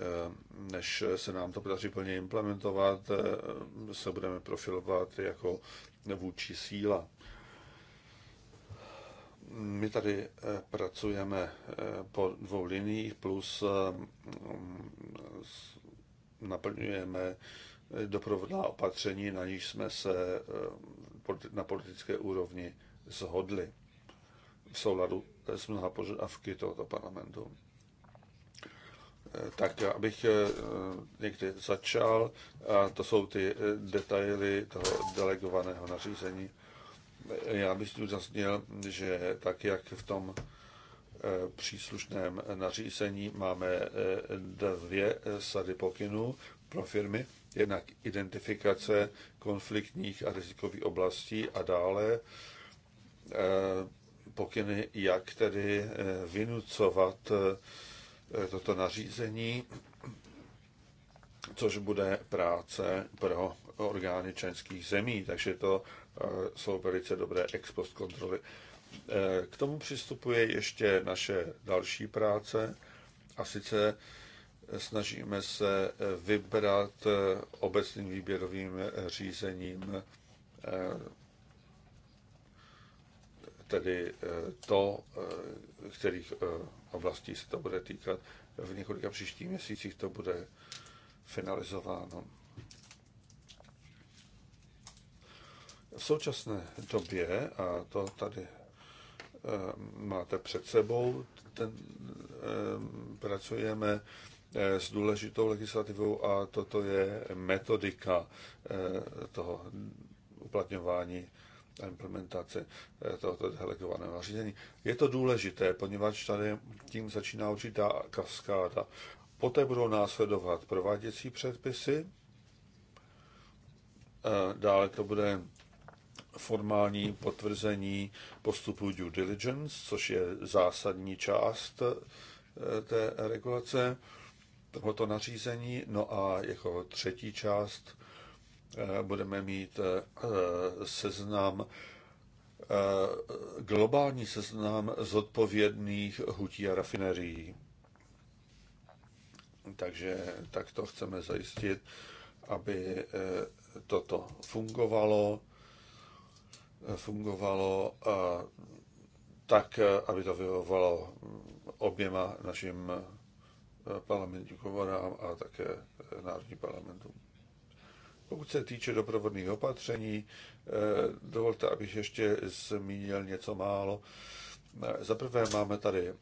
než se nám to podaří plně implementovat, eh, se budeme profilovat jako vůči síla. My tady pracujeme po dvou liniích, plus naplňujeme doprovodná opatření, na níž jsme se na politické úrovni zhodli v souladu s mnoha požadavky tohoto parlamentu. Eh, tak abych eh, někdy začal, a to jsou ty eh, detaily toho delegovaného nařízení. Já bych zdůraznil, že tak, jak v tom příslušném nařízení máme dvě sady pokynů pro firmy, jednak identifikace konfliktních a rizikových oblastí a dále eh, pokyny, jak tedy eh, vynucovat eh, toto nařízení, což bude práce pro orgány členských zemí. Takže to jsou velice dobré ex post kontroly. K tomu přistupuje ještě naše další práce, a sice snažíme se eh, vybrat eh, obecným výběrovým eh, řízením tedy to, kterých oblastí se to bude týkat. V několika příštích měsících to bude finalizováno. V současné době, a to tady máte před sebou, ten, pracujeme Eh, s důležitou legislativou a toto je metodika eh, toho uplatňování a implementace eh, tohoto delegovaného řízení. Je to důležité, poněvadž tady tím začíná určitá kaskáda. Poté budou následovat prováděcí předpisy, dále to bude formální potvrzení postupu due diligence, což je zásadní část té regulace tohoto nařízení. No a jako třetí část eh, budeme mít eh, seznam eh, globální seznam zodpovědných hutí a rafinerií. Takže tak to chceme zajistit, aby toto fungovalo, fungovalo tak, aby to vyhovovalo mm, oběma našim parlamentní komorám a také eh, národní parlamentům. Pokud se týče doprovodných opatření, eh, dovolte, abych ještě zmínil něco málo. Eh, za prvé máme tady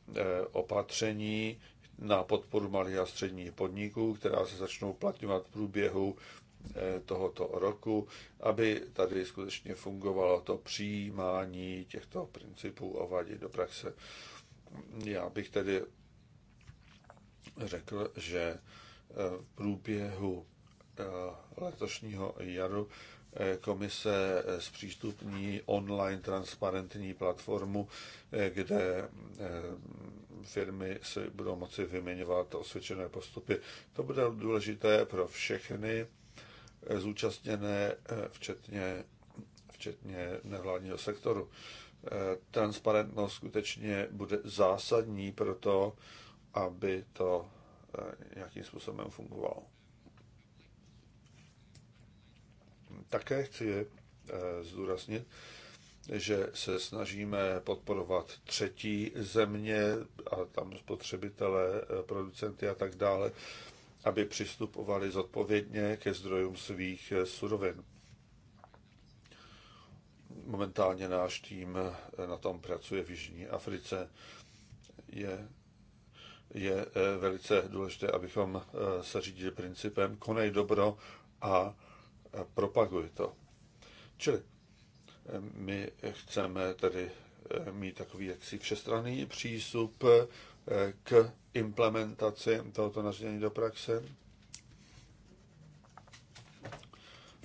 opatření na podporu malých a středních podniků, která se začnou platňovat v průběhu tohoto roku, aby tady skutečně fungovalo to přijímání těchto principů a vadit do praxe. Já bych tedy řekl, že eh, v průběhu eh, letošního jaru eh, komise zpřístupní online transparentní platformu, kde firmy si budou moci vyměňovat osvědčené postupy. To bude důležité pro všechny zúčastněné, včetně, včetně nevládního sektoru. Transparentnost skutečně bude zásadní pro to, aby to eh, nějakým způsobem fungovalo. Také chci eh, zdůraznit, že se snažíme podporovat třetí země a tam spotřebitele, eh, producenty a tak dále, aby přistupovali zodpovědně ke zdrojům svých surovin. Momentálně náš tým na tom pracuje v Jižní Africe. Je je eh, velice důležité, abychom eh, se řídili principem konej dobro a eh, propaguj to. Čili my chceme tedy mít takový jaksi všestranný přístup k implementaci tohoto nařízení do praxe.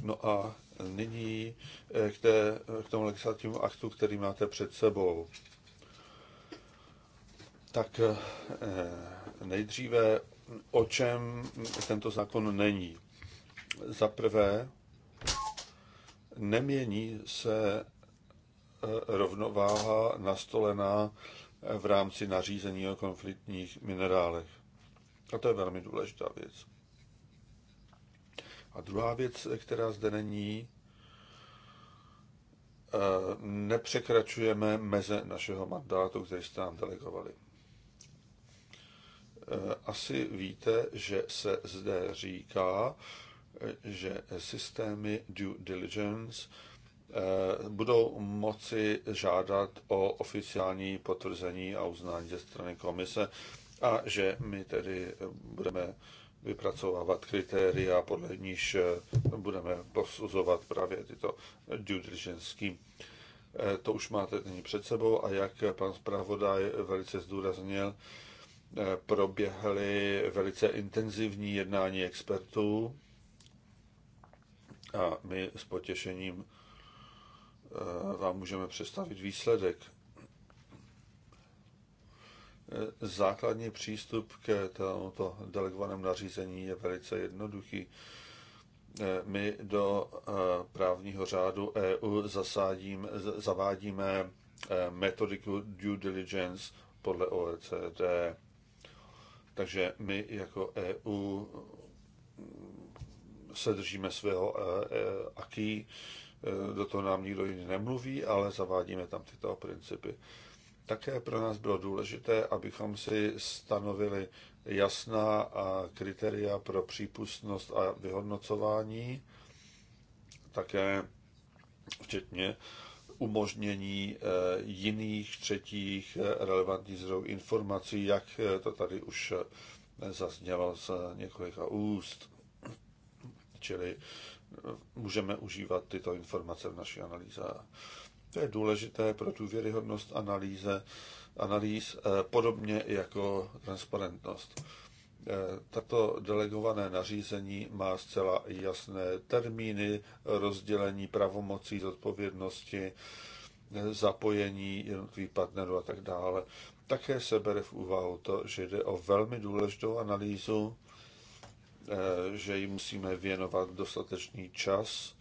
No a nyní k, té, k tomu legislativnímu aktu, který máte před sebou. Tak eh, nejdříve, o čem tento zákon není. Za prvé, nemění se eh, rovnováha nastolená v rámci nařízení o konfliktních minerálech. A to je velmi důležitá věc. A druhá věc, která zde není, eh, nepřekračujeme meze našeho mandátu, který jste nám delegovali. Eh, asi víte, že se zde říká, eh, že systémy due diligence eh, budou moci žádat o oficiální potvrzení a uznání ze strany komise a že my tedy budeme vypracovávat kritéria, podle níž budeme posuzovat právě tyto due diligence scheme. To už máte nyní před sebou a jak pan zpravodaj velice zdůraznil, proběhly velice intenzivní jednání expertů a my s potěšením eh, vám můžeme představit výsledek. Eh, základní přístup k tomuto delegovanému nařízení je velice jednoduchý. Eh, my do právního řádu EU zasádím, zavádíme metodiku due diligence podle OECD takže my jako EU se držíme svého e, e, aký, e, do toho nám nikdo jiný nemluví, ale zavádíme tam tyto principy. Také pro nás bylo důležité, abychom si stanovili jasná kritéria pro přípustnost a vyhodnocování, také včetně umožnění eh, jiných třetích eh, relevantních zdrojů informací, jak eh, to tady už zaznělo z několika úst. Čili můžeme užívat tyto informace v naší analýze. To je důležité pro tu věryhodnost analýze, analýz, podobně jako transparentnost. Eh, tato delegované nařízení má zcela jasné termíny rozdělení pravomocí, zodpovědnosti, eh, zapojení jednotlivých partnerů a tak dále. Také se bere v úvahu to, že jde o velmi důležitou analýzu, eh, že ji musíme věnovat dostatečný čas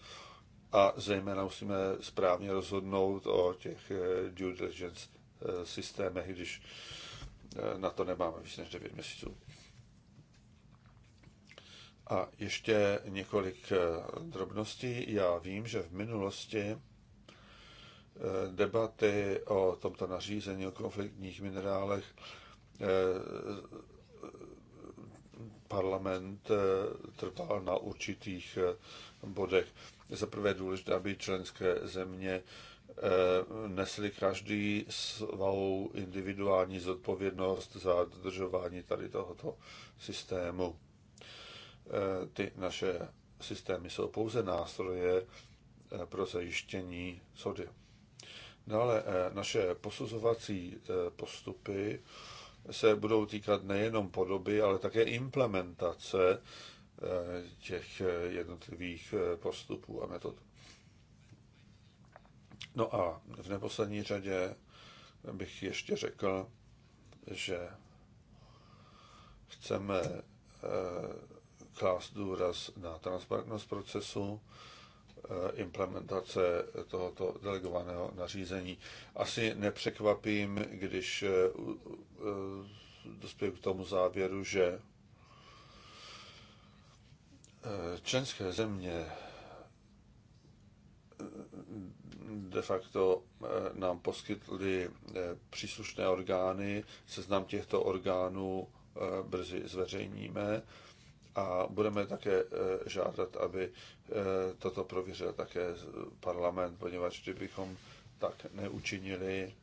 a zejména musíme správně rozhodnout o těch due diligence systémech, když na to nemáme víc než 9 měsíců. A ještě několik eh, drobností. Já vím, že v minulosti eh, debaty o tomto nařízení o konfliktních minerálech eh, parlament trval na určitých bodech. Za prvé důležité, aby členské země nesli každý svou individuální zodpovědnost za dodržování tady tohoto systému. Eh, ty naše systémy jsou pouze nástroje eh, pro zajištění sody. Dále no eh, naše posuzovací postupy se budou týkat nejenom podoby, ale také implementace těch jednotlivých postupů a metod. No a v neposlední řadě bych ještě řekl, že chceme klást důraz na transparentnost procesu, eh, implementace tohoto delegovaného nařízení. Asi nepřekvapím, když eh, eh, dospěju k tomu závěru, že členské země de facto nám poskytly příslušné orgány. Seznam těchto orgánů brzy zveřejníme a budeme také eh, žádat, aby eh, toto prověřil také parlament, poněvadž kdybychom tak neučinili,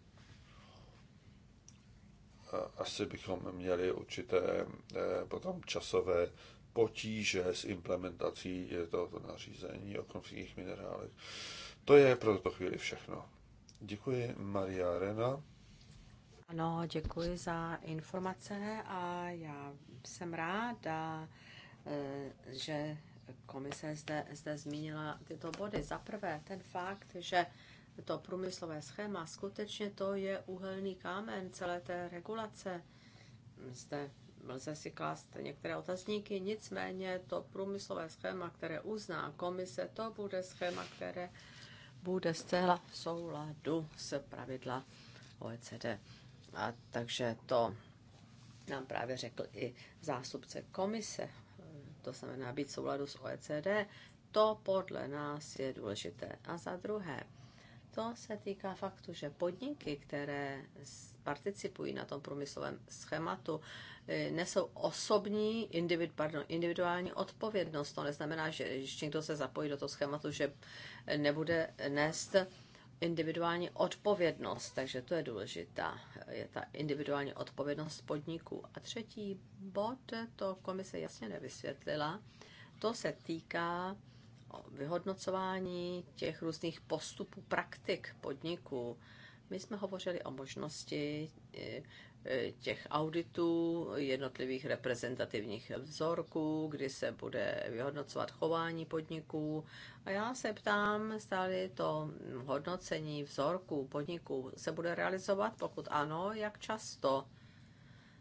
asi bychom měli určité eh, potom časové potíže s implementací tohoto nařízení o konfliktních minerálech. To je pro tuto chvíli všechno. Děkuji, Maria Arena. Ano, děkuji za informace a já jsem ráda, Eh, že komise zde, zde zmínila tyto body. Za prvé, ten fakt, že to průmyslové schéma, skutečně to je uhelný kámen celé té regulace. Zde lze si klást některé otazníky, nicméně to průmyslové schéma, které uzná komise, to bude schéma, které bude zcela v souladu s pravidla OECD. A takže to nám právě řekl i zástupce komise to znamená být v souladu s OECD, to podle nás je důležité. A za druhé, to se týká faktu, že podniky, které participují na tom průmyslovém schématu, eh, nesou osobní, individu, pardon, individuální odpovědnost. To neznamená, že když někdo se zapojí do toho schématu, že nebude nést individuální odpovědnost, takže to je důležitá, je ta individuální odpovědnost podniků. A třetí bod, to komise jasně nevysvětlila, to se týká vyhodnocování těch různých postupů, praktik podniků. My jsme hovořili o možnosti eh, E, těch auditů jednotlivých reprezentativních vzorků, kdy se bude vyhodnocovat chování podniků. A já se ptám, stále to hodnocení vzorků podniků se bude realizovat, pokud ano, jak často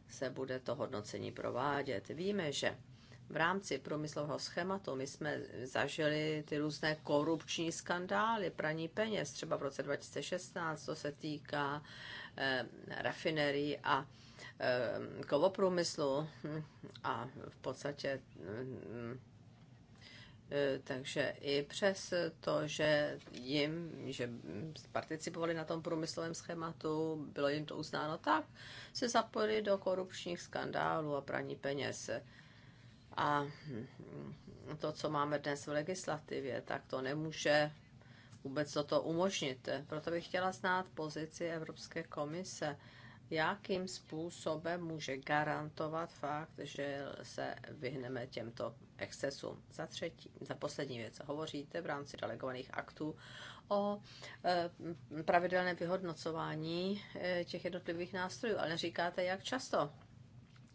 se bude to hodnocení provádět. Víme, že v rámci průmyslového schématu my jsme zažili ty různé korupční skandály, praní peněz, třeba v roce 2016, co se týká eh, rafinerií a eh, kovoprůmyslu a v podstatě eh, takže i přes to, že jim, že participovali na tom průmyslovém schématu, bylo jim to uznáno tak, se zapojili do korupčních skandálů a praní peněz. Eh, a to, co máme dnes v legislativě, tak to nemůže vůbec toto umožnit. Proto bych chtěla znát pozici Evropské komise, jakým způsobem může garantovat fakt, že se vyhneme těmto excesům. Za třetí, za poslední věc, hovoříte v rámci delegovaných aktů o e, pravidelném vyhodnocování e, těch jednotlivých nástrojů, ale říkáte, jak často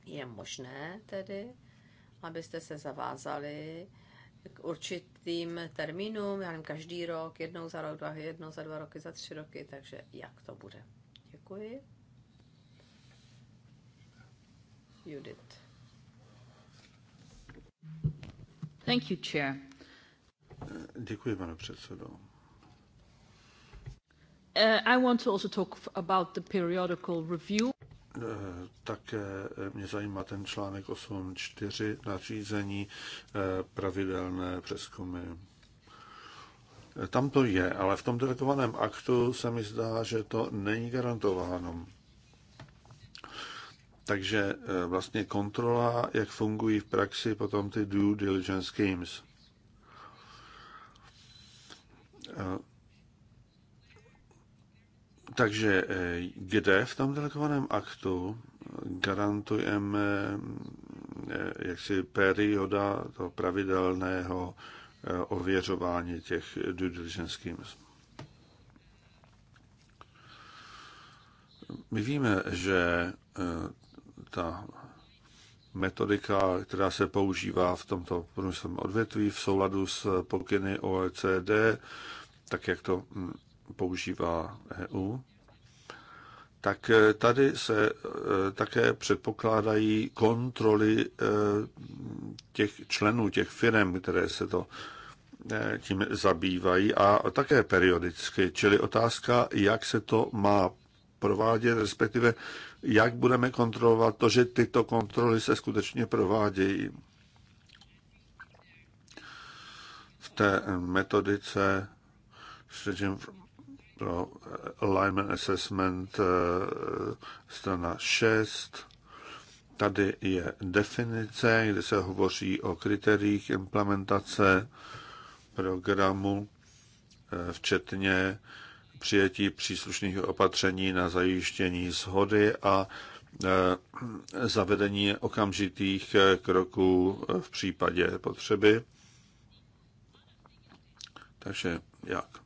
je možné tedy abyste se zavázali k určitým termínům, já nevím, každý rok, jednou za rok, dva, jednou za dva roky, za tři roky, takže jak to bude. Děkuji. Judith. Thank you, Chair. Děkuji, pane předsedo. Uh, I want to also talk about the periodical review. Eh, také eh, mě zajímá ten článek 8.4 nařízení eh, pravidelné přeskumy. Tam to je, ale v tom delegovaném aktu se mi zdá, že to není garantováno. Takže vlastně kontrola, jak fungují v praxi potom ty due diligence schemes takže eh, kde v tom delegovaném aktu garantujeme eh, jaksi perioda toho pravidelného eh, ověřování těch due diligence schemes. My víme, že ta metodika, která se používá v tomto průmyslovém odvětví v souladu s pokyny OECD, tak jak to hm, používá EU, tak eh, tady se eh, také předpokládají kontroly eh, těch členů, těch firm, které se to tím zabývají a také periodicky. Čili otázka, jak se to má provádět, respektive jak budeme kontrolovat to, že tyto kontroly se skutečně provádějí. V té metodice Stretching pro no, alignment Assessment eh, strana 6. Tady je definice, kde se hovoří o kritériích implementace programu, eh, včetně přijetí příslušných opatření na zajištění shody a eh, zavedení okamžitých kroků v případě potřeby. Takže jak?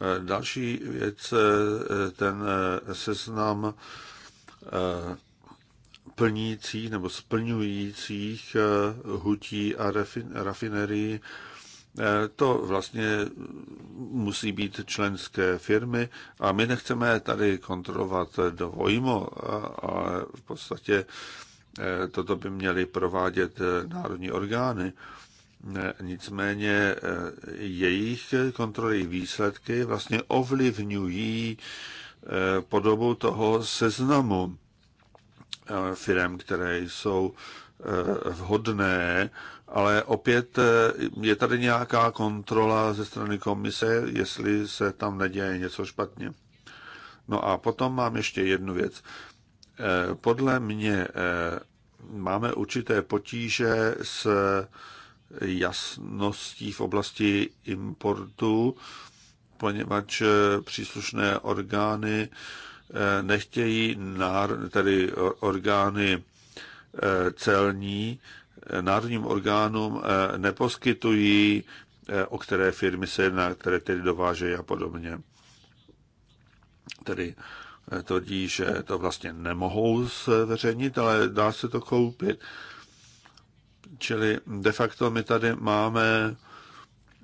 Eh, další věc, eh, ten eh, seznam plnících nebo splňujících hutí a rafinerií, to vlastně musí být členské firmy a my nechceme tady kontrolovat dvojmo, ale v podstatě toto by měly provádět národní orgány. Nicméně eh, jejich kontroly výsledky vlastně ovlivňují eh, podobu toho seznamu eh, firm, které jsou vhodné, ale opět je tady nějaká kontrola ze strany komise, jestli se tam neděje něco špatně. No a potom mám ještě jednu věc. Podle mě máme určité potíže s jasností v oblasti importu, poněvadž příslušné orgány eh, nechtějí, tedy orgány eh, celní, eh, národním orgánům neposkytují, o které firmy se jedná, které tedy dovážejí a podobně. Tedy tvrdí, že to vlastně nemohou zveřejnit, ale dá se to koupit. Čili de facto my tady máme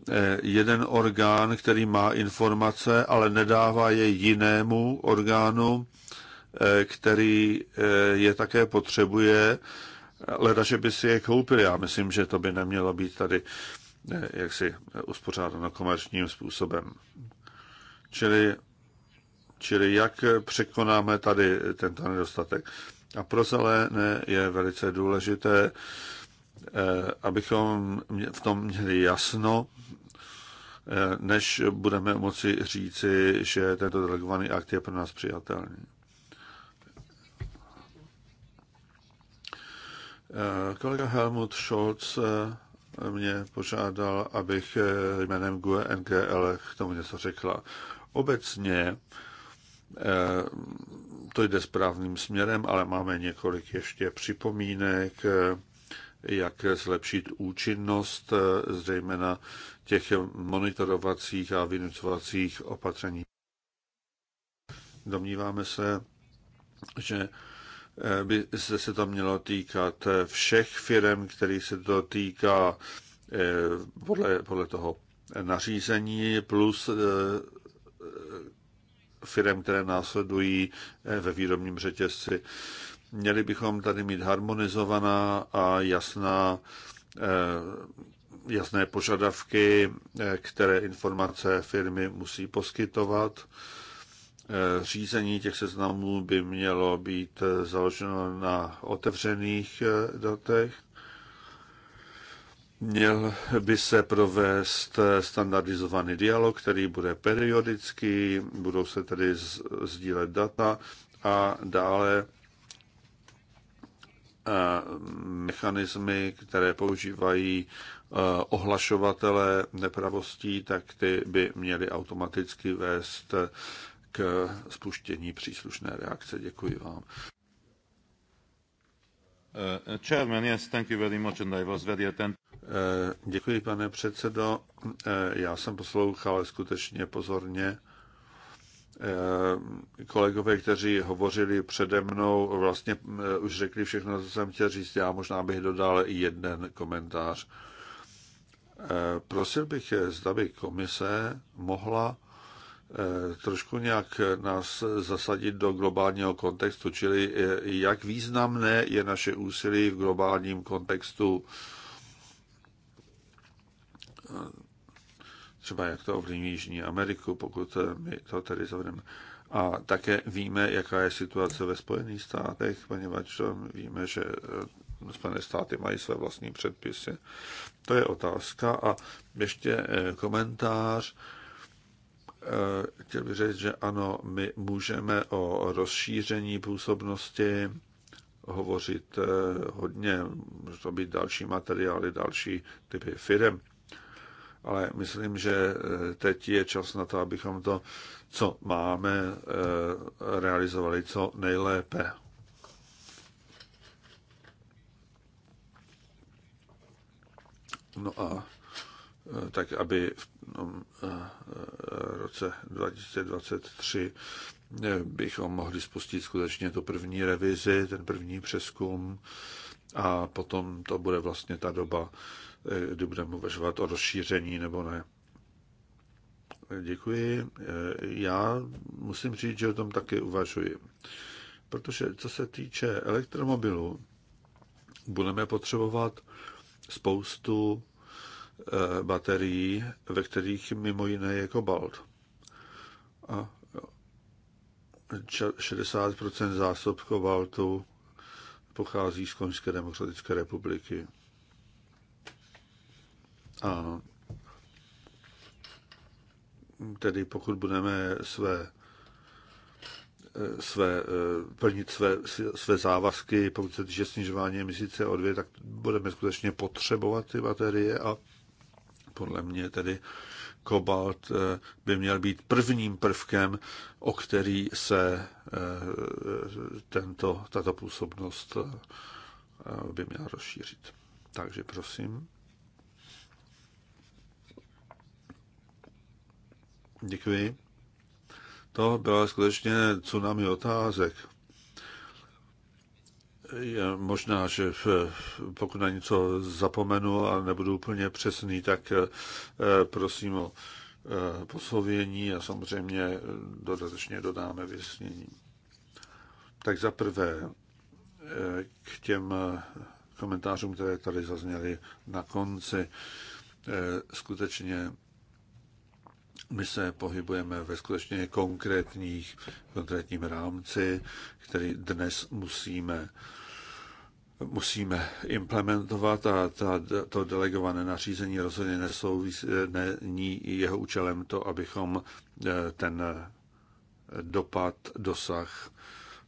eh, jeden orgán, který má informace, ale nedává je jinému orgánu, eh, který eh, je také potřebuje, leda, že by si je koupil. Já myslím, že to by nemělo být tady jaksi uspořádáno komerčním způsobem. Čili, čili jak překonáme tady tento nedostatek. A pro zelené je velice důležité Eh, abychom v tom měli jasno, eh, než budeme moci říci, že tento delegovaný akt je pro nás přijatelný. Eh, kolega Helmut Scholz mě požádal, abych jménem GUE NGL k tomu něco řekla. Obecně to jde správným směrem, ale máme několik ještě připomínek jak zlepšit účinnost eh, zejména těch monitorovacích a vynucovacích opatření. Domníváme se, že eh, by se to mělo týkat eh, všech firm, který se to týká podle, podle toho nařízení, plus firm, které následují ve výrobním řetězci. Měli bychom tady mít harmonizovaná a jasná, eh, jasné požadavky, eh, které informace firmy musí poskytovat. Eh, řízení těch seznamů by mělo být založeno na otevřených datech. Měl by se provést standardizovaný dialog, který bude periodický, budou se tedy sdílet data a dále Eh, mechanismy, které používají eh, ohlašovatele nepravostí, tak ty by měly automaticky vést k spuštění příslušné reakce. Děkuji vám. Eh, Chairman, yes, thank you very much and I was very attentive. Děkuji, pane předsedo. Já jsem poslouchal skutečně pozorně Eh, kolegové, kteří hovořili přede mnou, vlastně eh, už řekli všechno, co jsem chtěl říct. Já možná bych dodal i jeden komentář. Eh, prosil bych, zda by komise mohla trošku nějak nás zasadit do globálního kontextu, čili jak významné je naše úsilí v globálním kontextu třeba jak to ovlivní Jižní Ameriku, pokud eh, my to tedy zavedeme. A také víme, jaká je situace ve Spojených státech, poněvadž eh, víme, že eh, Spojené státy mají své vlastní předpisy. To je otázka. A ještě komentář. Chtěl bych říct, že ano, my můžeme o rozšíření působnosti hovořit hodně, může to být další materiály, další typy firm ale myslím, že eh, teď je čas na to, abychom to, co máme, eh, realizovali co nejlépe. No a eh, tak, aby v no, roce 2023 bychom mohli spustit skutečně tu první revizi, ten první přeskum a potom to bude vlastně ta doba, kdy budeme uvažovat o rozšíření nebo ne. Děkuji. Já musím říct, že o tom taky uvažuji. Protože co se týče elektromobilů, budeme potřebovat spoustu eh, baterií, ve kterých mimo jiné je kobalt. A 60 zásob kobaltu pochází z Koňské demokratické republiky. A tedy pokud budeme své eh, své, eh, plnit své, své závazky, pokud se týče snižování emisí CO2, tak budeme skutečně potřebovat ty baterie a podle mě tedy kobalt eh, by měl být prvním prvkem, o který se tento, tato působnost by měla rozšířit. Takže prosím. Děkuji. To byla skutečně tsunami otázek. Je možná, že v, pokud na něco zapomenu a nebudu úplně přesný, tak eh, prosím o eh, poslovění a samozřejmě dodatečně dodáme vysnění. Tak za prvé eh, k těm komentářům, které tady zazněly na konci. Skutečně my se pohybujeme ve skutečně konkrétních, konkrétním rámci, který dnes musíme musíme implementovat a ta, to delegované nařízení rozhodně nesouvisí, není jeho účelem to, abychom eh, ten eh, dopad, dosah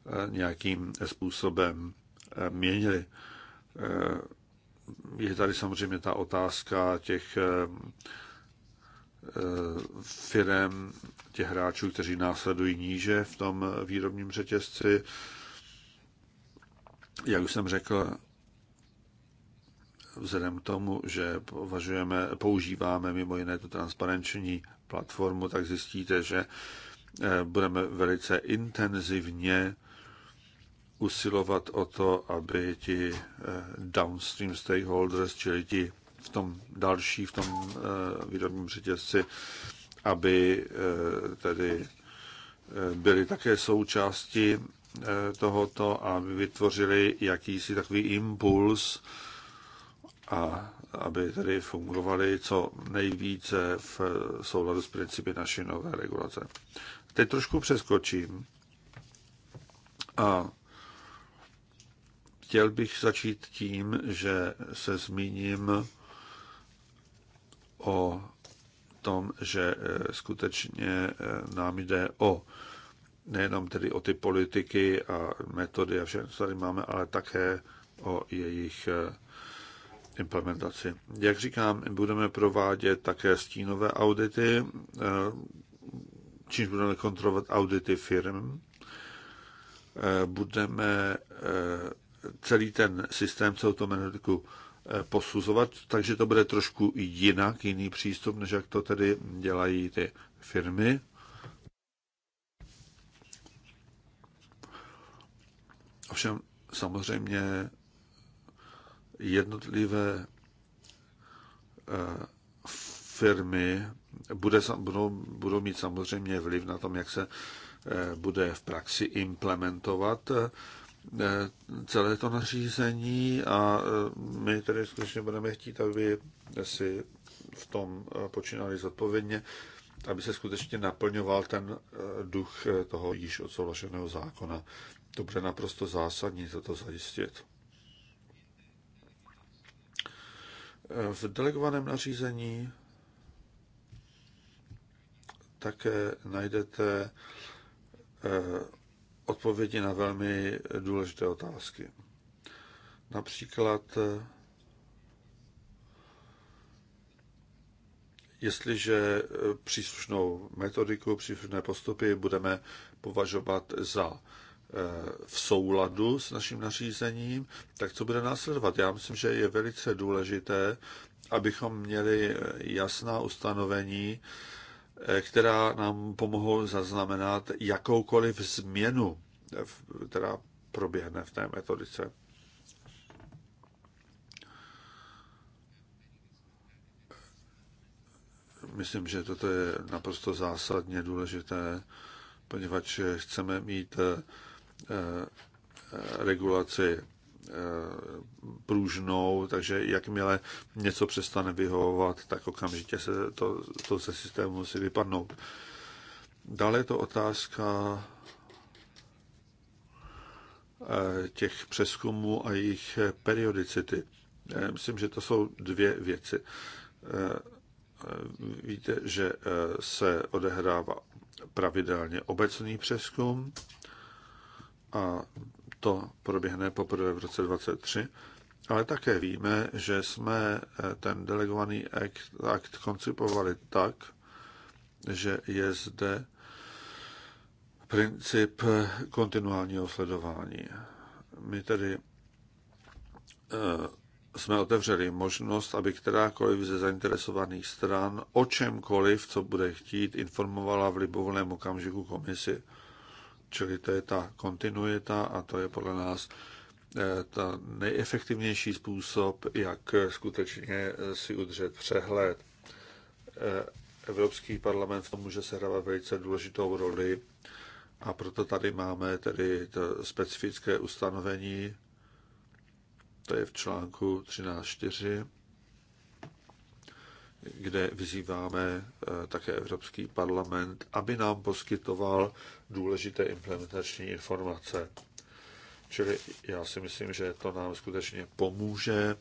eh, nějakým způsobem měnili. Je tady samozřejmě ta otázka těch firem, těch hráčů, kteří následují níže v tom výrobním řetězci. Jak už jsem řekl, vzhledem k tomu, že považujeme, používáme mimo jiné tu transparenční platformu, tak zjistíte, že eh, budeme velice intenzivně usilovat o to, aby ti eh, downstream stakeholders, čili ti v tom další, v tom eh, výrobním řetězci, aby eh, tedy eh, byly také součástí tohoto, aby vytvořili jakýsi takový impuls a aby tedy fungovaly co nejvíce v souladu s principy naší nové regulace. Teď trošku přeskočím a chtěl bych začít tím, že se zmíním o tom, že e, skutečně e, nám jde o nejenom tedy o ty politiky a metody a všechno, co tady máme, ale také o jejich e, implementaci. Jak říkám, budeme provádět také stínové audity, čímž budeme kontrolovat audity firm. Budeme celý ten systém, celou to metodiku Eh, posuzovat, takže to bude trošku jinak, jiný přístup, než jak to tedy dělají ty firmy. Ovšem samozřejmě jednotlivé eh, firmy bude, budou, budou mít samozřejmě vliv na tom, jak se eh, bude v praxi implementovat celé to nařízení a e, my tedy skutečně budeme chtít, aby si v tom e, počínali zodpovědně, aby se skutečně naplňoval ten e, duch toho již odsouhlašeného zákona. To bude naprosto zásadní to zajistit. V delegovaném nařízení také najdete odpovědi na velmi důležité otázky. Například, jestliže příslušnou metodiku, příslušné postupy budeme považovat za eh, v souladu s naším nařízením, tak co bude následovat? Já myslím, že je velice důležité, abychom měli jasná ustanovení, Eh, která nám pomohou zaznamenat jakoukoliv změnu, eh, která proběhne v té metodice. Myslím, že toto je naprosto zásadně důležité, poněvadž chceme mít eh, regulaci Eh, průžnou, takže jakmile něco přestane vyhovovat, tak okamžitě se to, to ze systému musí vypadnout. Dále je to otázka eh, těch přeskumů a jejich periodicity. Eh, myslím, že to jsou dvě věci. Víte, že se odehrává pravidelně obecný přeskum a to proběhne poprvé v roce 2023, ale také víme, že jsme eh, ten delegovaný akt, akt koncipovali tak, že je zde princip eh, kontinuálního sledování. My tedy eh, jsme otevřeli možnost, aby kterákoliv ze zainteresovaných stran o čemkoliv, co bude chtít, informovala v libovolném okamžiku komisi. Čili to je ta kontinuita a to je podle nás eh, ta nejefektivnější způsob, jak eh, skutečně eh, si udržet přehled. Evropský parlament v tom může sehrávat velice důležitou roli a proto tady máme tedy to specifické ustanovení, to je v článku 13.4, kde vyzýváme eh, také Evropský parlament, aby nám poskytoval důležité implementační informace. Čili já si myslím, že to nám skutečně pomůže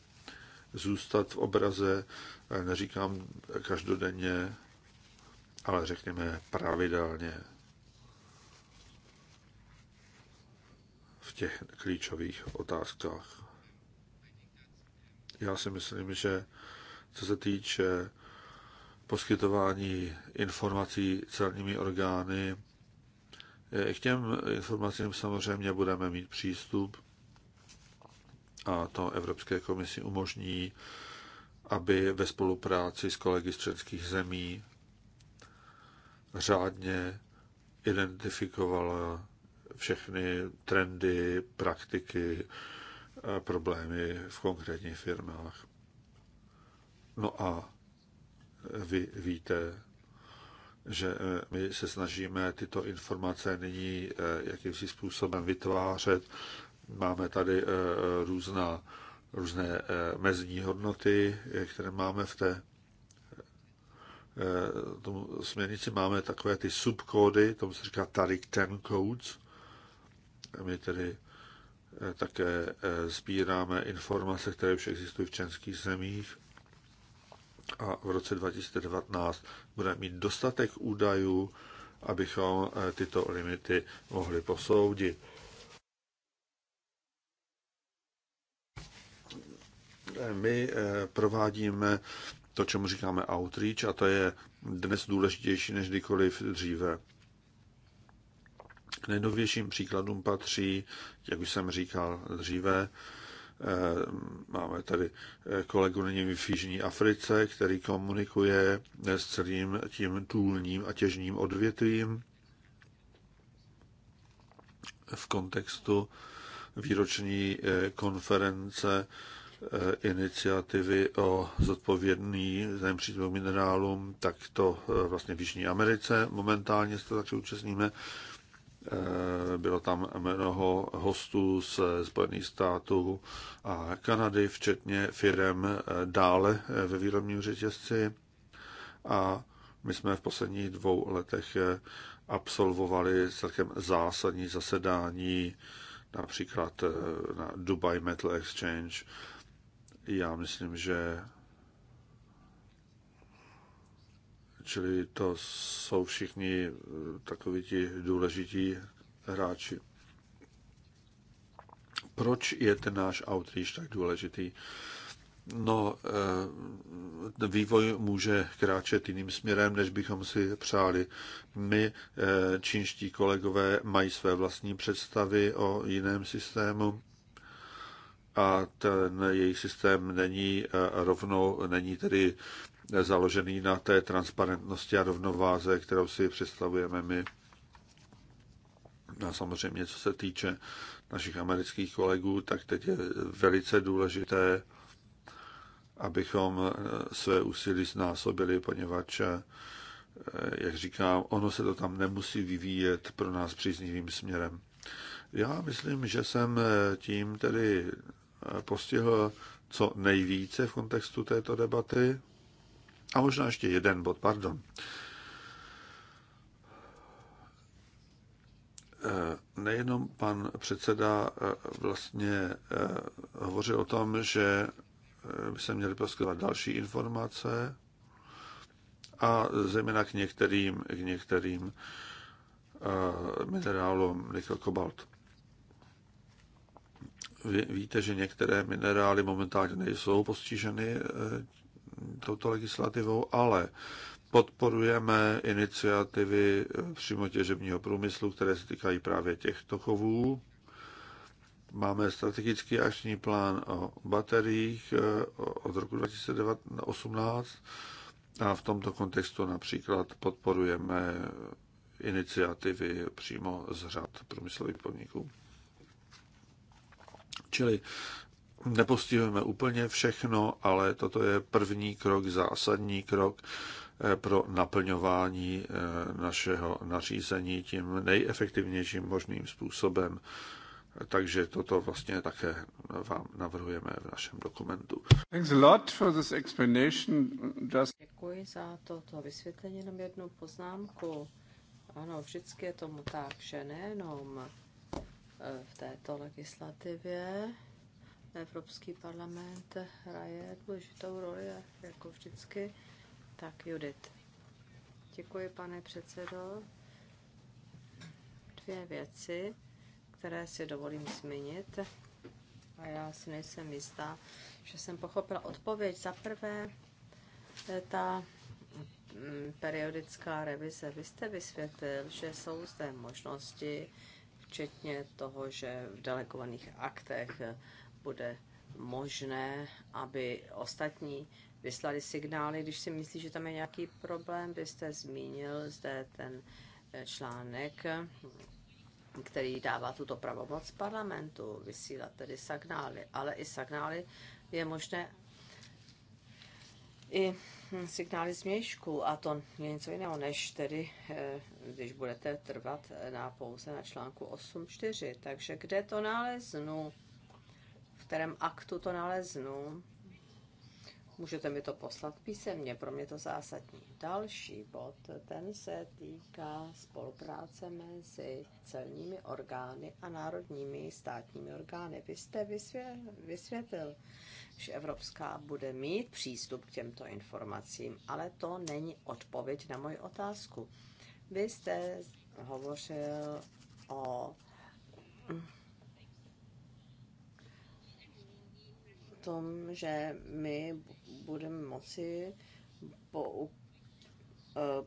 zůstat v obraze, eh, neříkám každodenně, ale řekněme pravidelně v těch klíčových otázkách. Já si myslím, že co se týče poskytování informací celními orgány. Eh, k těm informacím samozřejmě budeme mít přístup a to Evropské komisi umožní, aby ve spolupráci s kolegy z členských zemí řádně identifikovala všechny trendy, praktiky, problémy v konkrétních firmách. No a vy víte, že eh, my se snažíme tyto informace nyní eh, jakýmsi způsobem vytvářet. Máme tady eh, různá, různé mezní hodnoty, které máme v té tomu směrnici máme takové ty subkódy, tomu se říká Tarik ten codes. My tedy také sbíráme informace, které už existují v českých zemích a v roce 2019 budeme mít dostatek údajů, abychom eh, tyto limity mohli posoudit. My eh, provádíme to, čemu říkáme outreach, a to je dnes důležitější než kdykoliv dříve. K nejnovějším příkladům patří, jak už jsem říkal dříve, Eh, máme tady eh, kolegu nyní v Jižní Africe, který komunikuje eh, s celým tím důlním a těžním odvětvím v kontextu výroční konference iniciativy o zodpovědný zem minerálům, tak to vlastně v Jižní Americe momentálně se to taky účastníme. Eh, bylo tam mnoho hostů z Spojených států a Kanady, včetně firem eh, dále eh, ve výrobním řetězci. A my jsme v posledních dvou letech absolvovali celkem zásadní zasedání, například na Dubai Metal Exchange. Já myslím, že Čili to jsou všichni eh, takoví ti důležití hráči. Proč je ten náš outreach tak důležitý? No, eh, vývoj může kráčet jiným směrem, než bychom si přáli. My, eh, čínští kolegové, mají své vlastní představy o jiném systému a ten jejich systém není rovnou, není tedy založený na té transparentnosti a rovnováze, kterou si představujeme my. A samozřejmě, co se týče našich amerických kolegů, tak teď je velice důležité, abychom své úsilí znásobili, poněvadž, eh, jak říkám, ono se to tam nemusí vyvíjet pro nás příznivým směrem. Já myslím, že jsem eh, tím tedy eh, postihl co nejvíce v kontextu této debaty. A možná ještě jeden bod, pardon. Eh, nejenom pan předseda eh, vlastně eh, hovořil o tom, že by se měly poskytovat další informace a zejména k některým, k některým minerálům, jako kobalt. víte, že některé minerály momentálně nejsou postiženy touto legislativou, ale podporujeme iniciativy eh, přímo těžebního průmyslu, které se týkají právě těchto chovů. Máme strategický akční plán o bateriích eh, od roku 2018 a v tomto kontextu například podporujeme iniciativy přímo z řad průmyslových podniků. Čili nepostihujeme úplně všechno, ale toto je první krok, zásadní krok eh, pro naplňování eh, našeho nařízení tím nejefektivnějším možným způsobem. Takže toto vlastně také vám navrhujeme v našem dokumentu. Thanks a lot for this explanation. Děkuji za toto vysvětlení, jenom jednu poznámku. Ano, vždycky je tomu tak, že nejenom eh, v této legislativě, Evropský parlament hraje důležitou roli, jako vždycky. Tak, Judith. Děkuji, pane předsedo. Dvě věci, které si dovolím zmínit. A já si nejsem jistá, že jsem pochopila odpověď. Za prvé, ta mm, periodická revize. Vy jste vysvětlil, že jsou zde možnosti, včetně toho, že v delegovaných aktech bude možné, aby ostatní vyslali signály, když si myslí, že tam je nějaký problém. Byste zmínil zde ten eh, článek, který dává tuto pravomoc parlamentu vysílat tedy signály, ale i signály je možné i hm, signály změšku a to je něco jiného, než tedy, eh, když budete trvat eh, na pouze na článku 8.4. Takže kde to naleznu? kterém aktu to naleznu. Můžete mi to poslat písemně, pro mě to zásadní. Další bod, ten se týká spolupráce mezi celními orgány a národními státními orgány. Vy jste vysvětlil, že Evropská bude mít přístup k těmto informacím, ale to není odpověď na moji otázku. Vy jste hovořil o tom, že my budeme moci eh,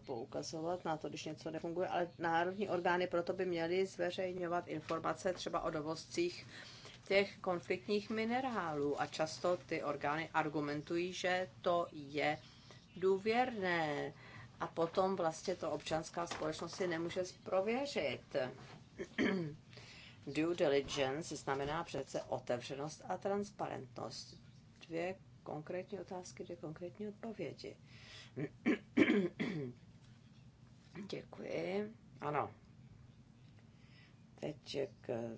poukazovat na to, když něco nefunguje, ale národní orgány proto by měly zveřejňovat informace třeba o dovozcích těch konfliktních minerálů a často ty orgány argumentují, že to je důvěrné a potom vlastně to občanská společnost si nemůže prověřit. (clears throat) Due diligence znamená přece otevřenost a transparentnost. Dvě konkrétní otázky, dvě konkrétní odpovědi. (clears throat) Děkuji. Ano. Teď k,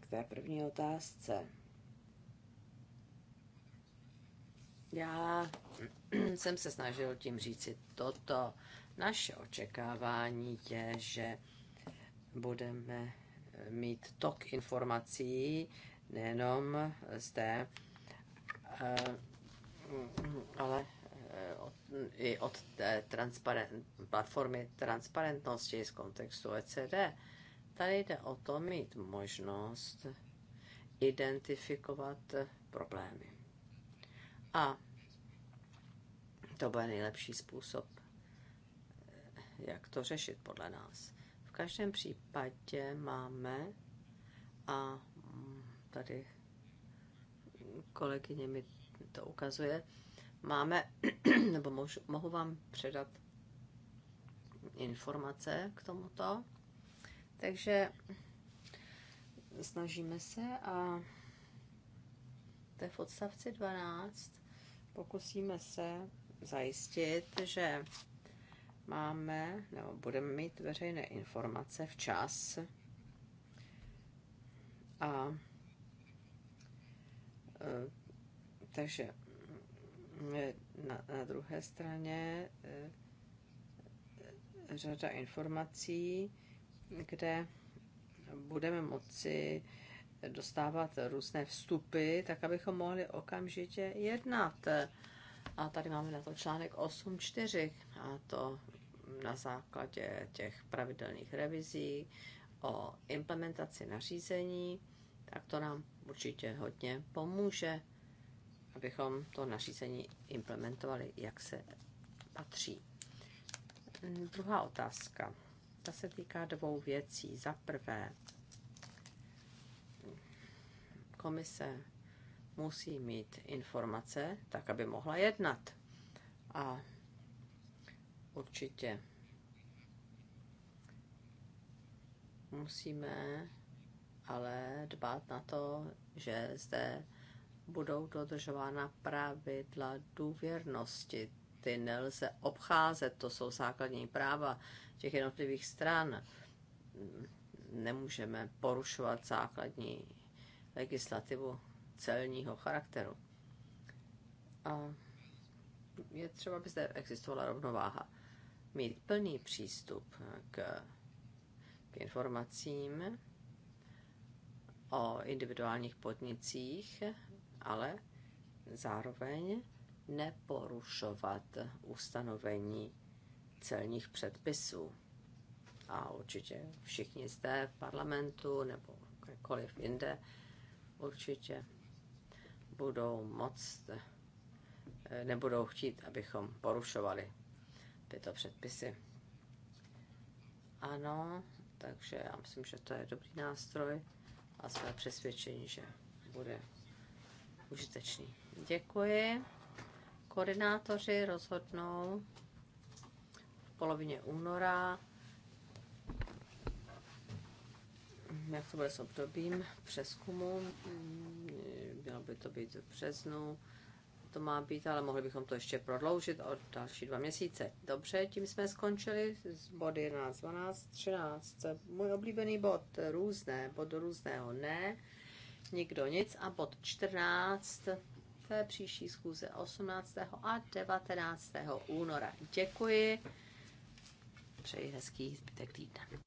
k té první otázce. Já (clears throat) jsem se snažil tím říci toto. Naše očekávání je, že budeme mít tok informací, nejenom té, eh, ale eh, od, i od té transparent, platformy transparentnosti z kontextu ECD. Tady jde o to mít možnost identifikovat problémy. A to bude nejlepší způsob, eh, jak to řešit podle nás každém případě máme, a mm, tady kolegyně mi to ukazuje, máme, (clears throat) nebo můžu, mohu vám předat informace k tomuto. Takže snažíme se a to je v odstavci 12. Pokusíme se zajistit, že máme, nebo budeme mít veřejné informace včas a e, takže e, na, na druhé straně e, řada informací, kde budeme moci dostávat různé vstupy, tak abychom mohli okamžitě jednat. A tady máme na to článek 8.4 a to na základě těch pravidelných revizí o implementaci nařízení, tak to nám určitě hodně pomůže, abychom to nařízení implementovali, jak se patří. Druhá otázka. Ta se týká dvou věcí. Za prvé, komise musí mít informace, tak aby mohla jednat. A určitě musíme ale dbát na to, že zde budou dodržována pravidla důvěrnosti. Ty nelze obcházet, to jsou základní práva těch jednotlivých stran. Nemůžeme porušovat základní legislativu celního charakteru. A je třeba, aby zde existovala rovnováha mít plný přístup k, k informacím o individuálních podnicích, ale zároveň neporušovat ustanovení celních předpisů. A určitě všichni zde v parlamentu nebo kdekoliv jinde určitě budou moc, eh, nebudou chtít, abychom porušovali tyto předpisy. Ano, takže já myslím, že to je dobrý nástroj a jsme přesvědčení, že bude užitečný. Děkuji. Koordinátoři rozhodnou v polovině února, jak to bude s obdobím přeskumu, mělo by to být v březnu, to má být, ale mohli bychom to ještě prodloužit o další dva měsíce. Dobře, tím jsme skončili z body 11, 12, 13. Můj oblíbený bod různé, bod různého ne, nikdo nic a bod 14, to je příští schůze 18. a 19. února. Děkuji, přeji hezký zbytek týdne.